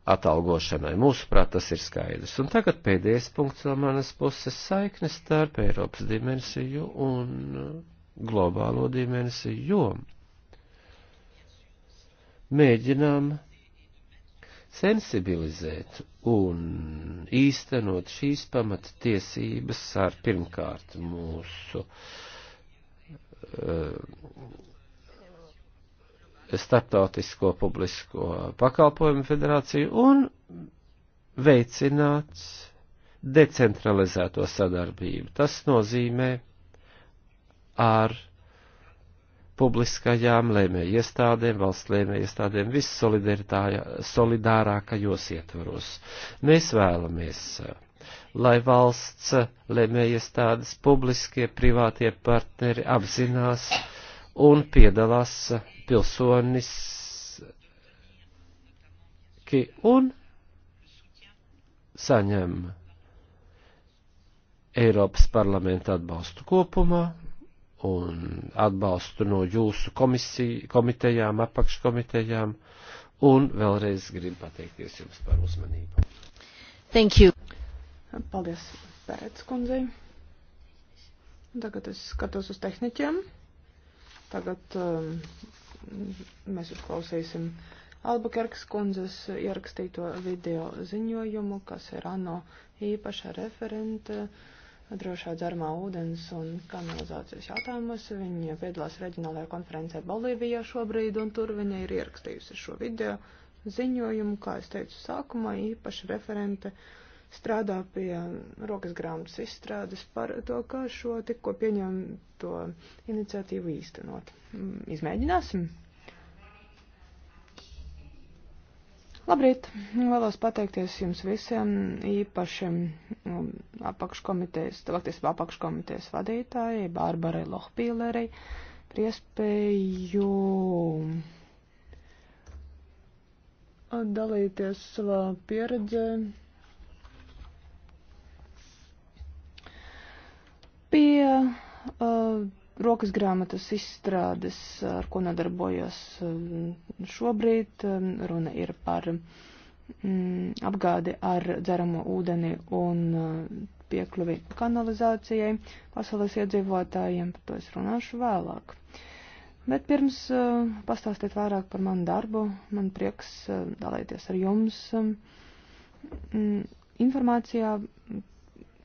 atalgošanai. Mūsuprāt, tas ir skaidrs. Un tagad pēdējais punkts no manas puses saikne starp Eiropas dimensiju un globālo dimensiju, jo mēģinām sensibilizēt un īstenot šīs pamatiesības ar pirmkārt mūsu uh, Startautisko publisko pakalpojumu federāciju un veicināt decentralizēto sadarbību. Tas nozīmē ar publiskajām lēmēju iestādēm, valsts lēmēju iestādēm, vissolidārākajos ietvaros. Mēs vēlamies, lai valsts lēmēju iestādes, publiskie, privātie partneri apzinās un piedalās pilsonis. Un saņem Eiropas parlamenta atbalstu kopumā un atbalstu no jūsu komisiju, komitejām, apakškomitejām, un vēlreiz gribu pateikties jums par uzmanību. Thank you. Paldies, Pērēc kundzei. Tagad es skatos uz tehniķiem. Tagad um, mēs uzklausīsim Albukerkas kundzes ierakstīto video ziņojumu, kas ir ANO īpaša referente drošā dzermā ūdens un kanalizācijas jautājumus. Viņa piedalās reģionālajā konferencē Bolīvijā šobrīd, un tur viņa ir ierakstījusi šo video ziņojumu, kā es teicu sākumā, īpaša referente. Uh, strādā pie rokas grāmatas izstrādes par to, kā šo tikko pieņemto iniciatīvu īstenot. Mm, izmēģināsim! Labrīt! Vēlos pateikties jums visiem, īpaši mm, apakškomitejas, cilvēktiesība apakškomitejas vadītājai, Bārbarai Lohpīlerei, par iespēju dalīties savā pieredzē pie uh, rokas grāmatas izstrādes, ar ko nodarbojos uh, šobrīd. Um, runa ir par mm, apgādi ar dzeramo ūdeni un uh, piekļuvi kanalizācijai pasaules iedzīvotājiem, par to es runāšu vēlāk. Bet pirms uh, pastāstīt vairāk par manu darbu, man prieks uh, dalīties ar jums um, mm, informācijā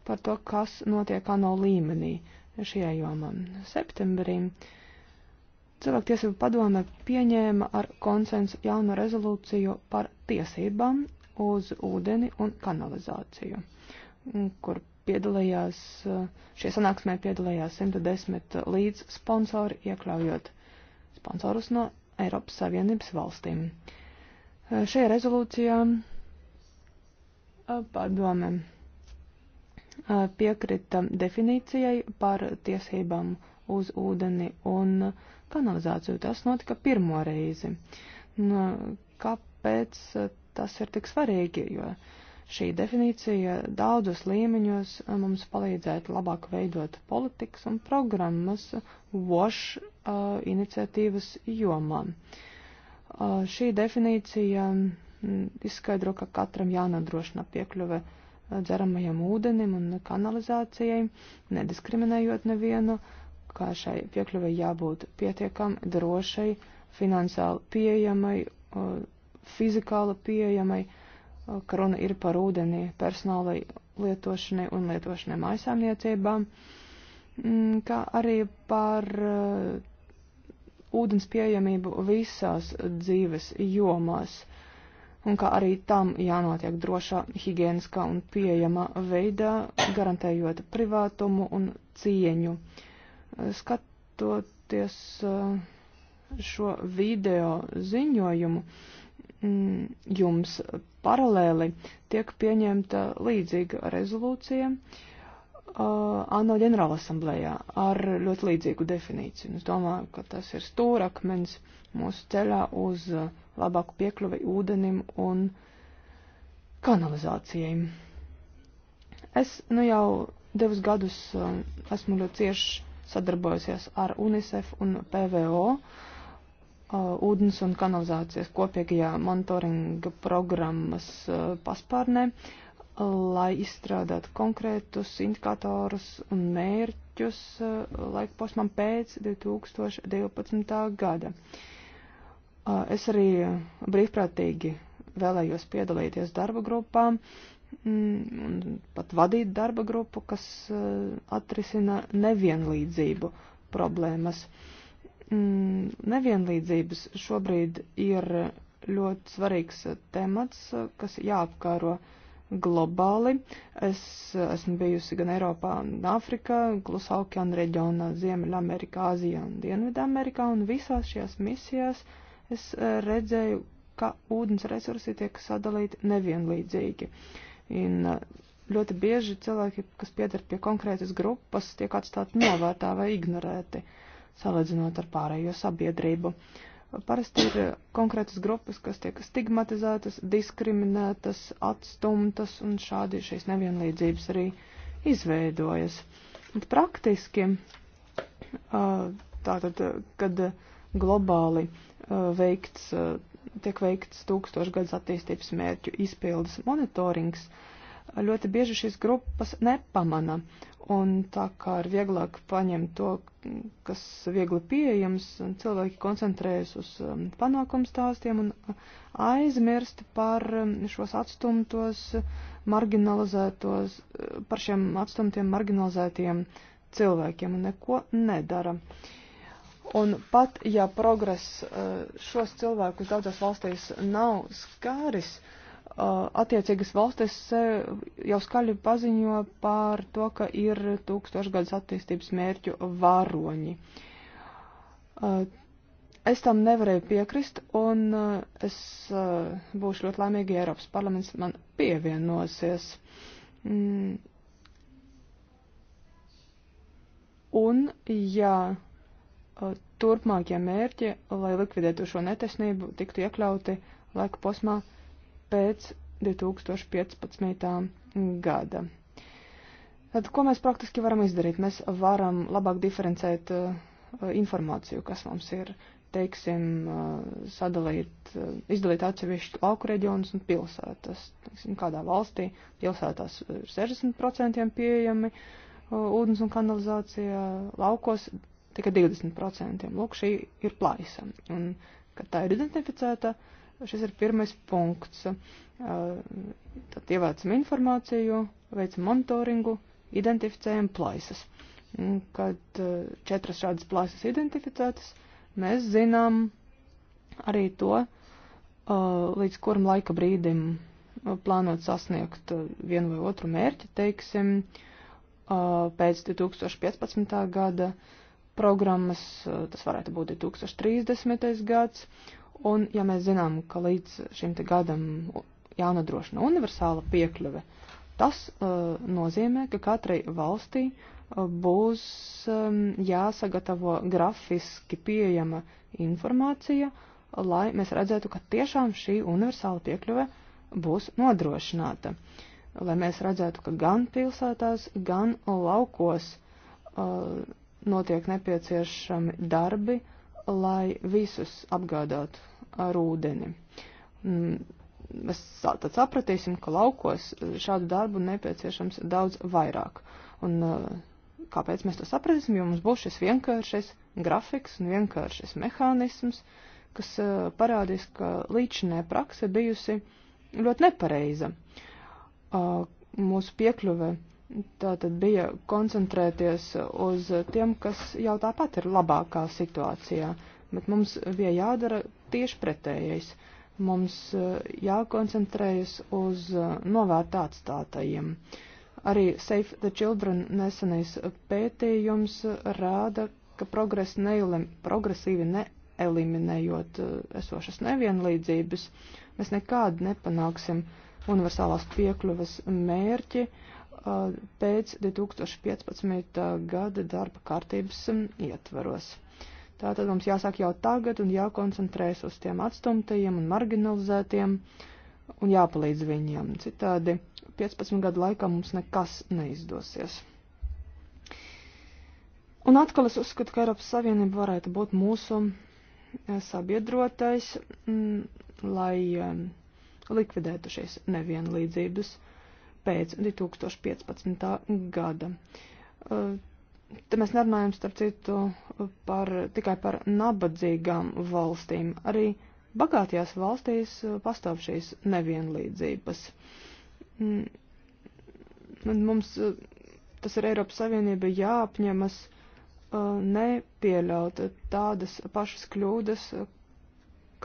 par to, kas notiek ANO līmenī šajā jomā. Septembrī cilvēktiesību padome pieņēma ar konsensu jaunu rezolūciju par tiesībām uz ūdeni un kanalizāciju, kur piedalījās, šie sanāksmē piedalījās 110 līdz sponsori, iekļaujot sponsorus no Eiropas Savienības valstīm. Šajā rezolūcijā padome piekrita definīcijai par tiesībām uz ūdeni un kanalizāciju. Tas notika pirmo reizi. Nu, kāpēc tas ir tik svarīgi? Jo šī definīcija daudzos līmeņos mums palīdzētu labāk veidot politikas un programmas voš uh, iniciatīvas jomā. Uh, šī definīcija izskaidro, ka katram jānodrošina piekļuve uh, dzeramajam ūdenim un kanalizācijai, nediskriminējot nevienu, kā šai piekļuvai jābūt pietiekam, drošai, finansiāli pieejamai, fizikāli pieejamai, ka runa ir par ūdeni personālai lietošanai un lietošanai mājasāmniecībām, mm, kā arī par ūdens pieejamību visās dzīves jomās un ka arī tam jānotiek drošā, higieniskā un pieejama veidā, garantējot privātumu un cieņu. Skatoties eh, šo video ziņojumu, mm, jums paralēli tiek pieņemta līdzīga rezolūcija. Uh, uh, ANO ģenerāla asamblējā ar ļoti līdzīgu definīciju. Es domāju, ka tas ir stūrakmens mūsu ceļā uz uh, labāku piekļuvi ūdenim un kanalizācijai. Es nu jau divus gadus uh, esmu ļoti cieši sadarbojusies ar UNICEF un PVO uh, ūdens un kanalizācijas kopīgajā monitoringa programmas uh, paspārnē. Uh, lai izstrādātu konkrētus indikatorus un mērķus uh, laikposmam pēc 2012. gada. Uh, es arī brīvprātīgi vēlējos piedalīties darba grupām mm, un pat vadīt darba grupu, kas uh, atrisina nevienlīdzību problēmas. Mm, nevienlīdzības šobrīd ir ļoti svarīgs temats, kas jāapkāro uh, globāli. Es esmu bijusi gan Eiropā, gan Āfrikā, Klusā okeāna reģionā, Ziemeļamerikā, Āzijā un Dienvidamerikā, un visās šajās misijās es e, redzēju, ka ūdens resursi tiek sadalīti nevienlīdzīgi. Un e, ļoti bieži cilvēki, kas pieder pie konkrētas grupas, tiek atstāti novērtā vai ignorēti, salīdzinot ar pārējo sabiedrību. Uh, Parasti ir eh, konkrētas grupas, kas tiek stigmatizētas, diskriminētas, atstumtas, un šādi šīs nevienlīdzības arī izveidojas. Bet praktiski, eh, tātad, kad globāli eh, veikts, tiek veikts tūkstošgads attīstības mērķu izpildes monitorings, uh, ļoti bieži šīs grupas nepamana. Un tā kā ir vieglāk paņemt to, kas viegli pieejams, un cilvēki koncentrējas uz um, panākumu stāstiem un aizmirst par um, šos atstumtos, marginalizētos, uh, par šiem atstumtiem, marginalizētiem cilvēkiem un neko nedara. Un pat ja progress uh, šos cilvēkus daudzās valstīs nav skāris, uh, attiecīgas valstis jau skaļi paziņo par to, ka ir tūkstošgadus attīstības mērķu varoņi. Es tam nevarēju piekrist, un es būšu ļoti laimīgi, ja Eiropas parlaments man pievienosies. Mm. Un, ja turpmākie mērķi, lai likvidētu šo netesnību, tiktu iekļauti laika posmā 2021-2030 pēc 2015. gada. Tad, ko mēs praktiski varam izdarīt? Mēs varam labāk diferencēt uh, informāciju, kas mums ir, teiksim, uh, sadalīt, uh, izdalīt atsevišķu lauku reģionus un pilsētas. Teiksim, kādā valstī pilsētās ir 60% pieejami uh, ūdens un kanalizācija, laukos tikai 20%. Lūk, šī ir plaisa. Un, kad tā ir identificēta, uh, Šis ir pirmais punkts. Tad ievācam informāciju, veicam monitoringu, identificējam plaisas. Kad četras šādas plaisas identificētas, mēs zinām arī to, līdz kuram laika brīdim plānot sasniegt vienu vai otru mērķi, teiksim, pēc 2015. gada programmas, tas varētu būt 2030. gads, Un, ja mēs zinām, ka līdz šim te gadam jānodrošina universāla piekļuve, tas uh, nozīmē, ka katrai valstī uh, būs um, jāsagatavo grafiski pieejama informācija, lai mēs redzētu, ka tiešām šī universāla piekļuve būs nodrošināta. Lai mēs redzētu, ka gan pilsētās, gan laukos uh, notiek nepieciešami darbi, lai visus apgādātu ar ūdeni. Mēs mm, tad sapratīsim, ka laukos šādu darbu nepieciešams daudz vairāk. Un uh, kāpēc mēs to sapratīsim? Jo mums būs šis vienkāršais grafiks un vienkāršais mehānisms, kas uh, parādīs, ka līdšanē prakse bijusi ļoti nepareiza. Uh, mūsu piekļuve Tā tad bija koncentrēties uz tiem, kas jau tāpat ir labākā situācijā, bet mums bija jādara tieši pretējais. Mums eh, jākoncentrējas uz eh, novērtā atstātajiem. Arī Save the Children nesenais pētījums rāda, ka progres neelim, progresīvi neeliminējot eh, esošas nevienlīdzības, mēs nekādi nepanāksim universālās piekļuvas mērķi pēc 2015. gada darba kārtības mm, ietvaros. Tātad mums jāsāk jau tagad un jākoncentrēs uz tiem atstumtajiem un marginalizētiem un jāpalīdz viņiem. Citādi 15 gadu laikā mums nekas neizdosies. Un atkal es uzskatu, ka Eiropas Savienība varētu būt mūsu eh, sabiedrotais, mm, lai eh, likvidētu šīs nevienlīdzības pēc 2015. gada. Eh, Te mēs nerunājam, starp citu, par, tikai par nabadzīgām valstīm. Arī bagātajās valstīs pastāv šīs nevienlīdzības. Mm. Mums tas ir Eiropas Savienība jāapņemas uh, nepieļaut tādas pašas kļūdas, uh,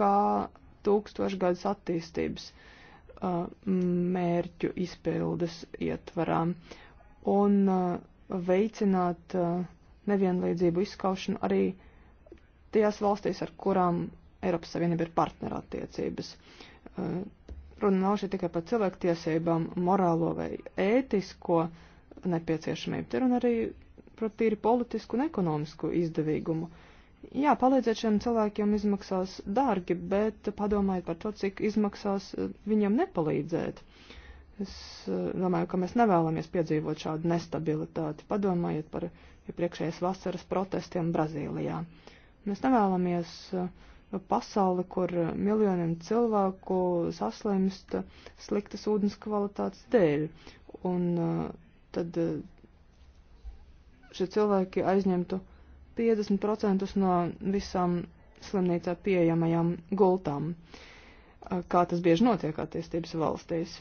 kā tūkstošgadus attīstības uh, mērķu izpildes ietvarām. Un uh, veicināt eh, nevienlīdzību izskaušanu arī tajās valstīs, ar kurām Eiropas Savienība ir partnerattiecības. Eh, runa nav šeit tikai par cilvēktiesībām, morālo vai ētisko nepieciešamību, te runa arī par tīri politisku un ekonomisku izdevīgumu. Jā, palīdzēt šiem cilvēkiem izmaksās dārgi, bet padomājiet par to, cik izmaksās eh, viņam nepalīdzēt. Uh, Es eh, domāju, ka mēs nevēlamies piedzīvot šādu nestabilitāti. Padomājiet par iepriekšējās ja vasaras protestiem Brazīlijā. Mēs nevēlamies eh, pasauli, kur miljoniem cilvēku saslimst sliktas ūdens kvalitātes dēļ. Un eh, tad šie cilvēki aizņemtu 50% no visām slimnīcā pieejamajām gultām, kā tas bieži notiek attīstības valstīs.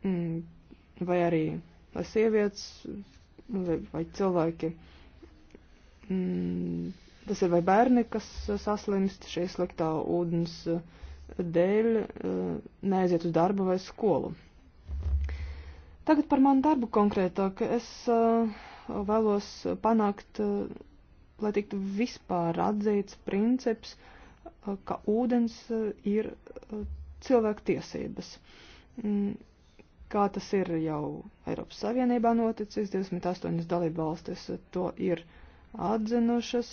Mm, vai arī vai sievietes, vai, vai cilvēki. Mm, tas ir vai bērni, kas saslimst šī sliktā ūdens dēļ, eh, neaiziet uz darbu vai skolu. Tagad par manu darbu konkrētāk. Es eh, vēlos panākt, eh, lai tiktu vispār atzīts princips, ka ūdens ir cilvēku tiesības. Mm, kā tas ir jau Eiropas Savienībā noticis, 28 dalība valstis to ir atzinušas,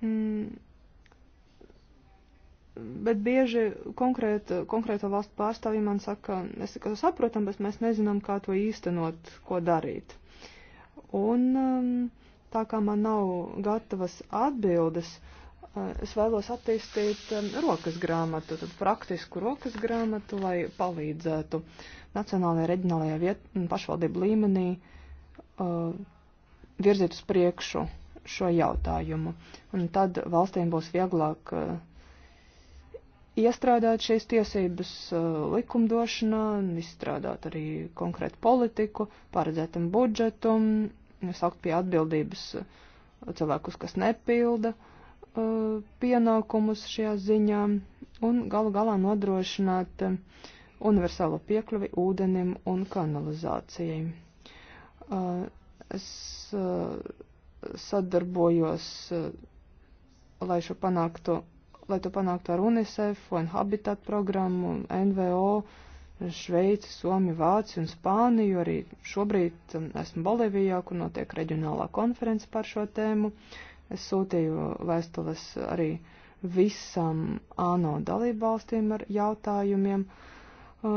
mm. bet bieži konkrēta, konkrēta valsts pārstāvji man saka, es tikai saprotam, bet mēs nezinām, kā to īstenot, ko darīt. Un mm, tā kā man nav gatavas atbildes, uh, Eh, es vēlos attīstīt rokas grāmatu, tad praktisku rokas grāmatu, lai palīdzētu nacionālajā, reģionālajā viet, pašvaldību līmenī uh, virzīt uz priekšu šo jautājumu. Un tad valstīm būs vieglāk uh, iestrādāt šīs tiesības uh, likumdošanā, izstrādāt arī konkrētu politiku, paredzētam budžetam, saukt pie atbildības cilvēkus, kas nepilda. Uh, Uh, pienākumus šajā ziņā un galu galā nodrošināt uh, universālo piekļuvi ūdenim un kanalizācijai. Uh, es sadarbojos, lai šo panāktu, lai to panāktu ar UNICEF un Habitat programmu, NVO, Šveici, Somiju, Vāciju un Spāniju. Arī šobrīd um, esmu Bolivijā, kur notiek reģionālā konference par šo tēmu. Uh, Es sūtīju vēstules arī visam ANO dalībvalstīm ar jautājumiem uh,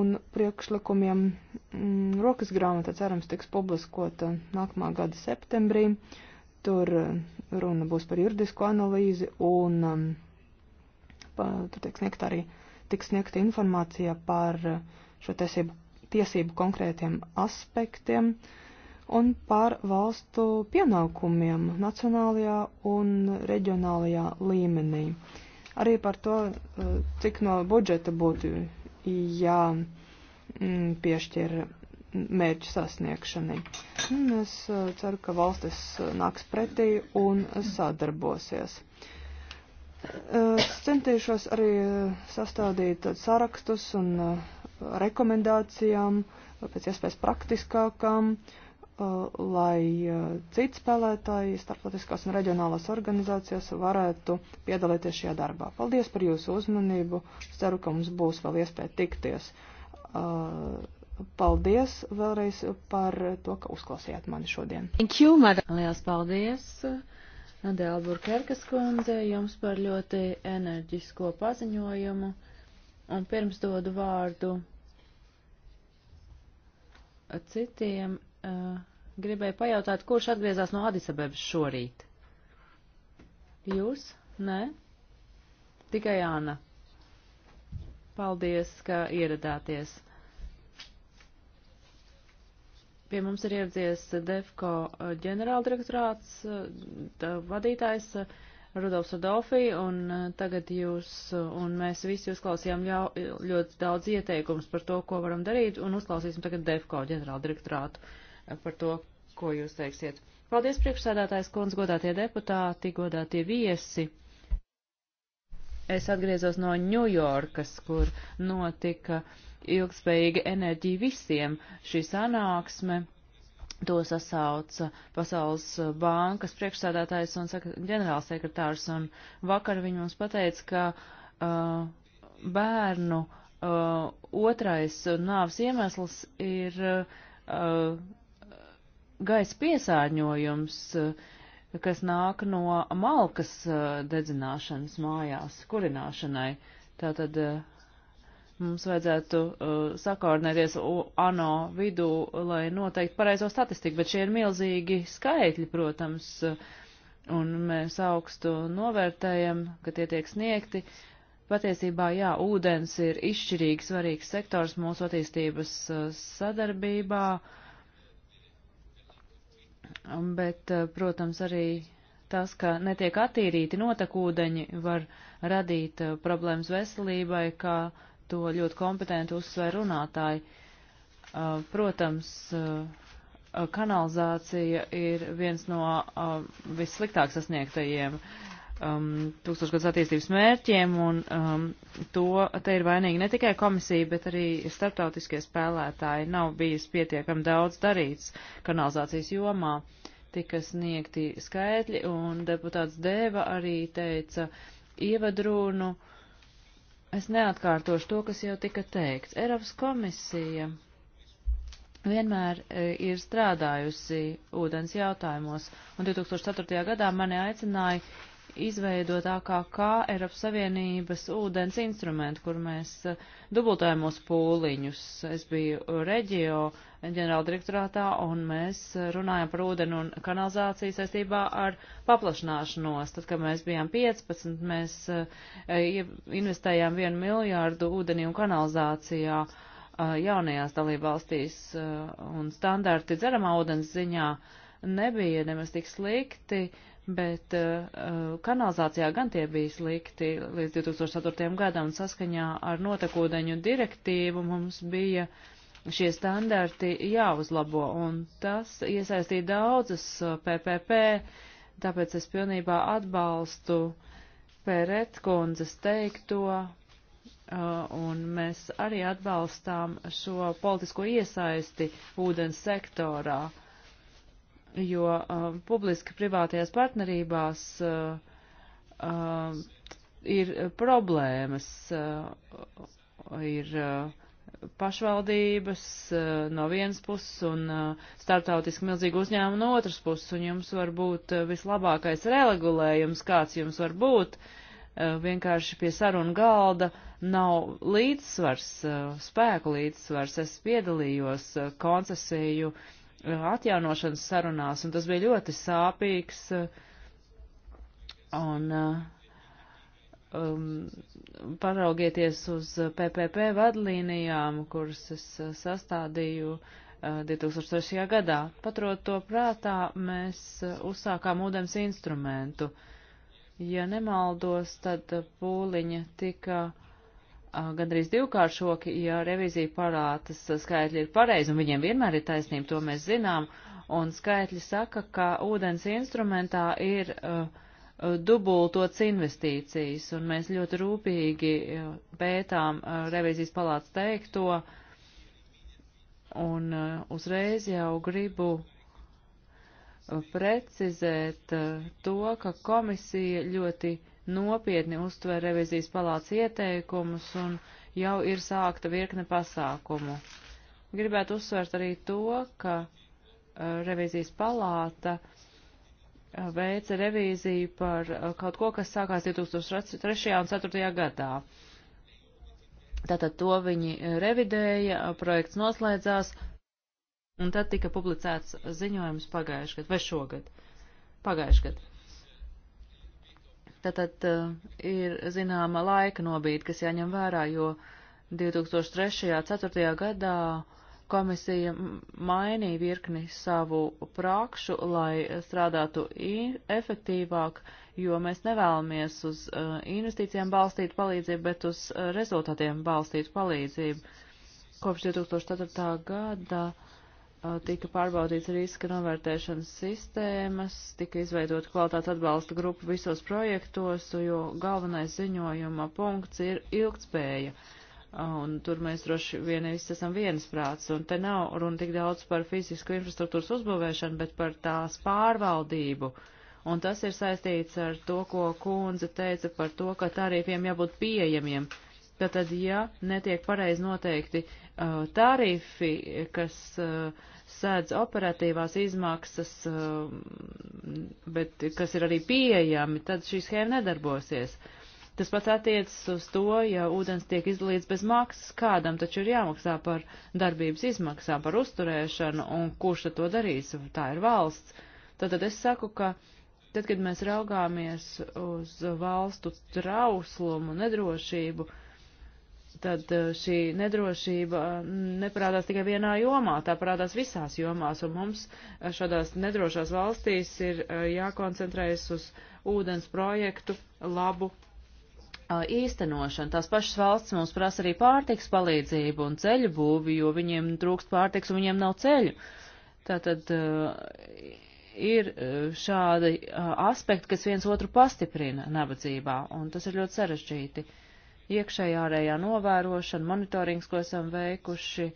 un priekšlikumiem. Mm, rokas grāmata cerams tiks publiskota nākamā gada septembrī. Tur uh, runa būs par juridisko analīzi un um, tur tiek sniegta arī tiks sniegta informācija par uh, šo tiesību, tiesību konkrētiem aspektiem. Uh, un par valstu pienākumiem nacionālajā un reģionālajā līmenī. Arī par to, eh, cik no budžeta būtu jāpiešķir mm, mērķu sasniegšanai. Es eh, ceru, ka valstis nāks pretī un sadarbosies. Eh, es centīšos arī sastādīt sarakstus un rekomendācijām, pēc iespējas praktiskākām, uh, lai eh, citi spēlētāji starptautiskās un reģionālās organizācijas varētu piedalīties šajā darbā. Paldies par jūsu uzmanību. Ceru, ka mums būs vēl iespēja tikties. Eh, paldies vēlreiz par to, ka uzklausījāt mani šodien. Thank you, madam. Liels paldies, Nadēla eh, Burkerkas kundze, jums par ļoti enerģisko paziņojumu. Un pirms dodu vārdu citiem uh, gribēju pajautāt, kurš atgriezās no Adisabebas šorīt? Jūs? Nē? Tikai Āna. Paldies, ka ieradāties. Pie mums ir ieradies DEFCO eh, ģenerāldirektorāts, eh, vadītājs Rudolfs Rudolfi, un tagad jūs un mēs visi uzklausījām jau, ļoti daudz ieteikumus par to, ko varam darīt, un uzklausīsim tagad DEFCO ģenerāldirektorātu. direktorātu par to, ko jūs teiksiet. Paldies, priekšsēdātājs kundz, godātie deputāti, godātie viesi. Es atgriezos no Ņujorkas, kur notika ilgspējīga enerģija visiem šī sanāksme. To sasauca Pasaules bankas priekšsēdētājs un ģenerālsekretārs, un vakar viņi mums pateica, ka uh, bērnu uh, otrais nāves iemesls ir uh, gaisa piesārņojums, eh, kas nāk no malkas eh, dedzināšanas mājās, kurināšanai. Tātad eh, mums vajadzētu sakārnēties ANO vidū, lai noteikti pareizo statistiku, bet šie ir milzīgi skaitļi, protams, un mēs augstu novērtējam, ka tie tiek sniegti. Patiesībā, jā, ūdens ir izšķirīgi svarīgs sektors mūsu attīstības sadarbībā. Uh, bet, eh, protams, arī tas, ka netiek attīrīti notekūdeņi, var radīt eh, problēmas veselībai, kā to ļoti kompetenti uzsver runātāji. Eh, protams, kanalizācija ir viens no vissliktāk sasniegtajiem uh, um, tūkstošgads attīstības mērķiem, un um, to te ir vainīgi ne tikai komisija, bet arī starptautiskie spēlētāji. Nav bijis pietiekam daudz darīts kanalizācijas jomā, tika sniegti skaitļi, un deputāts Dēva arī teica ievadrūnu. Es neatkārtošu to, kas jau tika teikts. Eiropas komisija vienmēr e, ir strādājusi ūdens jautājumos, un 2004. gadā mani aicināja izveidot AKK Eiropas Savienības ūdens instrumentu, kur mēs eh, dubultojam mūsu pūliņus. Es biju reģio ģenerāla direktorātā un mēs eh, runājam par ūdeni un kanalizāciju saistībā ar paplašanāšanos. Tad, kad mēs bijām 15, mēs eh, investējām 1 miljārdu ūdenī un kanalizācijā jaunajās dalībvalstīs un standarti dzeramā ūdens ziņā nebija nemaz tik slikti, bet uh, kanalizācijā gan tie bija slikti līdz 2004. gadam saskaņā ar notekūdeņu direktīvu mums bija šie standarti jāuzlabo, un tas iesaistīja daudzas PPP, eh, tāpēc es pilnībā atbalstu Pēret kundzes teikto, uh, un mēs arī atbalstām šo politisko iesaisti ūdens sektorā jo uh, publiski privātajās partnerībās uh, uh, ir problēmas, uh, ir uh, pašvaldības uh, no vienas puses un uh, startautiski milzīgi uzņēmumi no otras puses, un jums var būt uh, vislabākais regulējums, kāds jums var būt, uh, vienkārši pie sarunu galda nav līdzsvars, uh, spēku līdzsvars, es piedalījos uh, koncesiju uh, atjaunošanas sarunās, un tas bija ļoti sāpīgs. Un, um, paraugieties uz PPP vadlīnijām, kuras es sastādīju uh, 2003. gadā. Paturot to prātā, mēs uh, uzsākām ūdens instrumentu. Ja nemaldos, tad uh, pūliņa tika uh, gandrīz divkāršoki, ja revizija parātas skaitļi ir pareizi, un viņiem vienmēr ir taisnība, to mēs zinām, un skaitļi saka, ka ūdens instrumentā ir uh, dubultots investīcijas, un mēs ļoti rūpīgi pētām revizijas palāts teikto, un uzreiz jau gribu precizēt to, ka komisija ļoti nopietni uztver revizijas palāca ieteikumus un jau ir sākta virkne pasākumu. Gribētu uzsvērt arī to, ka revizijas palāta veica revīziju par kaut ko, kas sākās 2003. un 2004. gadā. Tātad to viņi revidēja, projekts noslēdzās, un tad tika publicēts ziņojums pagājušajā gadā vai šogad. Pagājušajā gadā. Tātad eh, ir zināma laika nobīde, kas jāņem vērā, jo 2003. 4. gadā komisija mainīja virkni savu prākšu, lai strādātu efektīvāk, jo mēs nevēlamies uz eh, investīcijām balstīt palīdzību, bet uz eh, rezultātiem balstīt palīdzību. Kopš 2004. gada tika pārbaudīts riska novērtēšanas sistēmas, tika izveidot kvalitāte atbalsta grupu visos projektos, jo galvenais ziņojuma punkts ir ilgtspēja. Un tur mēs droši vien visi esam viensprāts, un te nav runa tik daudz par fizisku infrastruktūras uzbūvēšanu, bet par tās pārvaldību. Un tas ir saistīts ar to, ko kundze teica par to, ka tarifiem jābūt pieejamiem. Uh, Tātad, ja netiek pareizi noteikti uh, tarifi, kas uh, sēdz operatīvās izmaksas, uh, bet kas ir arī pieejami, tad šī schēma nedarbosies. Tas pats attiecas uz to, ja ūdens tiek izdalīts bez maksas, kādam taču ir jāmaksā par darbības izmaksām, par uzturēšanu, un kurš tad to darīs, tā ir valsts. Tātad es saku, ka tad, kad mēs raugāmies uz valstu trauslumu, nedrošību, uh, tad eh, šī nedrošība eh, neparādās tikai vienā jomā, tā parādās visās jomās, un mums eh, šādās nedrošās valstīs ir jākoncentrējas uz ūdens projektu labu īstenošanu. Tās pašas valsts mums prasa arī pārtiks palīdzību un ceļu būvi, jo viņiem trūkst pārtiks un viņiem nav ceļu. Tātad ir šādi aspekti, kas viens otru pastiprina nabadzībā, un tas ir ļoti sarežģīti. Uh, iekšējā ārējā novērošana, monitorings, ko esam veikuši,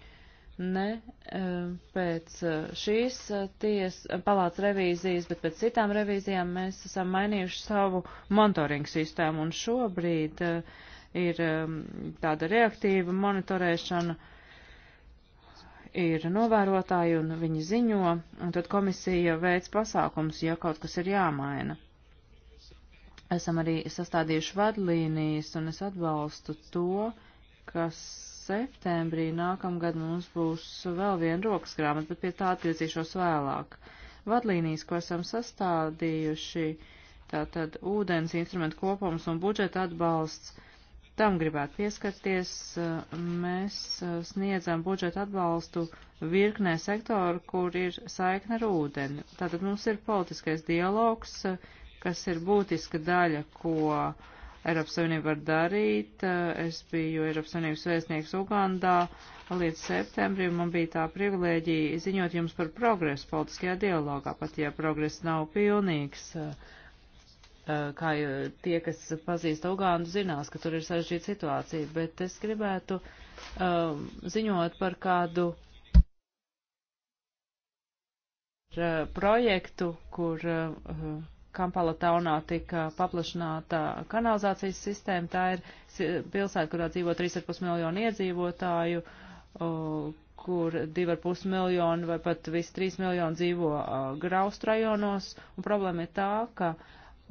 ne eh, pēc eh, šīs eh, ties, palāts revīzijas, bet pēc citām revīzijām mēs esam mainījuši savu monitoringu sistēmu un šobrīd ir ehm, tāda reaktīva monitorēšana ir novērotāji un viņi ziņo, un tad komisija veids pasākums, ja kaut kas ir jāmaina esam arī sastādījuši vadlīnijas, un es atbalstu to, ka septembrī nākamgad mums būs vēl viena rokas grāmata, bet pie tā atgriezīšos vēlāk. Vadlīnijas, ko esam sastādījuši, tātad ūdens instrumentu kopums un budžeta atbalsts, tam gribētu pieskarties. Mēs sniedzam budžeta atbalstu virknē sektoru, kur ir saikne ar ūdeni. Tātad mums ir politiskais dialogs, kas ir būtiska daļa, ko Eiropas Savienība var darīt. Es biju Eiropas Savienības vēstnieks Ugandā līdz septembrim. Man bija tā privilēģija ziņot jums par progresu politiskajā dialogā, pat ja progress nav pilnīgs. Kā tie, kas pazīst Ugandu, zinās, ka tur ir sarežģīta situācija, bet es gribētu um, ziņot par kādu uh, projektu, kur uh, Kampala taunā tika paplašināta kanalizācijas sistēma. Tā ir pilsēta, kurā dzīvo 3,5 miljonu iedzīvotāju, kur 2,5 miljonu vai pat visi 3 miljoni dzīvo graustu rajonos. Un problēma ir tā, ka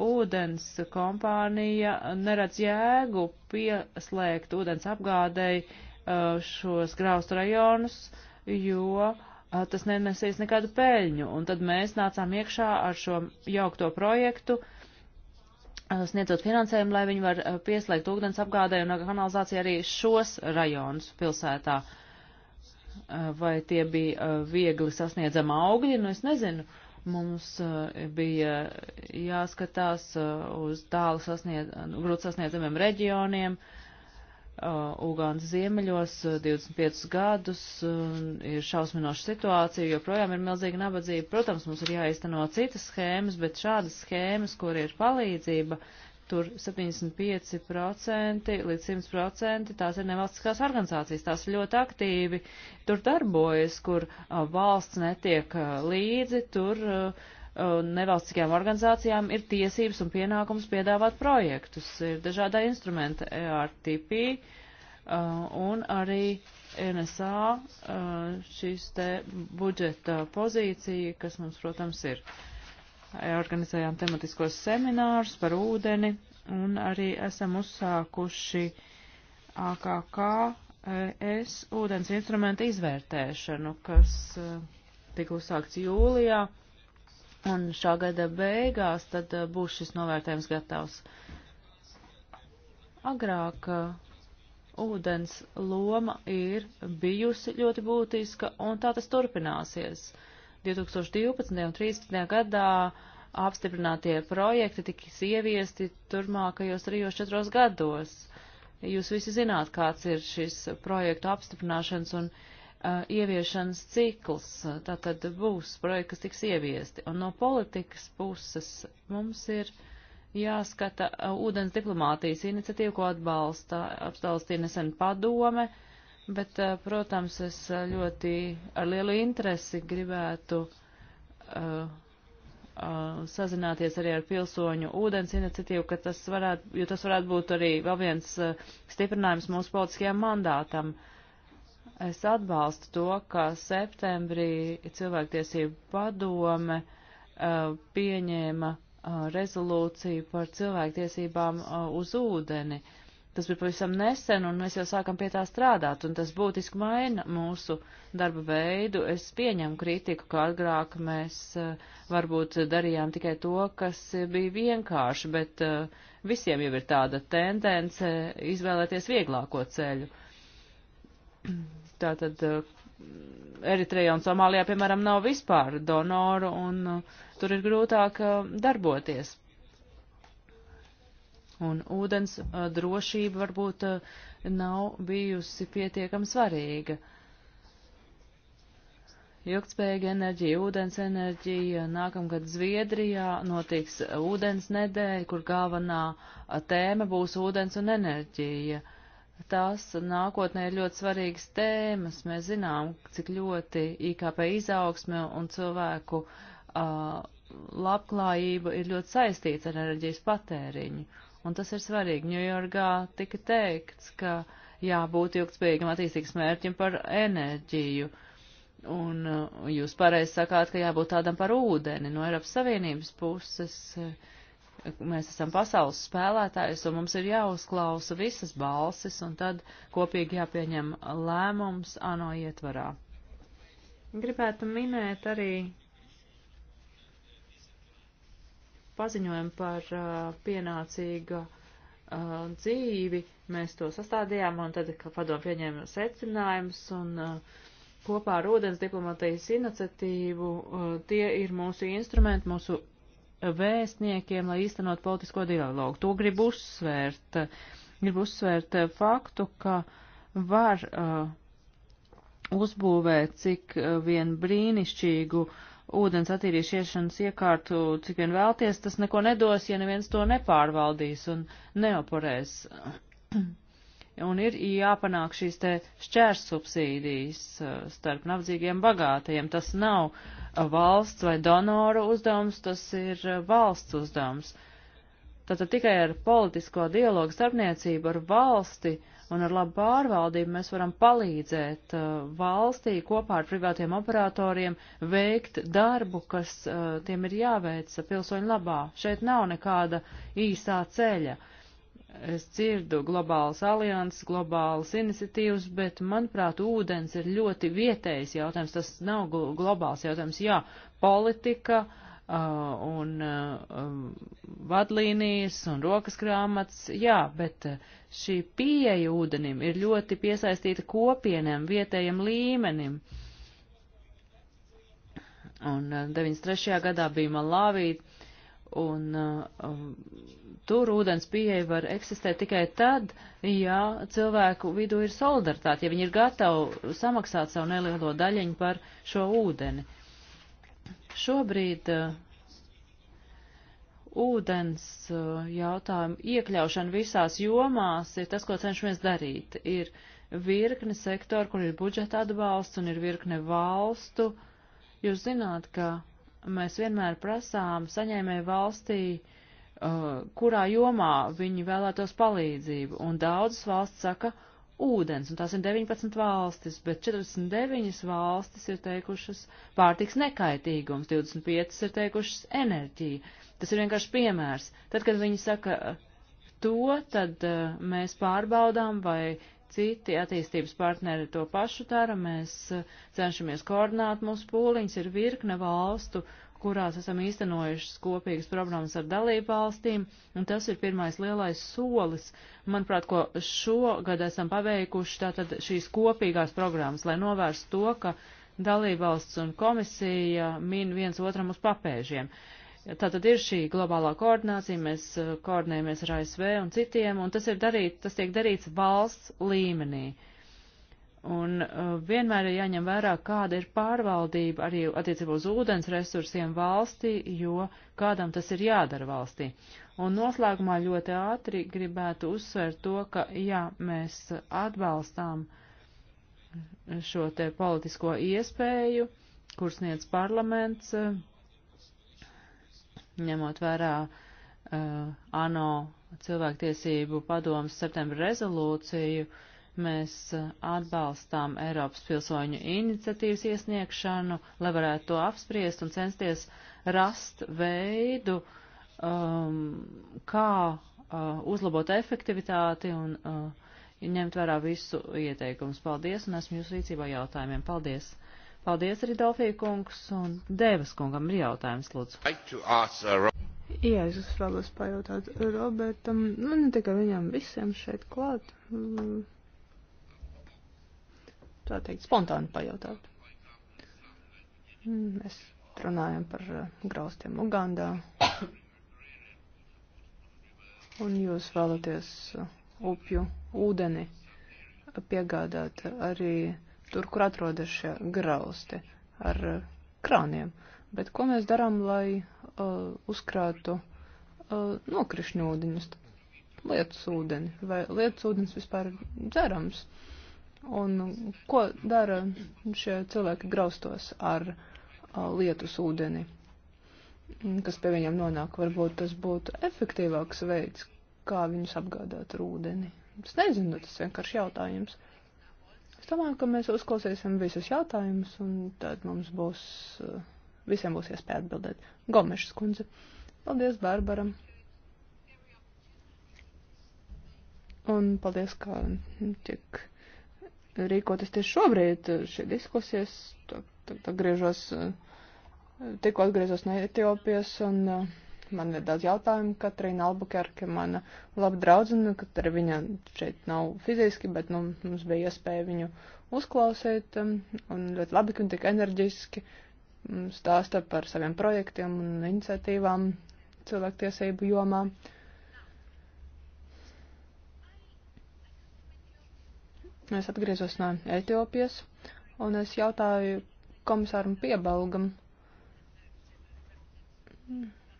ūdens kompānija neredz jēgu pieslēgt ūdens apgādēji šos graustu rajonus, jo uh, tas nenesīs nekādu peļņu. Un tad mēs nācām iekšā ar šo jaukto projektu, sniedzot finansējumu, lai viņi var pieslēgt ūdens apgādē un kanalizāciju arī šos rajonus pilsētā. Vai tie bija viegli sasniedzama augļi, nu es nezinu. Mums bija jāskatās uz tālu sasniedz, grūti sasniedzamiem reģioniem, uh, Uh, Ugandas ziemeļos 25 uh, gadus, ir šausminoša situācija, joprojām ir milzīga nabadzība. Protams, mums ir jāizteno citas schēmas, bet šādas schēmas, kur ir palīdzība, tur 75% līdz 100% tās ir nevalstiskās organizācijas, tās ļoti aktīvi tur darbojas, kur uh, valsts netiek līdzi, tur uh, Uh, nevalstiskajām organizācijām ir tiesības un pienākums piedāvāt projektus. Ir dažādā instrumenta ERTP uh, un arī NSA uh, šīs te budžeta pozīcija, kas mums, protams, ir. Organizējām tematiskos seminārus par ūdeni un arī esam uzsākuši AKK es ūdens instrumentu izvērtēšanu, kas tika uzsākts jūlijā. Un šā gada beigās tad eh, būs šis novērtējums gatavs. Agrāk eh, ūdens loma ir bijusi ļoti būtiska, un tā tas turpināsies. 2012. un 2013. gadā apstiprinātie projekti tiks ieviesti turmākajos trijos četros gados. Jūs visi zināt, kāds ir šis projektu apstiprināšanas un uh, ieviešanas cikls, tātad būs projekti, kas tiks ieviesti. Un no politikas puses mums ir jāskata ūdens diplomātijas iniciatīva, ko atbalsta, atbalstīja nesen padome, bet, protams, es ļoti ar lielu interesi gribētu uh, uh, sazināties arī ar pilsoņu ūdens iniciatīvu, ka tas varētu, jo tas varētu būt arī vēl viens uh, stiprinājums mūsu politiskajam mandātam. Uh, Es atbalstu to, ka septembrī cilvēktiesību padome uh, pieņēma uh, rezolūciju par cilvēktiesībām uh, uz ūdeni. Tas bija pavisam nesen, un mēs jau sākam pie tā strādāt, un tas būtiski maina mūsu darba veidu. Es pieņemu kritiku, ka agrāk mēs uh, varbūt darījām tikai to, kas bija vienkārši, bet uh, visiem jau ir tāda tendence izvēlēties vieglāko ceļu. Tātad eh, Eritreja un Somālijā, piemēram, nav vispār donoru, un eh, tur ir grūtāk eh, darboties. Un ūdens drošība varbūt nav bijusi pietiekam svarīga. Ilgtspējīga enerģija, ūdens enerģija. Nākamgad Zviedrijā notiks ūdens nedēļa, kur galvenā tēma būs ūdens un enerģija. Uh, tās nākotnē ir ļoti svarīgas tēmas. Mēs zinām, cik ļoti IKP izaugsme un cilvēku uh, labklājība ir ļoti saistīts ar enerģijas patēriņu. Un tas ir svarīgi. Ņujorgā tika teikts, ka jābūt ilgspējīgam attīstīgas mērķim par enerģiju. Un uh, jūs pareizi sakāt, ka jābūt tādam par ūdeni no Eiropas Savienības puses. Uh, Mēs esam pasaules spēlētājs, un mums ir jāuzklausa visas balsis, un tad kopīgi jāpieņem lēmums ANO ietvarā. Gribētu minēt arī paziņojumu par uh, pienācīga uh, dzīvi. Mēs to sastādījām, un tad padomu pieņēma secinājumus, un uh, kopā ar ūdens diplomatijas iniciatīvu uh, tie ir mūsu instrumenti, mūsu vēstniekiem, lai īstenot politisko dialogu. To gribu uzsvērt. Gribu uzsvērt faktu, ka var uh, uzbūvēt cik uh, vien brīnišķīgu ūdens attīrīšanas iekārtu, cik vien vēlties, tas neko nedos, ja neviens to nepārvaldīs un neoporēs. un ir jāpanāk šīs te šķērs subsīdijas eh, starp nabadzīgiem bagātajiem. Tas nav eh, valsts vai donoru uzdevums, tas ir eh, valsts uzdevums. Tātad tikai ar politisko dialogu starpniecību ar valsti un ar labu pārvaldību mēs varam palīdzēt valstī kopā ar privātiem operatoriem veikt darbu, kas tiem ir jāveic pilsoņu labā. Šeit nav nekāda īsā ceļa. Uh, Es dzirdu globālas alianses, globālas iniciatīvas, bet, manuprāt, ūdens ir ļoti vietējs jautājums. Tas nav gl globāls jautājums. Jā, politika uh, un uh, vadlīnijas un rokas grāmatas, jā, bet šī pieeja ūdenim ir ļoti piesaistīta kopienam, vietējam līmenim. Un uh, 93. gadā bija Malāvija Un uh, tur ūdens pieeja var eksistēt tikai tad, ja cilvēku vidū ir solidaritāte, ja viņi ir gatavi samaksāt savu nelielo daļiņu par šo ūdeni. Šobrīd uh, ūdens uh, jautājumu iekļaušana visās jomās ir tas, ko cenšamies darīt. Ir virkne sektoru, kur ir budžeta atbalsts un ir virkne valstu. Jūs zināt, ka mēs vienmēr prasām saņēmēju valstī, uh, kurā jomā viņi vēlētos palīdzību, un daudzas valsts saka ūdens, un tās ir 19 valstis, bet 49 valstis ir teikušas pārtiks nekaitīgums, 25 ir teikušas enerģija. Tas ir vienkārši piemērs. Tad, kad viņi saka to, tad uh, mēs pārbaudām, vai citi attīstības partneri to pašu dara, mēs eh, cenšamies koordinēt mūsu pūliņus, ir virkne valstu, kurās esam īstenojušas kopīgas programmas ar dalību valstīm, un tas ir pirmais lielais solis, manuprāt, ko šogad esam paveikuši, tātad šīs kopīgās programmas, lai novērstu to, ka dalībvalsts un komisija min viens otram uz papēžiem. Uh, Tā tad ir šī globālā koordinācija, mēs eh, koordinējamies ar ASV un citiem, un tas, ir darīt, tas tiek darīts valsts līmenī. Un eh, vienmēr ir jāņem vērā, kāda ir pārvaldība arī attiecībā uz ūdens resursiem valstī, jo kādam tas ir jādara valstī. Un noslēgumā ļoti ātri gribētu uzsvērt to, ka jā, mēs atbalstām šo te politisko iespēju, kur sniedz parlaments eh, ņemot vērā uh, ANO cilvēktiesību padomas septembra rezolūciju, mēs uh, atbalstām Eiropas pilsoņu iniciatīvas iesniegšanu, lai varētu to apspriest un censties rast veidu, um, kā uh, uzlabot efektivitāti un uh, ņemt vērā visu ieteikumus. Paldies, un esmu jūsu rīcībā jautājumiem. Paldies! Paldies, Ridolfija kungs, un Dēvas kungam ir jautājums, lūdzu. Uh, Jā, es vēlos pajautāt Robertam, nu ne tikai viņam visiem šeit klāt, mm. tā teikt, spontāni pajautāt. Mm, mēs runājam par uh, graustiem Ugandā, un jūs vēlaties uh, upju ūdeni piegādāt arī tur, kur atrodas šie grausti ar eh, krāniem. Bet ko mēs darām, lai uh, uzkrātu uh, nokrišņu ūdeņus, lietas ūdeni, vai lietas ūdens vispār dzerams? Un ko dara šie cilvēki graustos ar uh, lietus ūdeni, kas pie viņiem nonāk? Varbūt tas būtu efektīvāks veids, kā viņus apgādāt ar ūdeni. Es nezinu, tas vienkārši jautājums. Uh, Es domāju, ka mēs uzklausīsim visus jautājumus, un tad mums būs, eh, visiem būs iespēja atbildēt. Gomešas kundze. Paldies, Bārbara. Un paldies, ka nu, tiek rīkotas tieši šobrīd eh, šī diskusijas. Tad griežos, eh, tikko atgriezos no Etiopijas, un uh, Man ir daudz jautājumu. Katrīna Albuquerke, mana laba draudzene, kad arī viņa šeit nav fiziski, bet nu, mums bija iespēja viņu uzklausīt. Um, un ļoti labi, ka viņa tik enerģiski um, stāsta par saviem projektiem un iniciatīvām cilvēktiesību jomā. Es atgriezos no Etiopijas un es jautāju komisāram Piebalgam,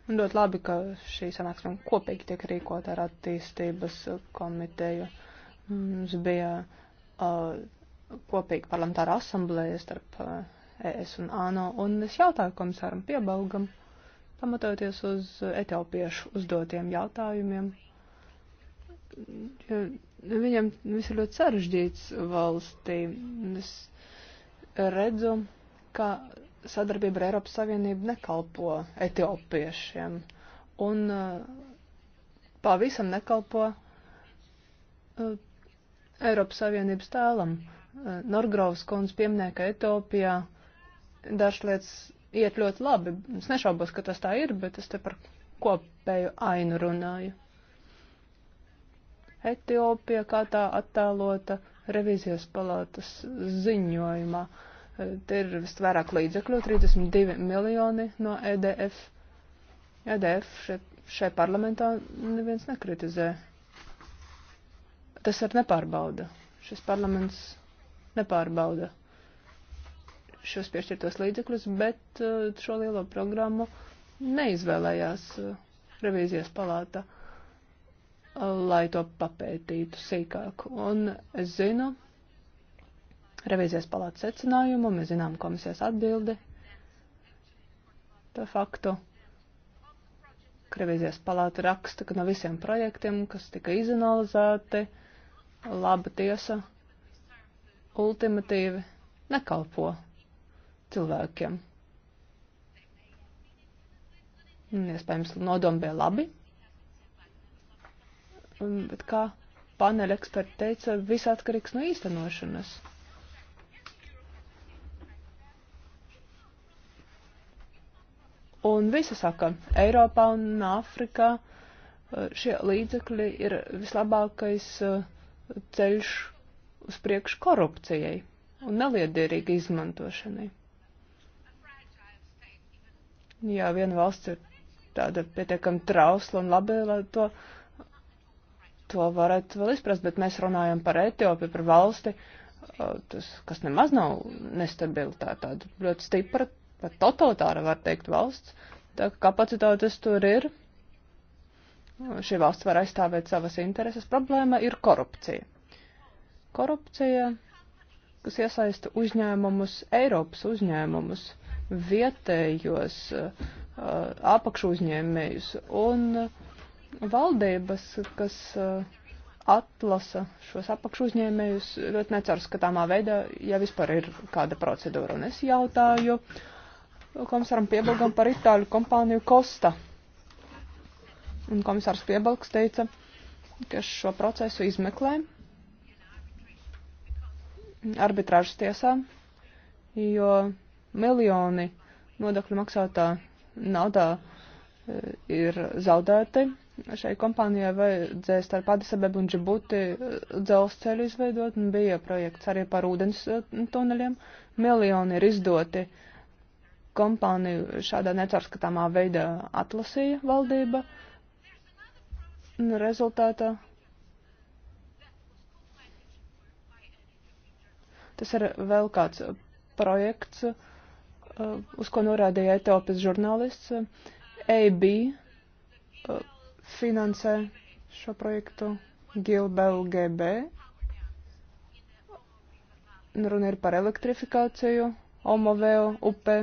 Un ļoti labi, ka šī sanāksme kopīgi tiek rīkota ar attīstības komiteju. Mums bija uh, kopīga parlamentāra asamblēja starp uh, ES un ANO, un es jautāju komisāram piebalgam, pamatojoties uz etiopiešu uzdotiem jautājumiem. Viņam viss ir ļoti sarežģīts valstī. Es redzu, ka sadarbība ar Eiropas Savienību nekalpo etiopiešiem un uh, pavisam nekalpo uh, Eiropas Savienības tēlam. Uh, Norgrovs kundz pieminēja, Etiopijā dažs lietas iet ļoti labi. Es nešaubos, ka tas tā ir, bet es te par kopēju ainu runāju. Etiopija kā tā attēlota revizijas palātas ziņojumā. Uh, Te ir visvairāk līdzekļu, 32 miljoni no EDF. EDF šeit, šai parlamentā neviens nekritizē. Tas ir nepārbauda. Šis parlaments nepārbauda šos piešķirtos līdzekļus, bet uh, šo lielo programmu neizvēlējās uh, revīzijas palāta, uh, lai to papētītu sīkāk. Un es zinu, revīzijas palātas secinājumu, mēs zinām komisijas atbildi par faktu. Revīzijas palāta raksta, ka no visiem projektiem, kas tika izanalizēti, laba tiesa ultimatīvi nekalpo cilvēkiem. Un, iespējams, nodomi bija labi, bet kā paneļa eksperti teica, viss atkarīgs no īstenošanas. Un visi saka, Eiropā un Āfrikā e, šie līdzekļi ir vislabākais e, ceļš uz priekšu korupcijai un neliederīgai izmantošanai. Jā, viena valsts ir tāda pietiekami trausla un labi, lai to, to varētu vēl izprast, bet mēs runājam par Etiopiju, par valsti, e, tas, kas nemaz nav nestabilitāte, tāda ļoti stipra pat totalitāra, var teikt, valsts. Tā kā kapacitātes tur ir, šī valsts var aizstāvēt savas intereses. Problēma ir korupcija. Korupcija, kas iesaista uzņēmumus, Eiropas uzņēmumus, vietējos uh, apakšu uzņēmējus un valdības, kas uh, atlasa šos apakšu uzņēmējus ļoti necaurskatāmā veidā, ja vispār ir kāda procedūra. Un es jautāju, uh, komisāram Piebalgam par itāļu kompāniju Kosta. Un komisārs Piebalgs teica, ka šo procesu izmeklē arbitrāžas tiesā, jo miljoni nodokļu maksātā naudā e, ir zaudēti. Šai kompānijai vajadzēja starp Adisabebu un Džibuti e, dzelzceļu izveidot, un bija projekts arī par ūdens e, tuneļiem. Miljoni ir izdoti uh, kompāniju šādā necaurskatāmā veidā atlasīja valdība. Nu, rezultātā tas ir vēl kāds projekts, uh, uz ko norādīja Etiopijas žurnālists. AB uh, finansē šo projektu Gilbel GB. Nu, runa ir par elektrifikāciju Omoveo upē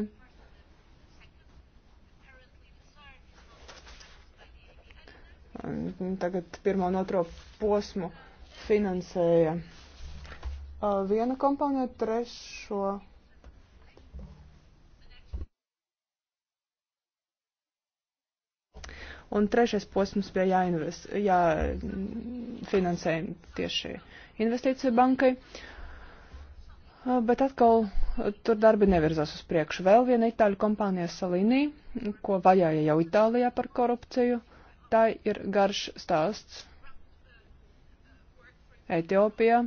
Tagad pirmo un otro posmu finansēja viena kompānija, trešo. Un trešais posms bija jāinvest, jāfinansē tieši investīcija bankai. Bet atkal tur darbi nevirzās uz priekšu. Vēl viena itāļu kompānija Salīnī, ko vajāja jau Itālijā par korupciju. Tā ir garš stāsts. Etiopija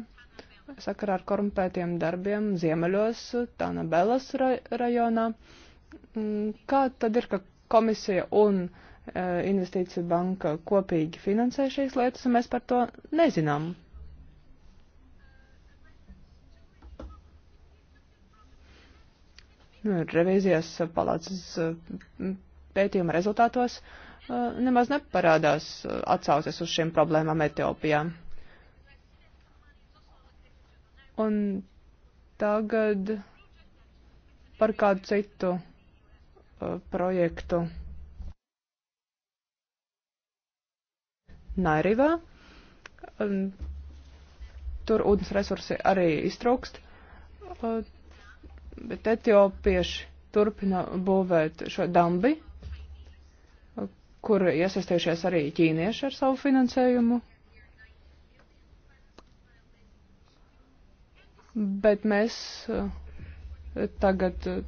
sakarā ar korumpētiem darbiem ziemeļos, Tanabelas ra rajonā. Mm, kā tad ir, ka komisija un e, investīcija banka kopīgi finansē šīs lietas, un mēs par to nezinām? Nu, revīzijas palātas e, pētījuma rezultātos uh, Uh, nemaz neparādās uh, atsaucies uz šiem problēmām Etiopijā. Un tagad par kādu citu uh, projektu. Nairivā. Um, tur ūdens resursi arī iztrūkst, bet etiopieši turpina būvēt šo dambi, kur iesaistījušies arī ķīnieši ar savu finansējumu. Bet mēs eh, tagad eh,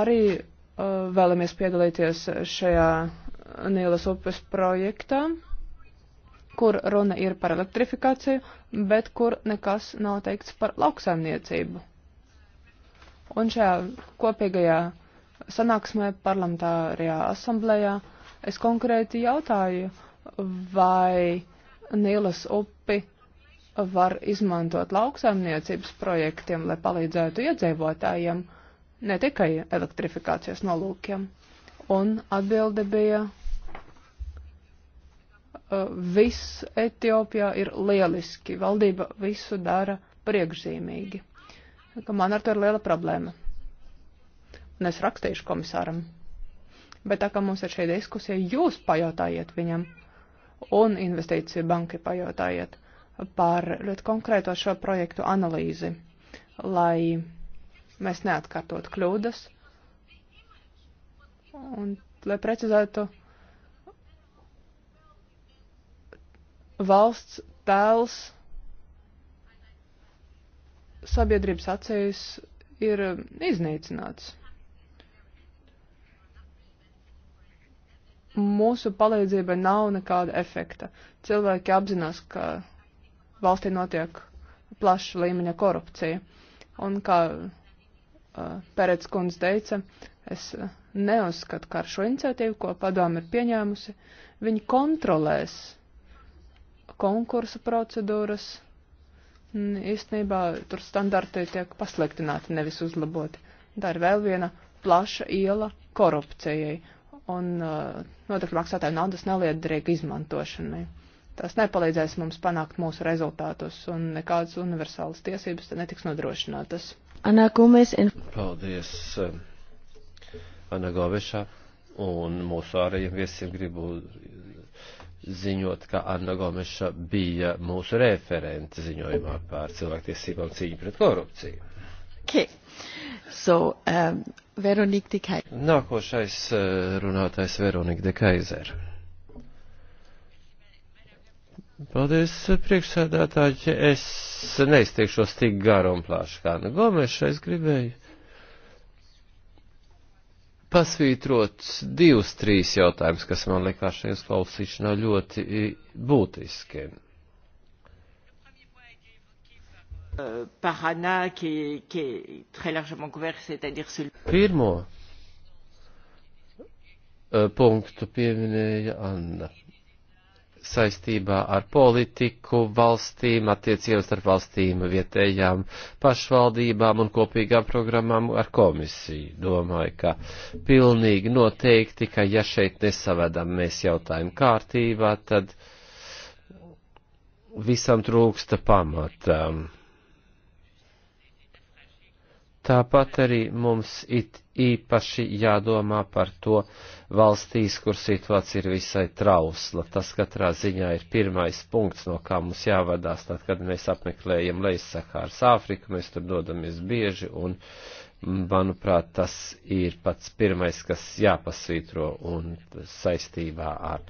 arī eh, vēlamies piedalīties šajā Nīlas upes projektā, kur runa ir par elektrifikāciju, bet kur nekas nav teikts par lauksaimniecību. Un šajā kopīgajā uh, sanāksmē parlamentārajā asamblējā es konkrēti jautāju, vai Nīlas upi var izmantot lauksaimniecības projektiem, lai palīdzētu iedzīvotājiem, ne tikai elektrifikācijas nolūkiem. Un atbilde bija, viss Etiopijā ir lieliski, valdība visu dara priekšzīmīgi. Man ar to ir liela problēma un es rakstīšu komisāram. Bet tā kā mums ir šī diskusija, jūs pajautājiet viņam un investīciju banki pajautājiet par ļoti konkrēto šo projektu analīzi, lai mēs neatkārtot kļūdas un lai precizētu valsts tēls sabiedrības acīs ir iznīcināts. mūsu palīdzība nav nekāda efekta. Cilvēki apzinās, ka valstī notiek plaša līmeņa korupcija. Un kā uh, Pērēc kundze teica, es neuzskatu, ka ar šo iniciatīvu, ko padomu ir pieņēmusi, viņi kontrolēs konkursu procedūras. Īstenībā tur standarti tiek pasliktināti, nevis uzlaboti. Tā ir vēl viena plaša iela korupcijai un uh, nodokļu maksātāju naudas neliederīga izmantošanai. Tas nepalīdzēs mums panākt mūsu rezultātus, un nekādas universālas tiesības te netiks nodrošinātas. Anā Kumes. Paldies, um, Anā Govešā, un mūsu ārējiem viesiem gribu ziņot, ka Anna Gomeša bija mūsu referente ziņojumā par cilvēktiesībām cīņu pret korupciju. Okay. So, um, Veronika Dikai. Nākošais uh, runātājs Veronika Dikaizer. Paldies, priekšsēdētāji. Es neizteikšos tik garu un plāšu kā nu Gomeša. Es gribēju pasvītrot divus, trīs jautājumus, kas man likās šajā klausīšanā ļoti būtiski. Euh, Pirmo euh, punktu pieminēja Anna saistībā ar politiku, valstīm, attiecībām starp valstīm, vietējām pašvaldībām un kopīgām programmām ar komisiju. Domāju, ka pilnīgi noteikti, ka ja šeit nesavedam mēs jautājumu kārtībā, tad visam trūksta pamatām Tāpat arī mums it īpaši jādomā par to valstīs, kur situācija ir visai trausla. Tas katrā ziņā ir pirmais punkts, no kā mums jāvadās. Tad, kad mēs apmeklējam Leisahāras Āfriku, mēs tur dodamies bieži un, manuprāt, tas ir pats pirmais, kas jāpasvītro un saistībā ar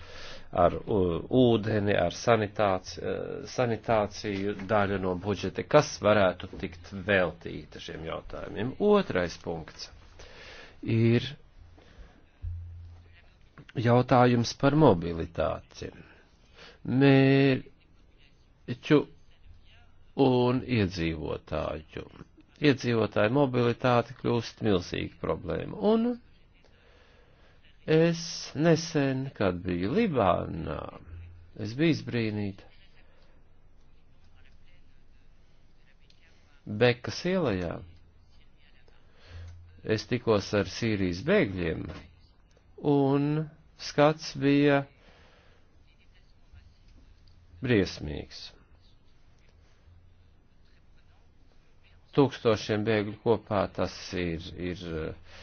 ar uh, ūdeni, ar uh, sanitāciju daļu no budžeta, kas varētu tikt veltīta šiem jautājumiem. Otrais punkts ir jautājums par mobilitāti. Mērķu un iedzīvotāju. Iedzīvotāju mobilitāte kļūst milzīga problēma. Un Es nesen, kad biju Libānā, es biju izbrīnīta. Bekas ielajā. Es tikos ar Sīrijas bēgļiem, un skats bija briesmīgs. Tūkstošiem bēgļu kopā tas ir, ir uh,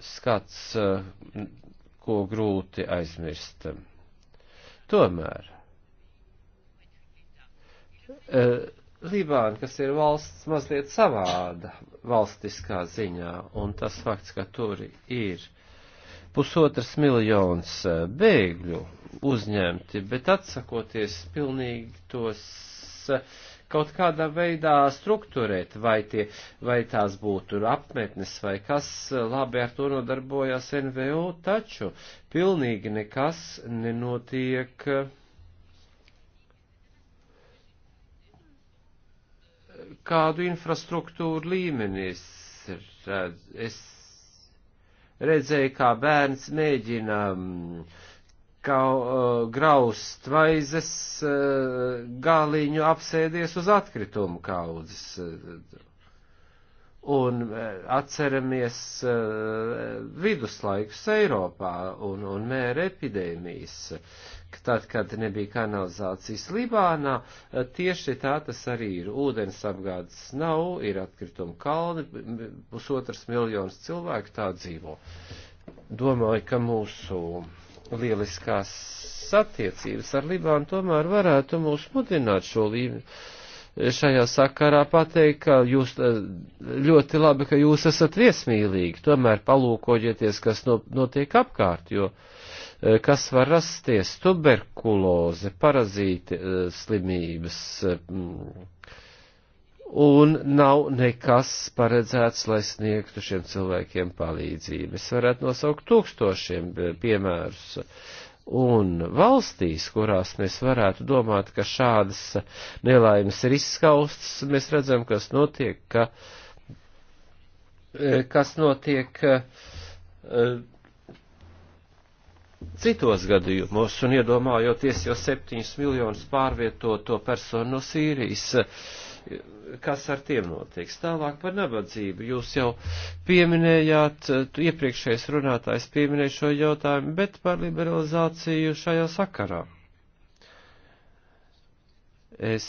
skats, eh, ko grūti aizmirst. Tomēr eh, Libāna, kas ir valsts mazliet savāda valstiskā ziņā, un tas fakts, ka tur ir pusotras miljons eh, bēgļu uzņemti, bet atsakoties pilnīgi tos uh, kaut kādā veidā strukturēt, vai, tie, vai tās būtu apmetnes vai kas labi ar to nodarbojas NVO, taču pilnīgi nekas nenotiek. Kādu infrastruktūru līmenis ir? Es redzēju, kā bērns mēģina um, kau, eh, graus tvaizes eh, galiņu apsēdies uz atkritumu kaudzes. Eh, un atceramies viduslaikus Eiropā un, un mēra epidēmijas. Tad, kad nebija kanalizācijas Libānā, tieši tā tas arī ir. Ūdens apgādes nav, ir atkrituma kalni, pusotras miljonas cilvēku tā dzīvo. Domāju, ka mūsu lieliskās attiecības ar Libānu tomēr varētu mūs mudināt šo līmeni. Šajā sakarā pateikt, ka jūs eh, ļoti labi, ka jūs esat viesmīlīgi, tomēr palūkoģieties, kas notiek apkārt, jo eh, kas var rasties tuberkuloze, parazīti eh, slimības, un nav nekas paredzēts, lai sniegtu šiem cilvēkiem palīdzību. Es varētu nosaukt tūkstošiem eh, piemērus. Un valstīs, kurās mēs varētu domāt, ka šādas nelaimes ir izskaustas, mēs redzam, kas notiek, ka, eh, kas notiek eh, citos gadījumos, un iedomājoties jau septiņus miljonus pārvietoto personu no Sīrijas, kas ar tiem notiks. Tālāk par nabadzību. Jūs jau pieminējāt, iepriekšējais runātājs pieminēja šo jautājumu, bet par liberalizāciju šajā sakarā. Es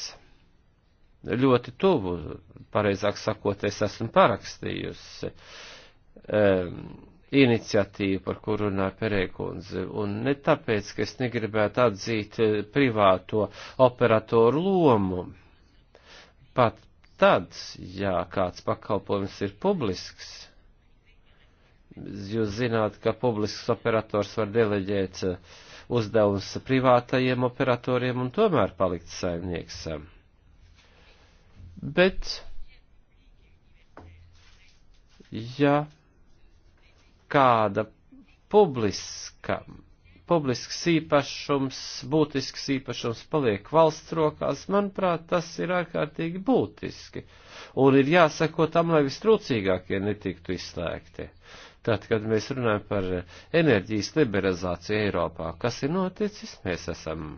ļoti tuvu, pareizāk sakot, es esmu parakstījusi um, iniciatīvu, par kuru runā Pereikundze, un ne tāpēc, ka es negribētu atzīt eh, privāto operatoru lomu pat tad, ja kāds pakalpojums ir publisks, jūs zināt, ka publisks operators var deleģēt uh, uzdevums privātajiem operatoriem un tomēr palikt saimnieks. Bet, ja kāda publiska publisks īpašums, būtisks īpašums paliek valsts rokās, manuprāt, tas ir ārkārtīgi būtiski. Un ir jāsako tam, lai vistrūcīgākie netiktu izslēgti. Tad, kad mēs runājam par enerģijas liberalizāciju Eiropā, kas ir noticis, mēs esam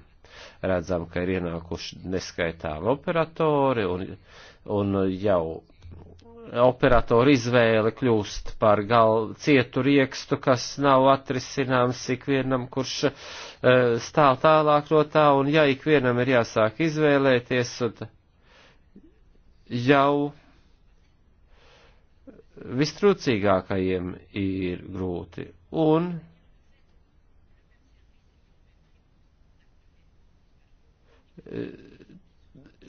redzam, ka ir ienākuši neskaitām operatori un, un jau operatoru izvēle kļūst par gal cietu riekstu, kas nav atrisināms ikvienam, kurš uh, stāv tālāk no tā, un ja ikvienam ir jāsāk izvēlēties, tad jau vistrūcīgākajiem ir grūti. Un uh,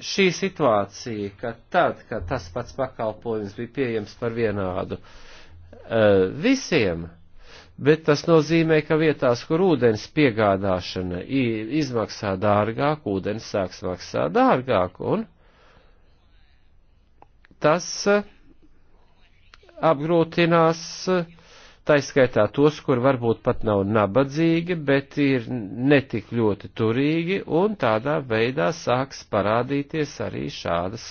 šī situācija, ka tad, kad tas pats pakalpojums bija pieejams par vienādu eh, visiem, bet tas nozīmē, ka vietās, kur ūdens piegādāšana izmaksā dārgāk, ūdens sāks maksāt dārgāk, un tas eh, apgrūtinās uh, taiskaitā tos, kur varbūt pat nav nabadzīgi, bet ir netik ļoti turīgi, un tādā veidā sāks parādīties arī šādas,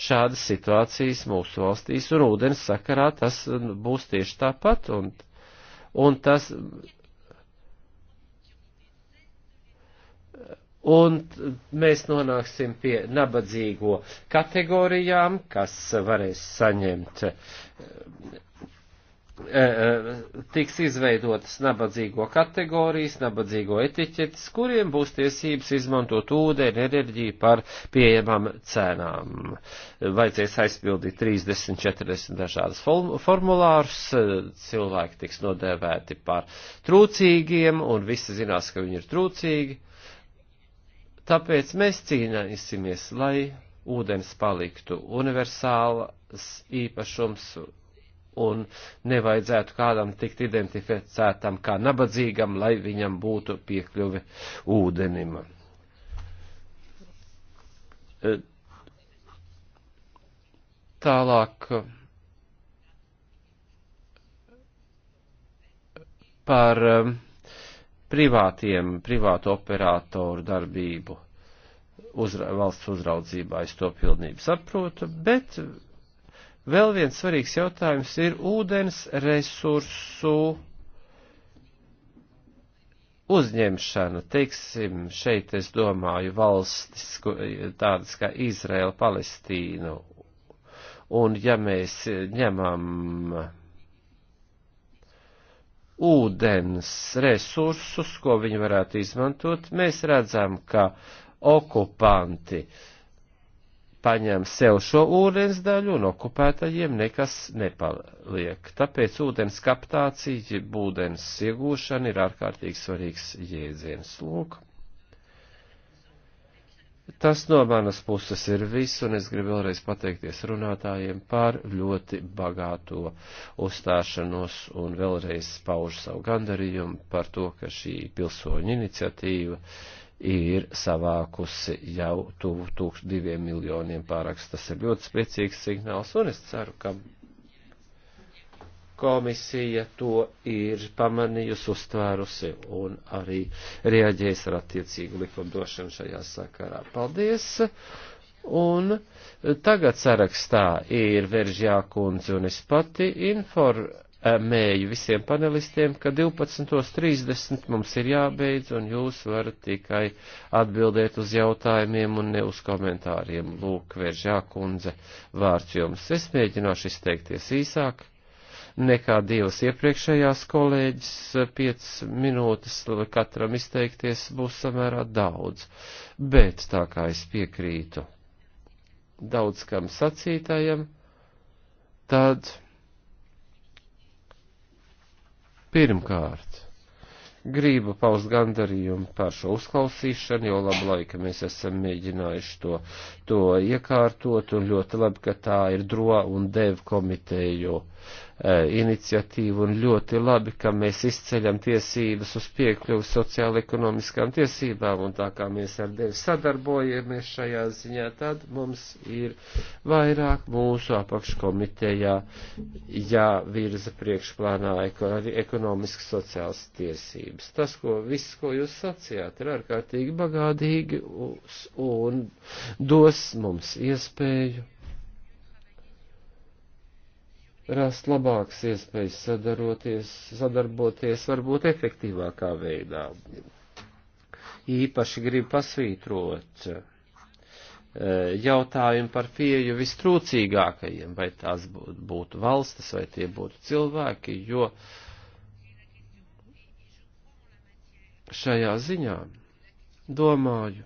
šādas situācijas mūsu valstīs, un ūdens sakarā tas nu, būs tieši tāpat, un, un tas. Un mēs nonāksim pie nabadzīgo kategorijām, kas varēs saņemt E, e, tiks izveidotas nabadzīgo kategorijas, nabadzīgo etiķetes, kuriem būs tiesības izmantot ūdeni, enerģiju par pieejamām cenām. Vajadzēs aizpildīt 30, 40 dažādas formulārus, e, cilvēki tiks nodēvēti par trūcīgiem, un visi zinās, ka viņi ir trūcīgi. Tāpēc mēs cīnīsimies, lai ūdens paliktu universāls īpašums un nevajadzētu kādam tikt identificētam kā nabadzīgam, lai viņam būtu piekļuve ūdenim. E, tālāk par e, privātiem, privātu operātoru darbību uzra, valsts uzraudzībā, es to pilnībā saprotu, bet Vēl viens svarīgs jautājums ir ūdens resursu uzņemšana. Teiksim, šeit es domāju valstis tādas kā Izraela, Palestīnu. Un ja mēs ņemam ūdens resursus, ko viņi varētu izmantot, mēs redzam, ka okupanti uh, paņem sev šo ūdens daļu un okupētajiem nekas nepaliek. Tāpēc ūdens kaptācija, jeb ūdens iegūšana ir ārkārtīgi svarīgs jēdziens. Lūk, tas no manas puses ir viss, un es gribu vēlreiz pateikties runātājiem par ļoti bagāto uzstāšanos un vēlreiz paužu savu gandarījumu par to, ka šī pilsoņu iniciatīva ir savākusi jau tuvu tūkst diviem miljoniem pārakstu. Tas ir ļoti spēcīgs signāls, un es ceru, ka komisija to ir pamanījusi, uztvērusi un arī reaģēs ar attiecīgu likumdošanu šajā sakarā. Paldies! Un tagad sarakstā ir Veržjā kundze un es pati informēju mēju visiem panelistiem, ka 12.30 mums ir jābeidz, un jūs varat tikai atbildēt uz jautājumiem un ne uz komentāriem. Lūk, Veržā kundze, vārds jums. Es mēģināšu izteikties īsāk nekā divas iepriekšējās kolēģis, 5 minūtes katram izteikties būs samērā daudz, bet tā kā es piekrītu daudz kam sacītajam, tad Pirmkārt, gribu paust gandarījumu par šo uzklausīšanu, jo labu laiku mēs esam mēģinājuši to, to iekārtot, un ļoti labi, ka tā ir DRO un DEV komiteju uh, Eh, iniciatīvu un ļoti labi, ka mēs izceļam tiesības uz piekļuvu sociāla-ekonomiskām tiesībām un tā kā mēs ar Dievu sadarbojamies šajā ziņā, tad mums ir vairāk mūsu apakškomitejā jāvirza priekšplānā ekonomiski sociāls tiesības. Tas, ko viss, ko jūs sacījāt, ir ārkārtīgi bagādīgi un dos mums iespēju rast labākas iespējas sadaroties, sadarboties varbūt efektīvākā veidā. Īpaši gribu pasvītrot e, jautājumu par pieju vistrūcīgākajiem, vai tās būtu valstis, vai tie būtu cilvēki, jo šajā ziņā domāju,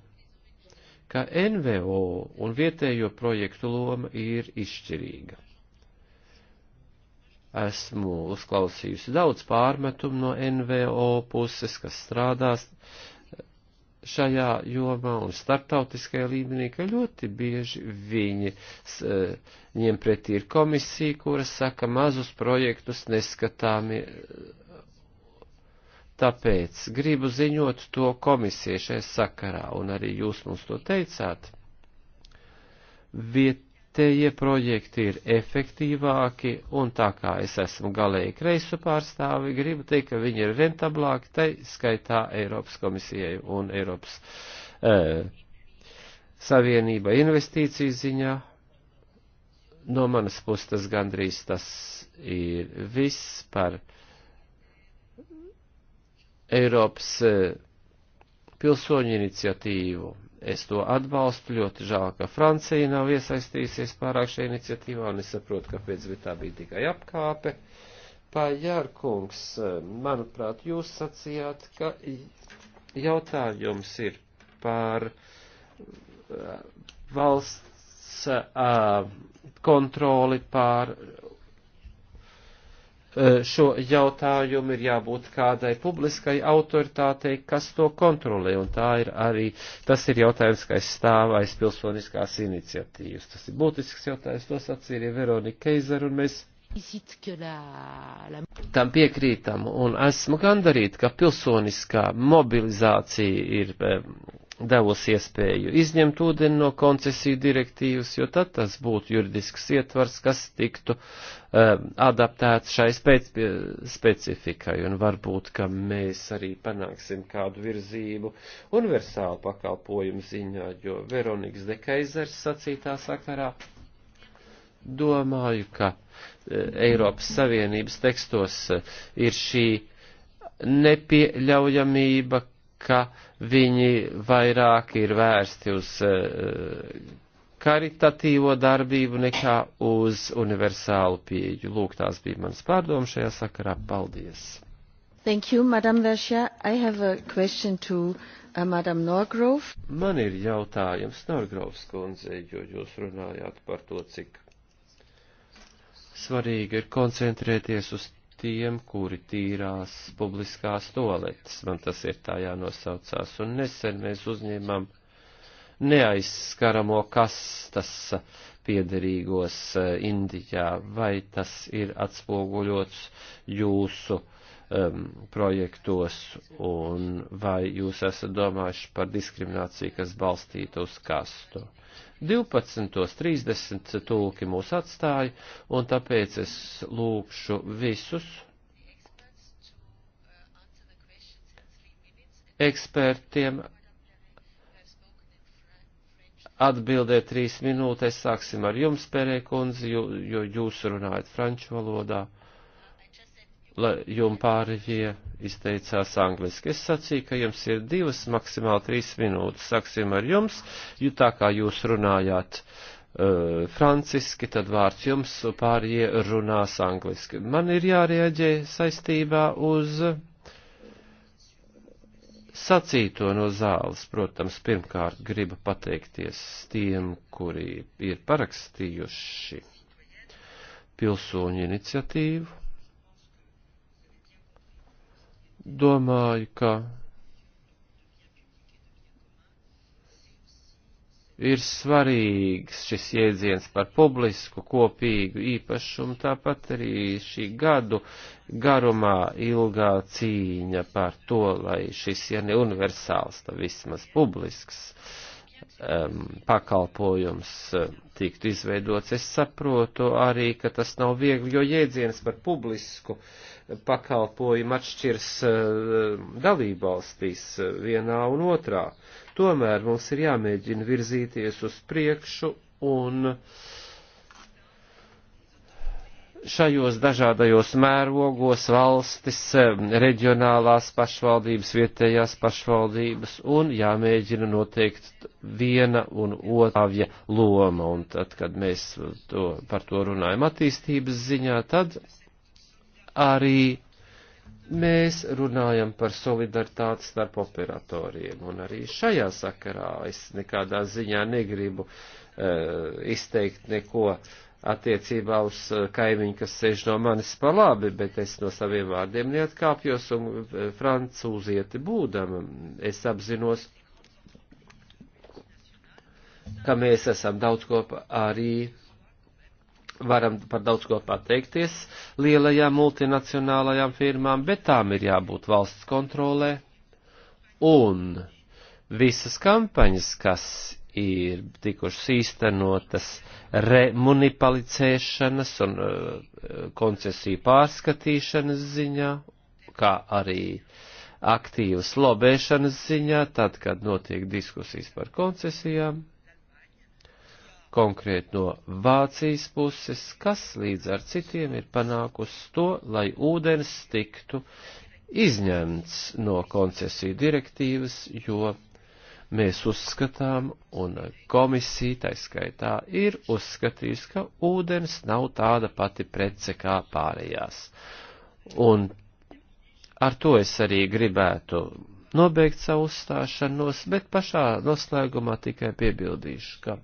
ka NVO un vietējo projektu loma ir izšķirīga. Esmu uzklausījusi daudz pārmetumu no NVO puses, kas strādās šajā jomā un startautiskajā līmenī, ka ļoti bieži viņi e, ņem pretī ir komisija, kura saka mazus projektus neskatāmi. Tāpēc gribu ziņot to komisiju šajā sakarā, un arī jūs mums to teicāt. Viet vietējie projekti ir efektīvāki, un tā kā es esmu galēji kreisu pārstāvi, gribu teikt, ka viņi ir rentablāki, tai skaitā Eiropas komisijai un Eiropas eh, Savienība investīciju ziņā. No manas puses tas gandrīz tas ir viss par Eiropas eh, pilsoņu iniciatīvu Es to atbalstu, ļoti žēl, ka Francija nav iesaistījusies pārāk šajā iniciatīvā, un es saprotu, kāpēc, bet tā bija tikai apkāpe. Pājārkungs, manuprāt, jūs sacījāt, ka jautājums ir par eh, valsts eh, kontroli pār Eh, šo jautājumu ir jābūt kādai publiskai autoritātei, kas to kontrolē, un tā ir arī, tas ir jautājums, kas stāv aiz pilsoniskās iniciatīvas. Tas ir būtisks jautājums, to sacīja Veronika Keizer, un mēs Tam piekrītam, un esmu gandarīta, ka pilsoniskā mobilizācija ir eh, devusi iespēju izņemt ūdeni no koncesiju direktīvas, jo tad tas būtu juridisks ietvars, kas tiktu um, adaptēts šai spēc, specifikai, un varbūt, ka mēs arī panāksim kādu virzību universālu pakalpojumu ziņā, jo Veronikas Dekaizers sacītā sakarā domāju, ka uh, Eiropas Savienības tekstos uh, ir šī nepieļaujamība, ka viņi vairāk ir vērsti uz eh, karitatīvo darbību nekā uz universālu pieeju. Lūk, tās bija mans pārdomas šajā sakarā. Paldies! Thank you, Madam Veržā. I have a question to uh, Madam Norgrove. Man ir jautājums Norgrovs kundzei, jo jūs runājāt par to, cik svarīgi ir koncentrēties uz tiem, kuri tīrās publiskās toaletes. Man tas ir tā jānosaucās. Un nesen mēs uzņēmām neaizskaramo kastas piederīgos eh, Indijā. Vai tas ir atspoguļots jūsu um, projektos un vai jūs esat domājuši par diskrimināciju, kas balstīta uz kastu? 12.30 tulki mūs atstāja, un tāpēc es lūkšu visus ekspertiem atbildēt trīs minūtes. Sāksim ar jums, Pērē kundzi, jo, jo jūs runājat franču valodā jumpārģie izteicās angliski. Es sacīju, ka jums ir divas, maksimāli trīs minūtes. Sāksim ar jums, jo tā kā jūs runājāt uh, franciski, tad vārds jums pārējie runās angliski. Man ir jārieģē saistībā uz sacīto no zāles. Protams, pirmkārt gribu pateikties tiem, kuri ir parakstījuši pilsoņu iniciatīvu domāju, ka ir svarīgs šis jēdziens par publisku kopīgu īpašumu, tāpat arī šī gadu garumā ilgā cīņa par to, lai šis, ja ne universāls, tad vismaz publisks um, pakalpojums uh, tiktu izveidots. Es saprotu arī, ka tas nav viegli, jo jēdziens par publisku uh, pakalpojumi atšķirs eh, dalībvalstīs eh, vienā un otrā. Tomēr mums ir jāmēģina virzīties uz priekšu un šajos dažādajos mērogos valstis, eh, reģionālās pašvaldības, vietējās pašvaldības un jāmēģina noteikt viena un otrāvja loma. Un tad, kad mēs to, par to runājam attīstības ziņā, tad arī mēs runājam par solidaritāti starp operatoriem, un arī šajā sakarā es nekādā ziņā negribu uh, izteikt neko attiecībā uz eh, kaimiņu, kas sēž no manis pa labi, bet es no saviem vārdiem neatkāpjos, un eh, francūzieti būdam, es apzinos, ka mēs esam daudz kopā arī varam par daudz ko pateikties lielajām multinacionālajām firmām, bet tām ir jābūt valsts kontrolē. Un visas kampaņas, kas ir tikušas īstenotas remunipalicēšanas un eh, koncesiju pārskatīšanas ziņā, kā arī aktīvas lobēšanas ziņā, tad, kad notiek diskusijas par koncesijām, konkrēti no Vācijas puses, kas līdz ar citiem ir panākusi to, lai ūdens tiktu izņemts no koncesiju direktīvas, jo mēs uzskatām, un komisija taiskaitā ir uzskatījusi, ka ūdens nav tāda pati prece kā pārējās. Un ar to es arī gribētu nobeigt savu uzstāšanos, bet pašā noslēgumā tikai piebildīšu, ka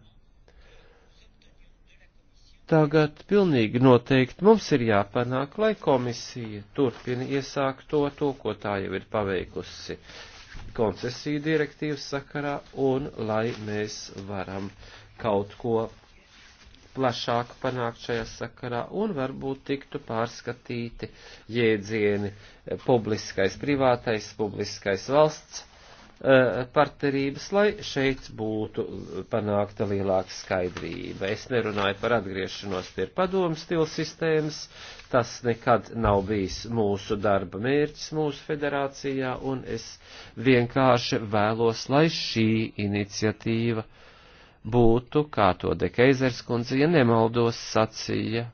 Tagad pilnīgi noteikti mums ir jāpanāk, lai komisija turpina iesākt to, to, ko tā jau ir paveikusi koncesiju direktīvas sakarā, un lai mēs varam kaut ko plašāk panākt šajā sakarā, un varbūt tiktu pārskatīti jēdzieni publiskais, privātais, publiskais valsts Eh, partnerības, lai šeit būtu panākta lielāka skaidrība. Es nerunāju par atgriešanos pie padomu stila sistēmas, tas nekad nav bijis mūsu darba mērķis mūsu federācijā, un es vienkārši vēlos, lai šī iniciatīva būtu, kā to Dekeizers kundze, ja nemaldos, sacīja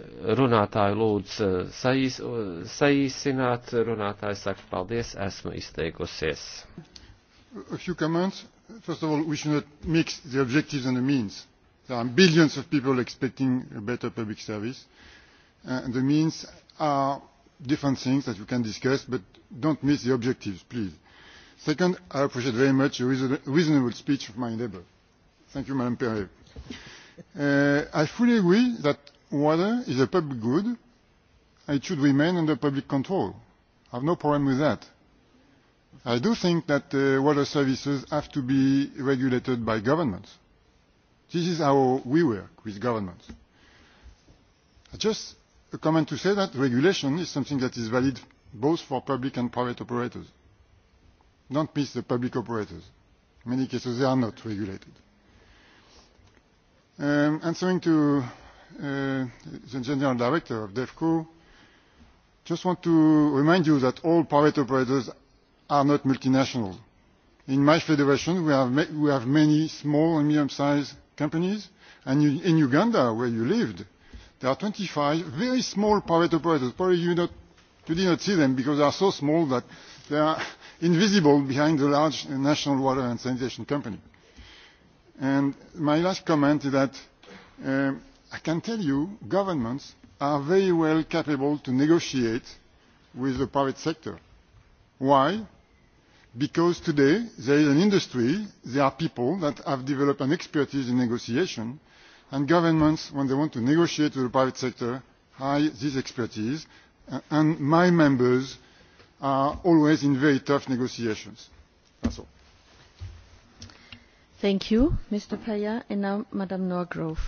runātāju lūdzu eh, saīs, saīsināt, runātāju saka paldies, esmu izteikusies. A few comments. First of all, we should not mix the objectives and the means. There are billions of people expecting a better public service. Uh, the means are different things that you can discuss, but don't miss the objectives, please. Second, I appreciate very much the reason, reasonable speech of my neighbour. Thank you, Madam Perret. Uh, I fully agree that water is a public good. It should remain under public control. I have no problem with that. I do think that uh, water services have to be regulated by governments. This is how we work with governments. Just a comment to say that regulation is something that is valid both for public and private operators. Don't miss the public operators. In many cases, they are not regulated. Um, answering to uh, the general director of DEFCO, just want to remind you that all private operators are not multinational. In my federation, we have, ma we have many small and medium-sized companies, and you, in Uganda, where you lived, there are 25 very small private operators. Probably you, not, you did not see them because they are so small that they are invisible behind the large national water and sanitation company. And my last comment is that um, I can tell you governments are very well capable to negotiate with the private sector. Why? Because today there is an industry, there are people that have developed an expertise in negotiation, and governments, when they want to negotiate with the private sector, hire this expertise, and my members are always in very tough negotiations. That's all. Thank you, Mr. Paya. And now, Madame Norgrove.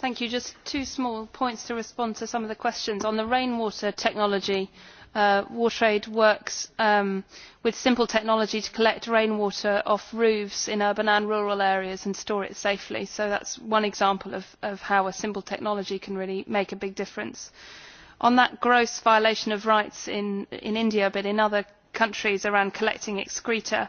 Thank you. Just two small points to respond to some of the questions. On the rainwater technology, uh, Wartrade works um, with simple technology to collect rainwater off roofs in urban and rural areas and store it safely. So that's one example of, of how a simple technology can really make a big difference. On that gross violation of rights in, in India, but in other countries around collecting excreta,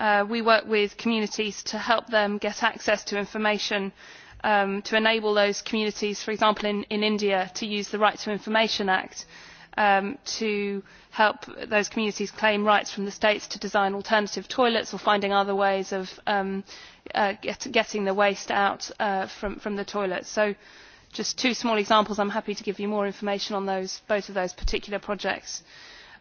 uh, we work with communities to help them get access to information uh, um, to enable those communities, for example in, in India, to use the Right to Information Act um, to help those communities claim rights from the states to design alternative toilets or finding other ways of um, uh, get, getting the waste out uh, from, from the toilets. So just two small examples. I'm happy to give you more information on those, both of those particular projects.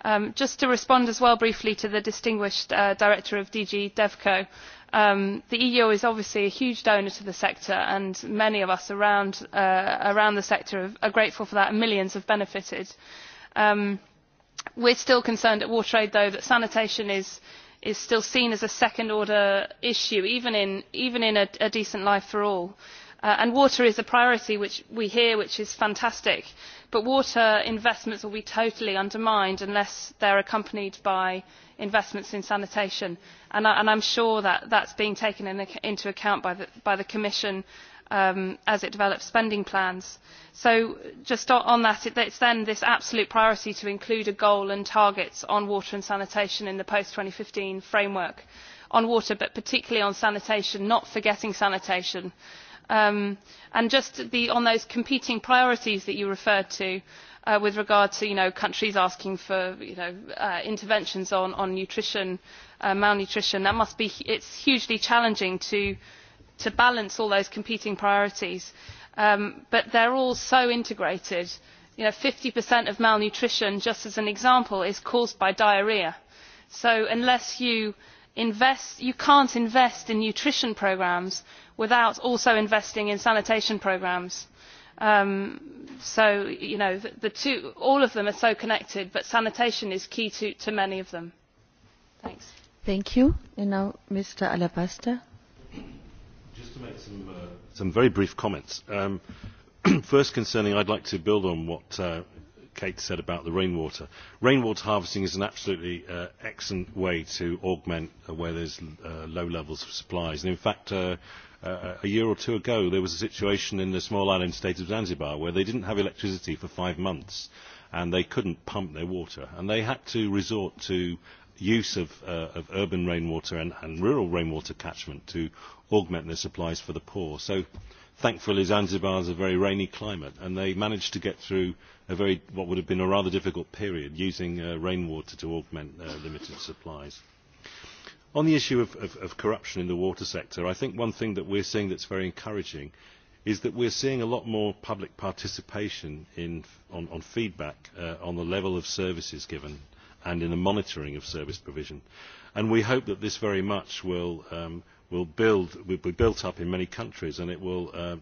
Um, just to respond as well briefly to the distinguished uh, director of DG DevCo, Um, the eu is obviously a huge donor to the sector and many of us around, uh, around the sector are grateful for that and millions have benefited. Um, we are still concerned at watertrade though that sanitation is, is still seen as a second order issue even in, even in a, a decent life for all uh, and water is a priority which we hear which is fantastic but water investments will be totally undermined unless they are accompanied by investments in sanitation and i am sure that is being taken in, into account by the, by the commission um, as it develops spending plans. so just on that it is then this absolute priority to include a goal and targets on water and sanitation in the post two thousand and fifteen framework on water but particularly on sanitation not forgetting sanitation. Um, and just the, on those competing priorities that you referred to uh, with regard to you know, countries asking for you know, uh, interventions on, on nutrition, uh, malnutrition, that must be, it's hugely challenging to, to balance all those competing priorities. Um, but they're all so integrated. You know, 50% of malnutrition, just as an example, is caused by diarrhea. So unless you invest, you can't invest in nutrition programmes without also investing in sanitation programmes. Um, so, you know, the, the two, all of them are so connected, but sanitation is key to, to many of them. Thanks. Thank you. And now, Mr. Alabasta. Just to make some, uh, some very brief comments. Um, first, concerning, I'd like to build on what uh, Kate said about the rainwater. Rainwater harvesting is an absolutely uh, excellent way to augment uh, where there's uh, low levels of supplies. And in fact, uh, uh, a year or two ago, there was a situation in the small island state of Zanzibar where they didn't have electricity for five months and they couldn't pump their water. And they had to resort to use of, uh, of urban rainwater and, and rural rainwater catchment to augment their supplies for the poor. So thankfully Zanzibar has a very rainy climate and they managed to get through a very, what would have been a rather difficult period using uh, rainwater to augment uh, limited supplies. On the issue of, of, of corruption in the water sector, I think one thing that we're seeing that's very encouraging is that we're seeing a lot more public participation in, on, on feedback uh, on the level of services given and in the monitoring of service provision. And we hope that this very much will um, will, build, will be built up in many countries and it will uh,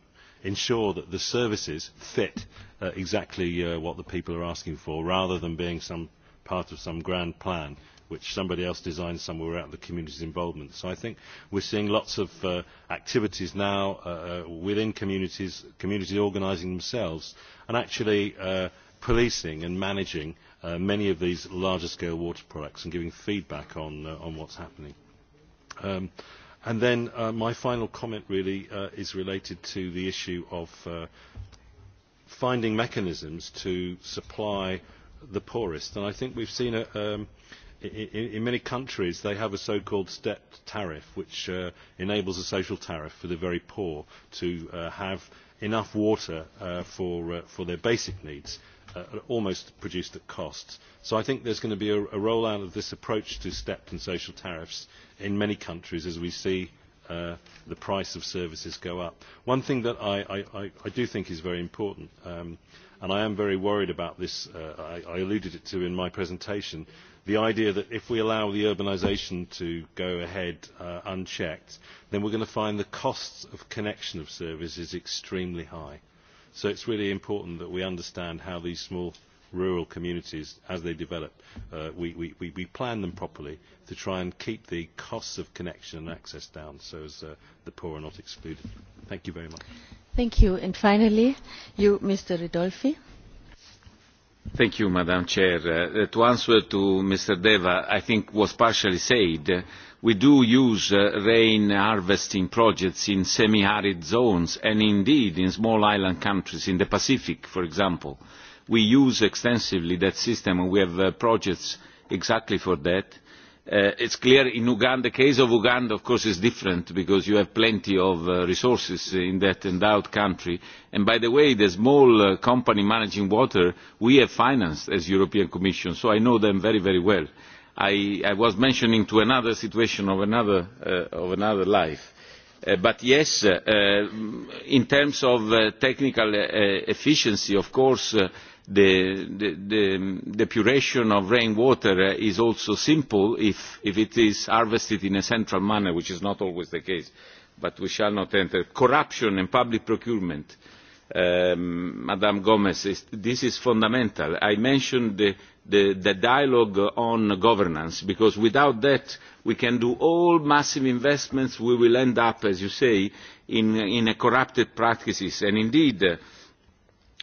ensure that the services fit uh, exactly uh, what the people are asking for rather than being some part of some grand plan which somebody else designed somewhere out of the community's involvement. So I think we're seeing lots of uh, activities now uh, uh within communities, communities organising themselves and actually uh, policing and managing uh, many of these larger scale water products and giving feedback on, uh, on what's happening. Um, uh, And then uh, my final comment really uh, is related to the issue of uh, finding mechanisms to supply the poorest. And I think we've seen a, um, in, in many countries they have a so-called stepped tariff which uh, enables a social tariff for the very poor to uh, have enough water uh, for, uh, for their basic needs uh, almost produced at cost. So I think there's going to be a, a rollout of this approach to stepped and social tariffs in many countries as we see uh, the price of services go up. One thing that I, I, I do think is very important, um, and I am very worried about this, uh, I, I alluded it to in my presentation, the idea that if we allow the urbanisation to go ahead uh, unchecked, then we're going to find the costs of connection of services extremely high so it is really important that we understand how these small rural communities as they develop uh, we, we, we plan them properly to try and keep the costs of connection and access down so as uh, the poor are not excluded. Thank you very much. Thank you. And finally, you, Mr. Ridolfi. Thank you, Madam Chair. Uh, to answer to Mr. Deva, I think was partially said. Uh, we do use uh, rain harvesting projects in semi-arid zones and indeed in small island countries in the Pacific, for example. We use extensively that system and we have uh, projects exactly for that. Uh, it's clear in Uganda, the case of Uganda of course is different because you have plenty of uh, resources in that endowed country. And by the way, the small uh, company managing water, we have financed as European Commission, so I know them very, very well. Uh, I, I was mentioning to another situation of another, uh, of another life. Uh, but yes, uh, uh, in terms of uh, technical uh, efficiency, of course, uh, the, the, the depuration of rainwater uh, is also simple if, if it is harvested in a central manner, which is not always the case. But we shall not enter. Corruption and public procurement. Um, Madame Gomez, is, this is fundamental. I mentioned the the, the dialogue on governance, because without that we can do all massive investments, we will end up, as you say, in, in a corrupted practices. And indeed, uh,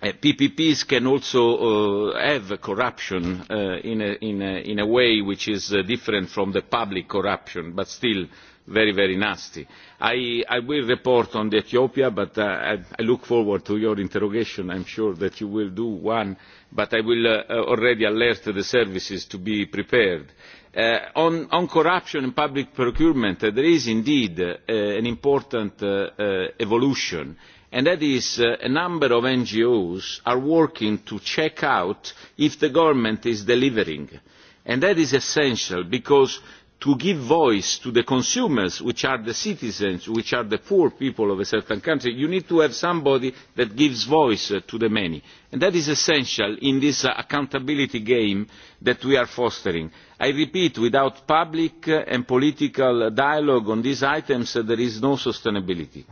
Uh, PPPs can also uh, have corruption uh, in, a, in, a, in a way which is uh, different from the public corruption, but still very, very nasty. I, I will report on Ethiopia, but uh, I, I look forward to your interrogation. I'm sure that you will do one, but I will uh, uh, already alert the services to be prepared. Uh, on, on corruption and public procurement, uh, there is indeed uh, an important uh, uh, evolution, and that is uh, a number of NGOs are working to check out if the government is delivering. And that is essential because to give voice to the consumers which are the citizens which are the poor people of a certain country you need to have somebody that gives voice uh, to the many and that is essential in this uh, accountability game that we are fostering. i repeat without public uh, and political dialogue on these items there is no sustainability.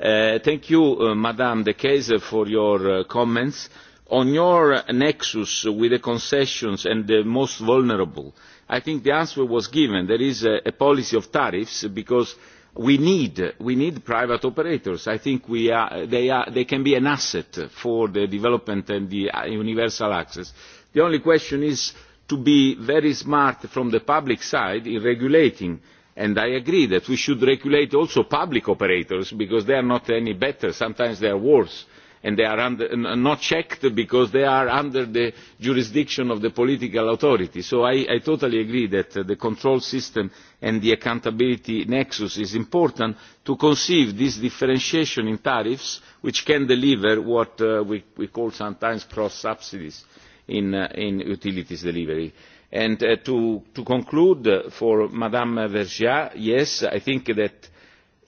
Uh, thank you uh, madam de keyser for your uh, comments. on your nexus with the concessions and the most vulnerable i think the answer was given there is a, a policy of tariffs because we need, we need private operators. i think are, they, are, they can be an asset for the development and the uh, universal access. the only question is to be very smart from the public side in regulating and i agree that we should regulate also public operators because they are not any better sometimes they are worse and they are under, not checked because they are under the jurisdiction of the political authority. so i, I totally agree that uh, the control system and the accountability nexus is important to conceive this differentiation in tariffs which can deliver what uh, we, we call sometimes cross subsidies in, uh, in utilities delivery. And uh, to, to conclude uh, for Madame Vergia, yes, I think that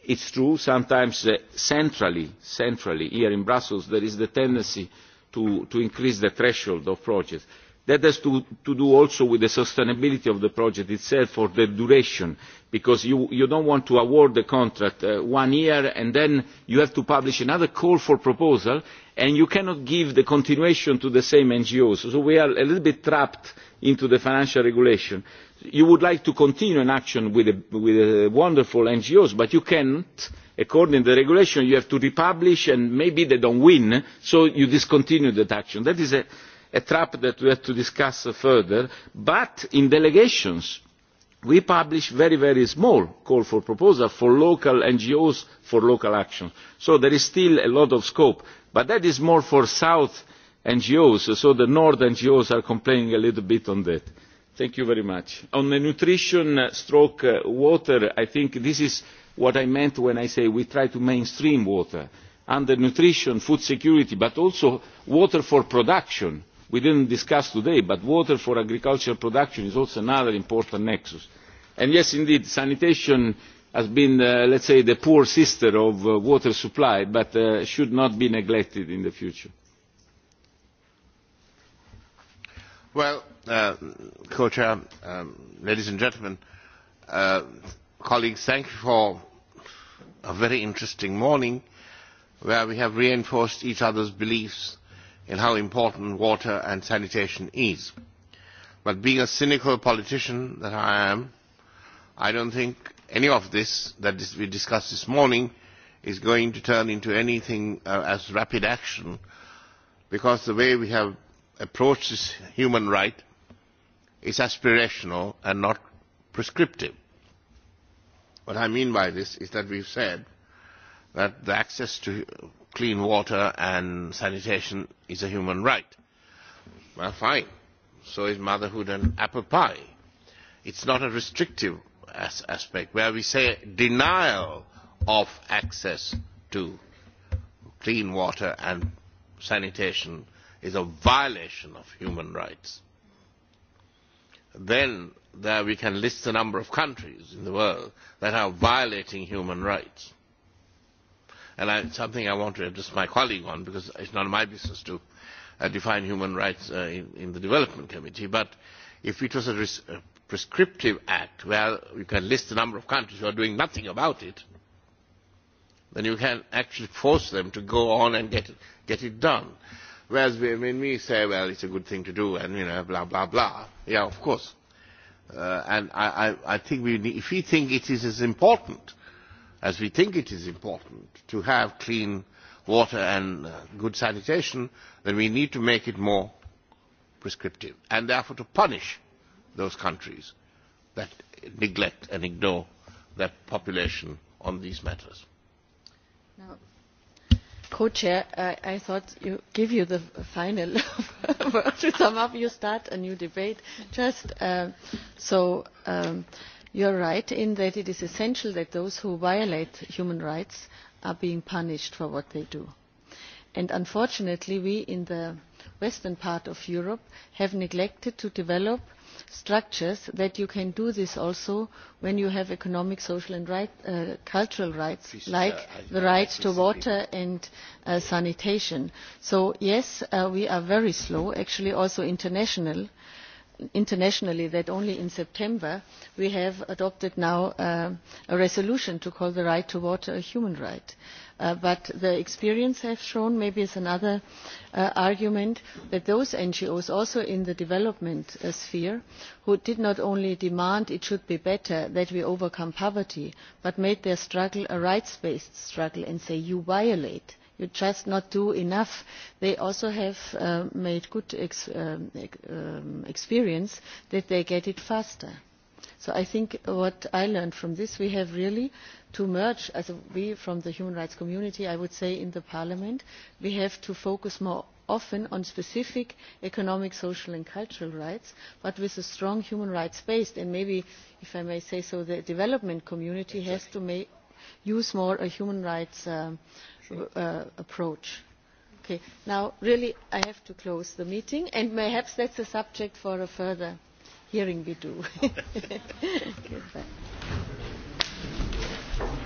it is true sometimes uh, centrally, centrally here in brussels there is the tendency to, to increase the threshold of projects. that has to, to do also with the sustainability of the project itself or the duration because you, you do not want to award the contract uh, one year and then you have to publish another call for proposal and you cannot give the continuation to the same ngos. so we are a little bit trapped into the financial regulation you would like to continue an action with, a, with a wonderful ngos but you cannot according to the regulation you have to republish and maybe they do not win so you discontinue that action. that is a, a trap that we have to discuss further but in delegations we publish very very small call for proposals for local ngos for local action so there is still a lot of scope but that is more for south ngos so the north ngos are complaining a little bit on that thank you very much. on the nutrition uh, stroke uh, water i think this is what i meant when i say we try to mainstream water under nutrition food security but also water for production we did not discuss today but water for agricultural production is also another important nexus. and yes indeed sanitation has been uh, let us say the poor sister of uh, water supply but uh, should not be neglected in the future. Well, uh, co-chair, um, ladies and gentlemen, uh, colleagues, thank you for a very interesting morning where we have reinforced each other's beliefs in how important water and sanitation is. But being a cynical politician that I am, I don't think any of this that this, we discussed this morning is going to turn into anything uh, as rapid action because the way we have approach this human right is aspirational and not prescriptive. What I mean by this is that we've said that the access to clean water and sanitation is a human right. Well, fine. So is motherhood and apple pie. It's not a restrictive as aspect where we say denial of access to clean water and sanitation is a violation of human rights. Then there we can list a number of countries in the world that are violating human rights. And I, something I want to address my colleague on, because it's not my business to uh, define human rights uh, in, in the Development Committee, but if it was a, res- a prescriptive act where you can list a number of countries who are doing nothing about it, then you can actually force them to go on and get it, get it done. Uh, Whereas when we say, well, it's a good thing to do and, you know, blah, blah, blah, yeah, of course. Uh, and I, I, I think we need, if we think it is as important as we think it is important to have clean water and uh, good sanitation, then we need to make it more prescriptive and therefore to punish those countries that neglect and ignore that population on these matters. Now, co-chair, I, I thought you give you the final word to sum up. You start a new debate. Just uh, so um, you're right in that it is essential that those who violate human rights are being punished for what they do. And unfortunately, we in the western part of Europe have neglected to develop uh, structures that you can do this also when you have economic social and right, uh, cultural rights Fish, like uh, the right to water and uh, sanitation. so yes uh, we are very slow actually also internationally internationally that only in september we have adopted now uh, a resolution to call the right to water a human right uh, but the experience has shown maybe is another uh, argument that those ngos also in the development uh, sphere who did not only demand it should be better that we overcome poverty but made their struggle a rights based struggle and say you violate you just not do enough. They also have uh, made good ex um, um, experience that they get it faster. So I think what I learned from this, we have really to merge, as we from the human rights community, I would say in the parliament, we have to focus more often on specific economic, social and cultural rights, but with a strong human rights base. And maybe, if I may say so, the development community exactly. has to make, use more a human rights um, uh, uh, approach. Okay. Now, really, I have to close the meeting, and perhaps that's a subject for a further hearing we do. okay, bye.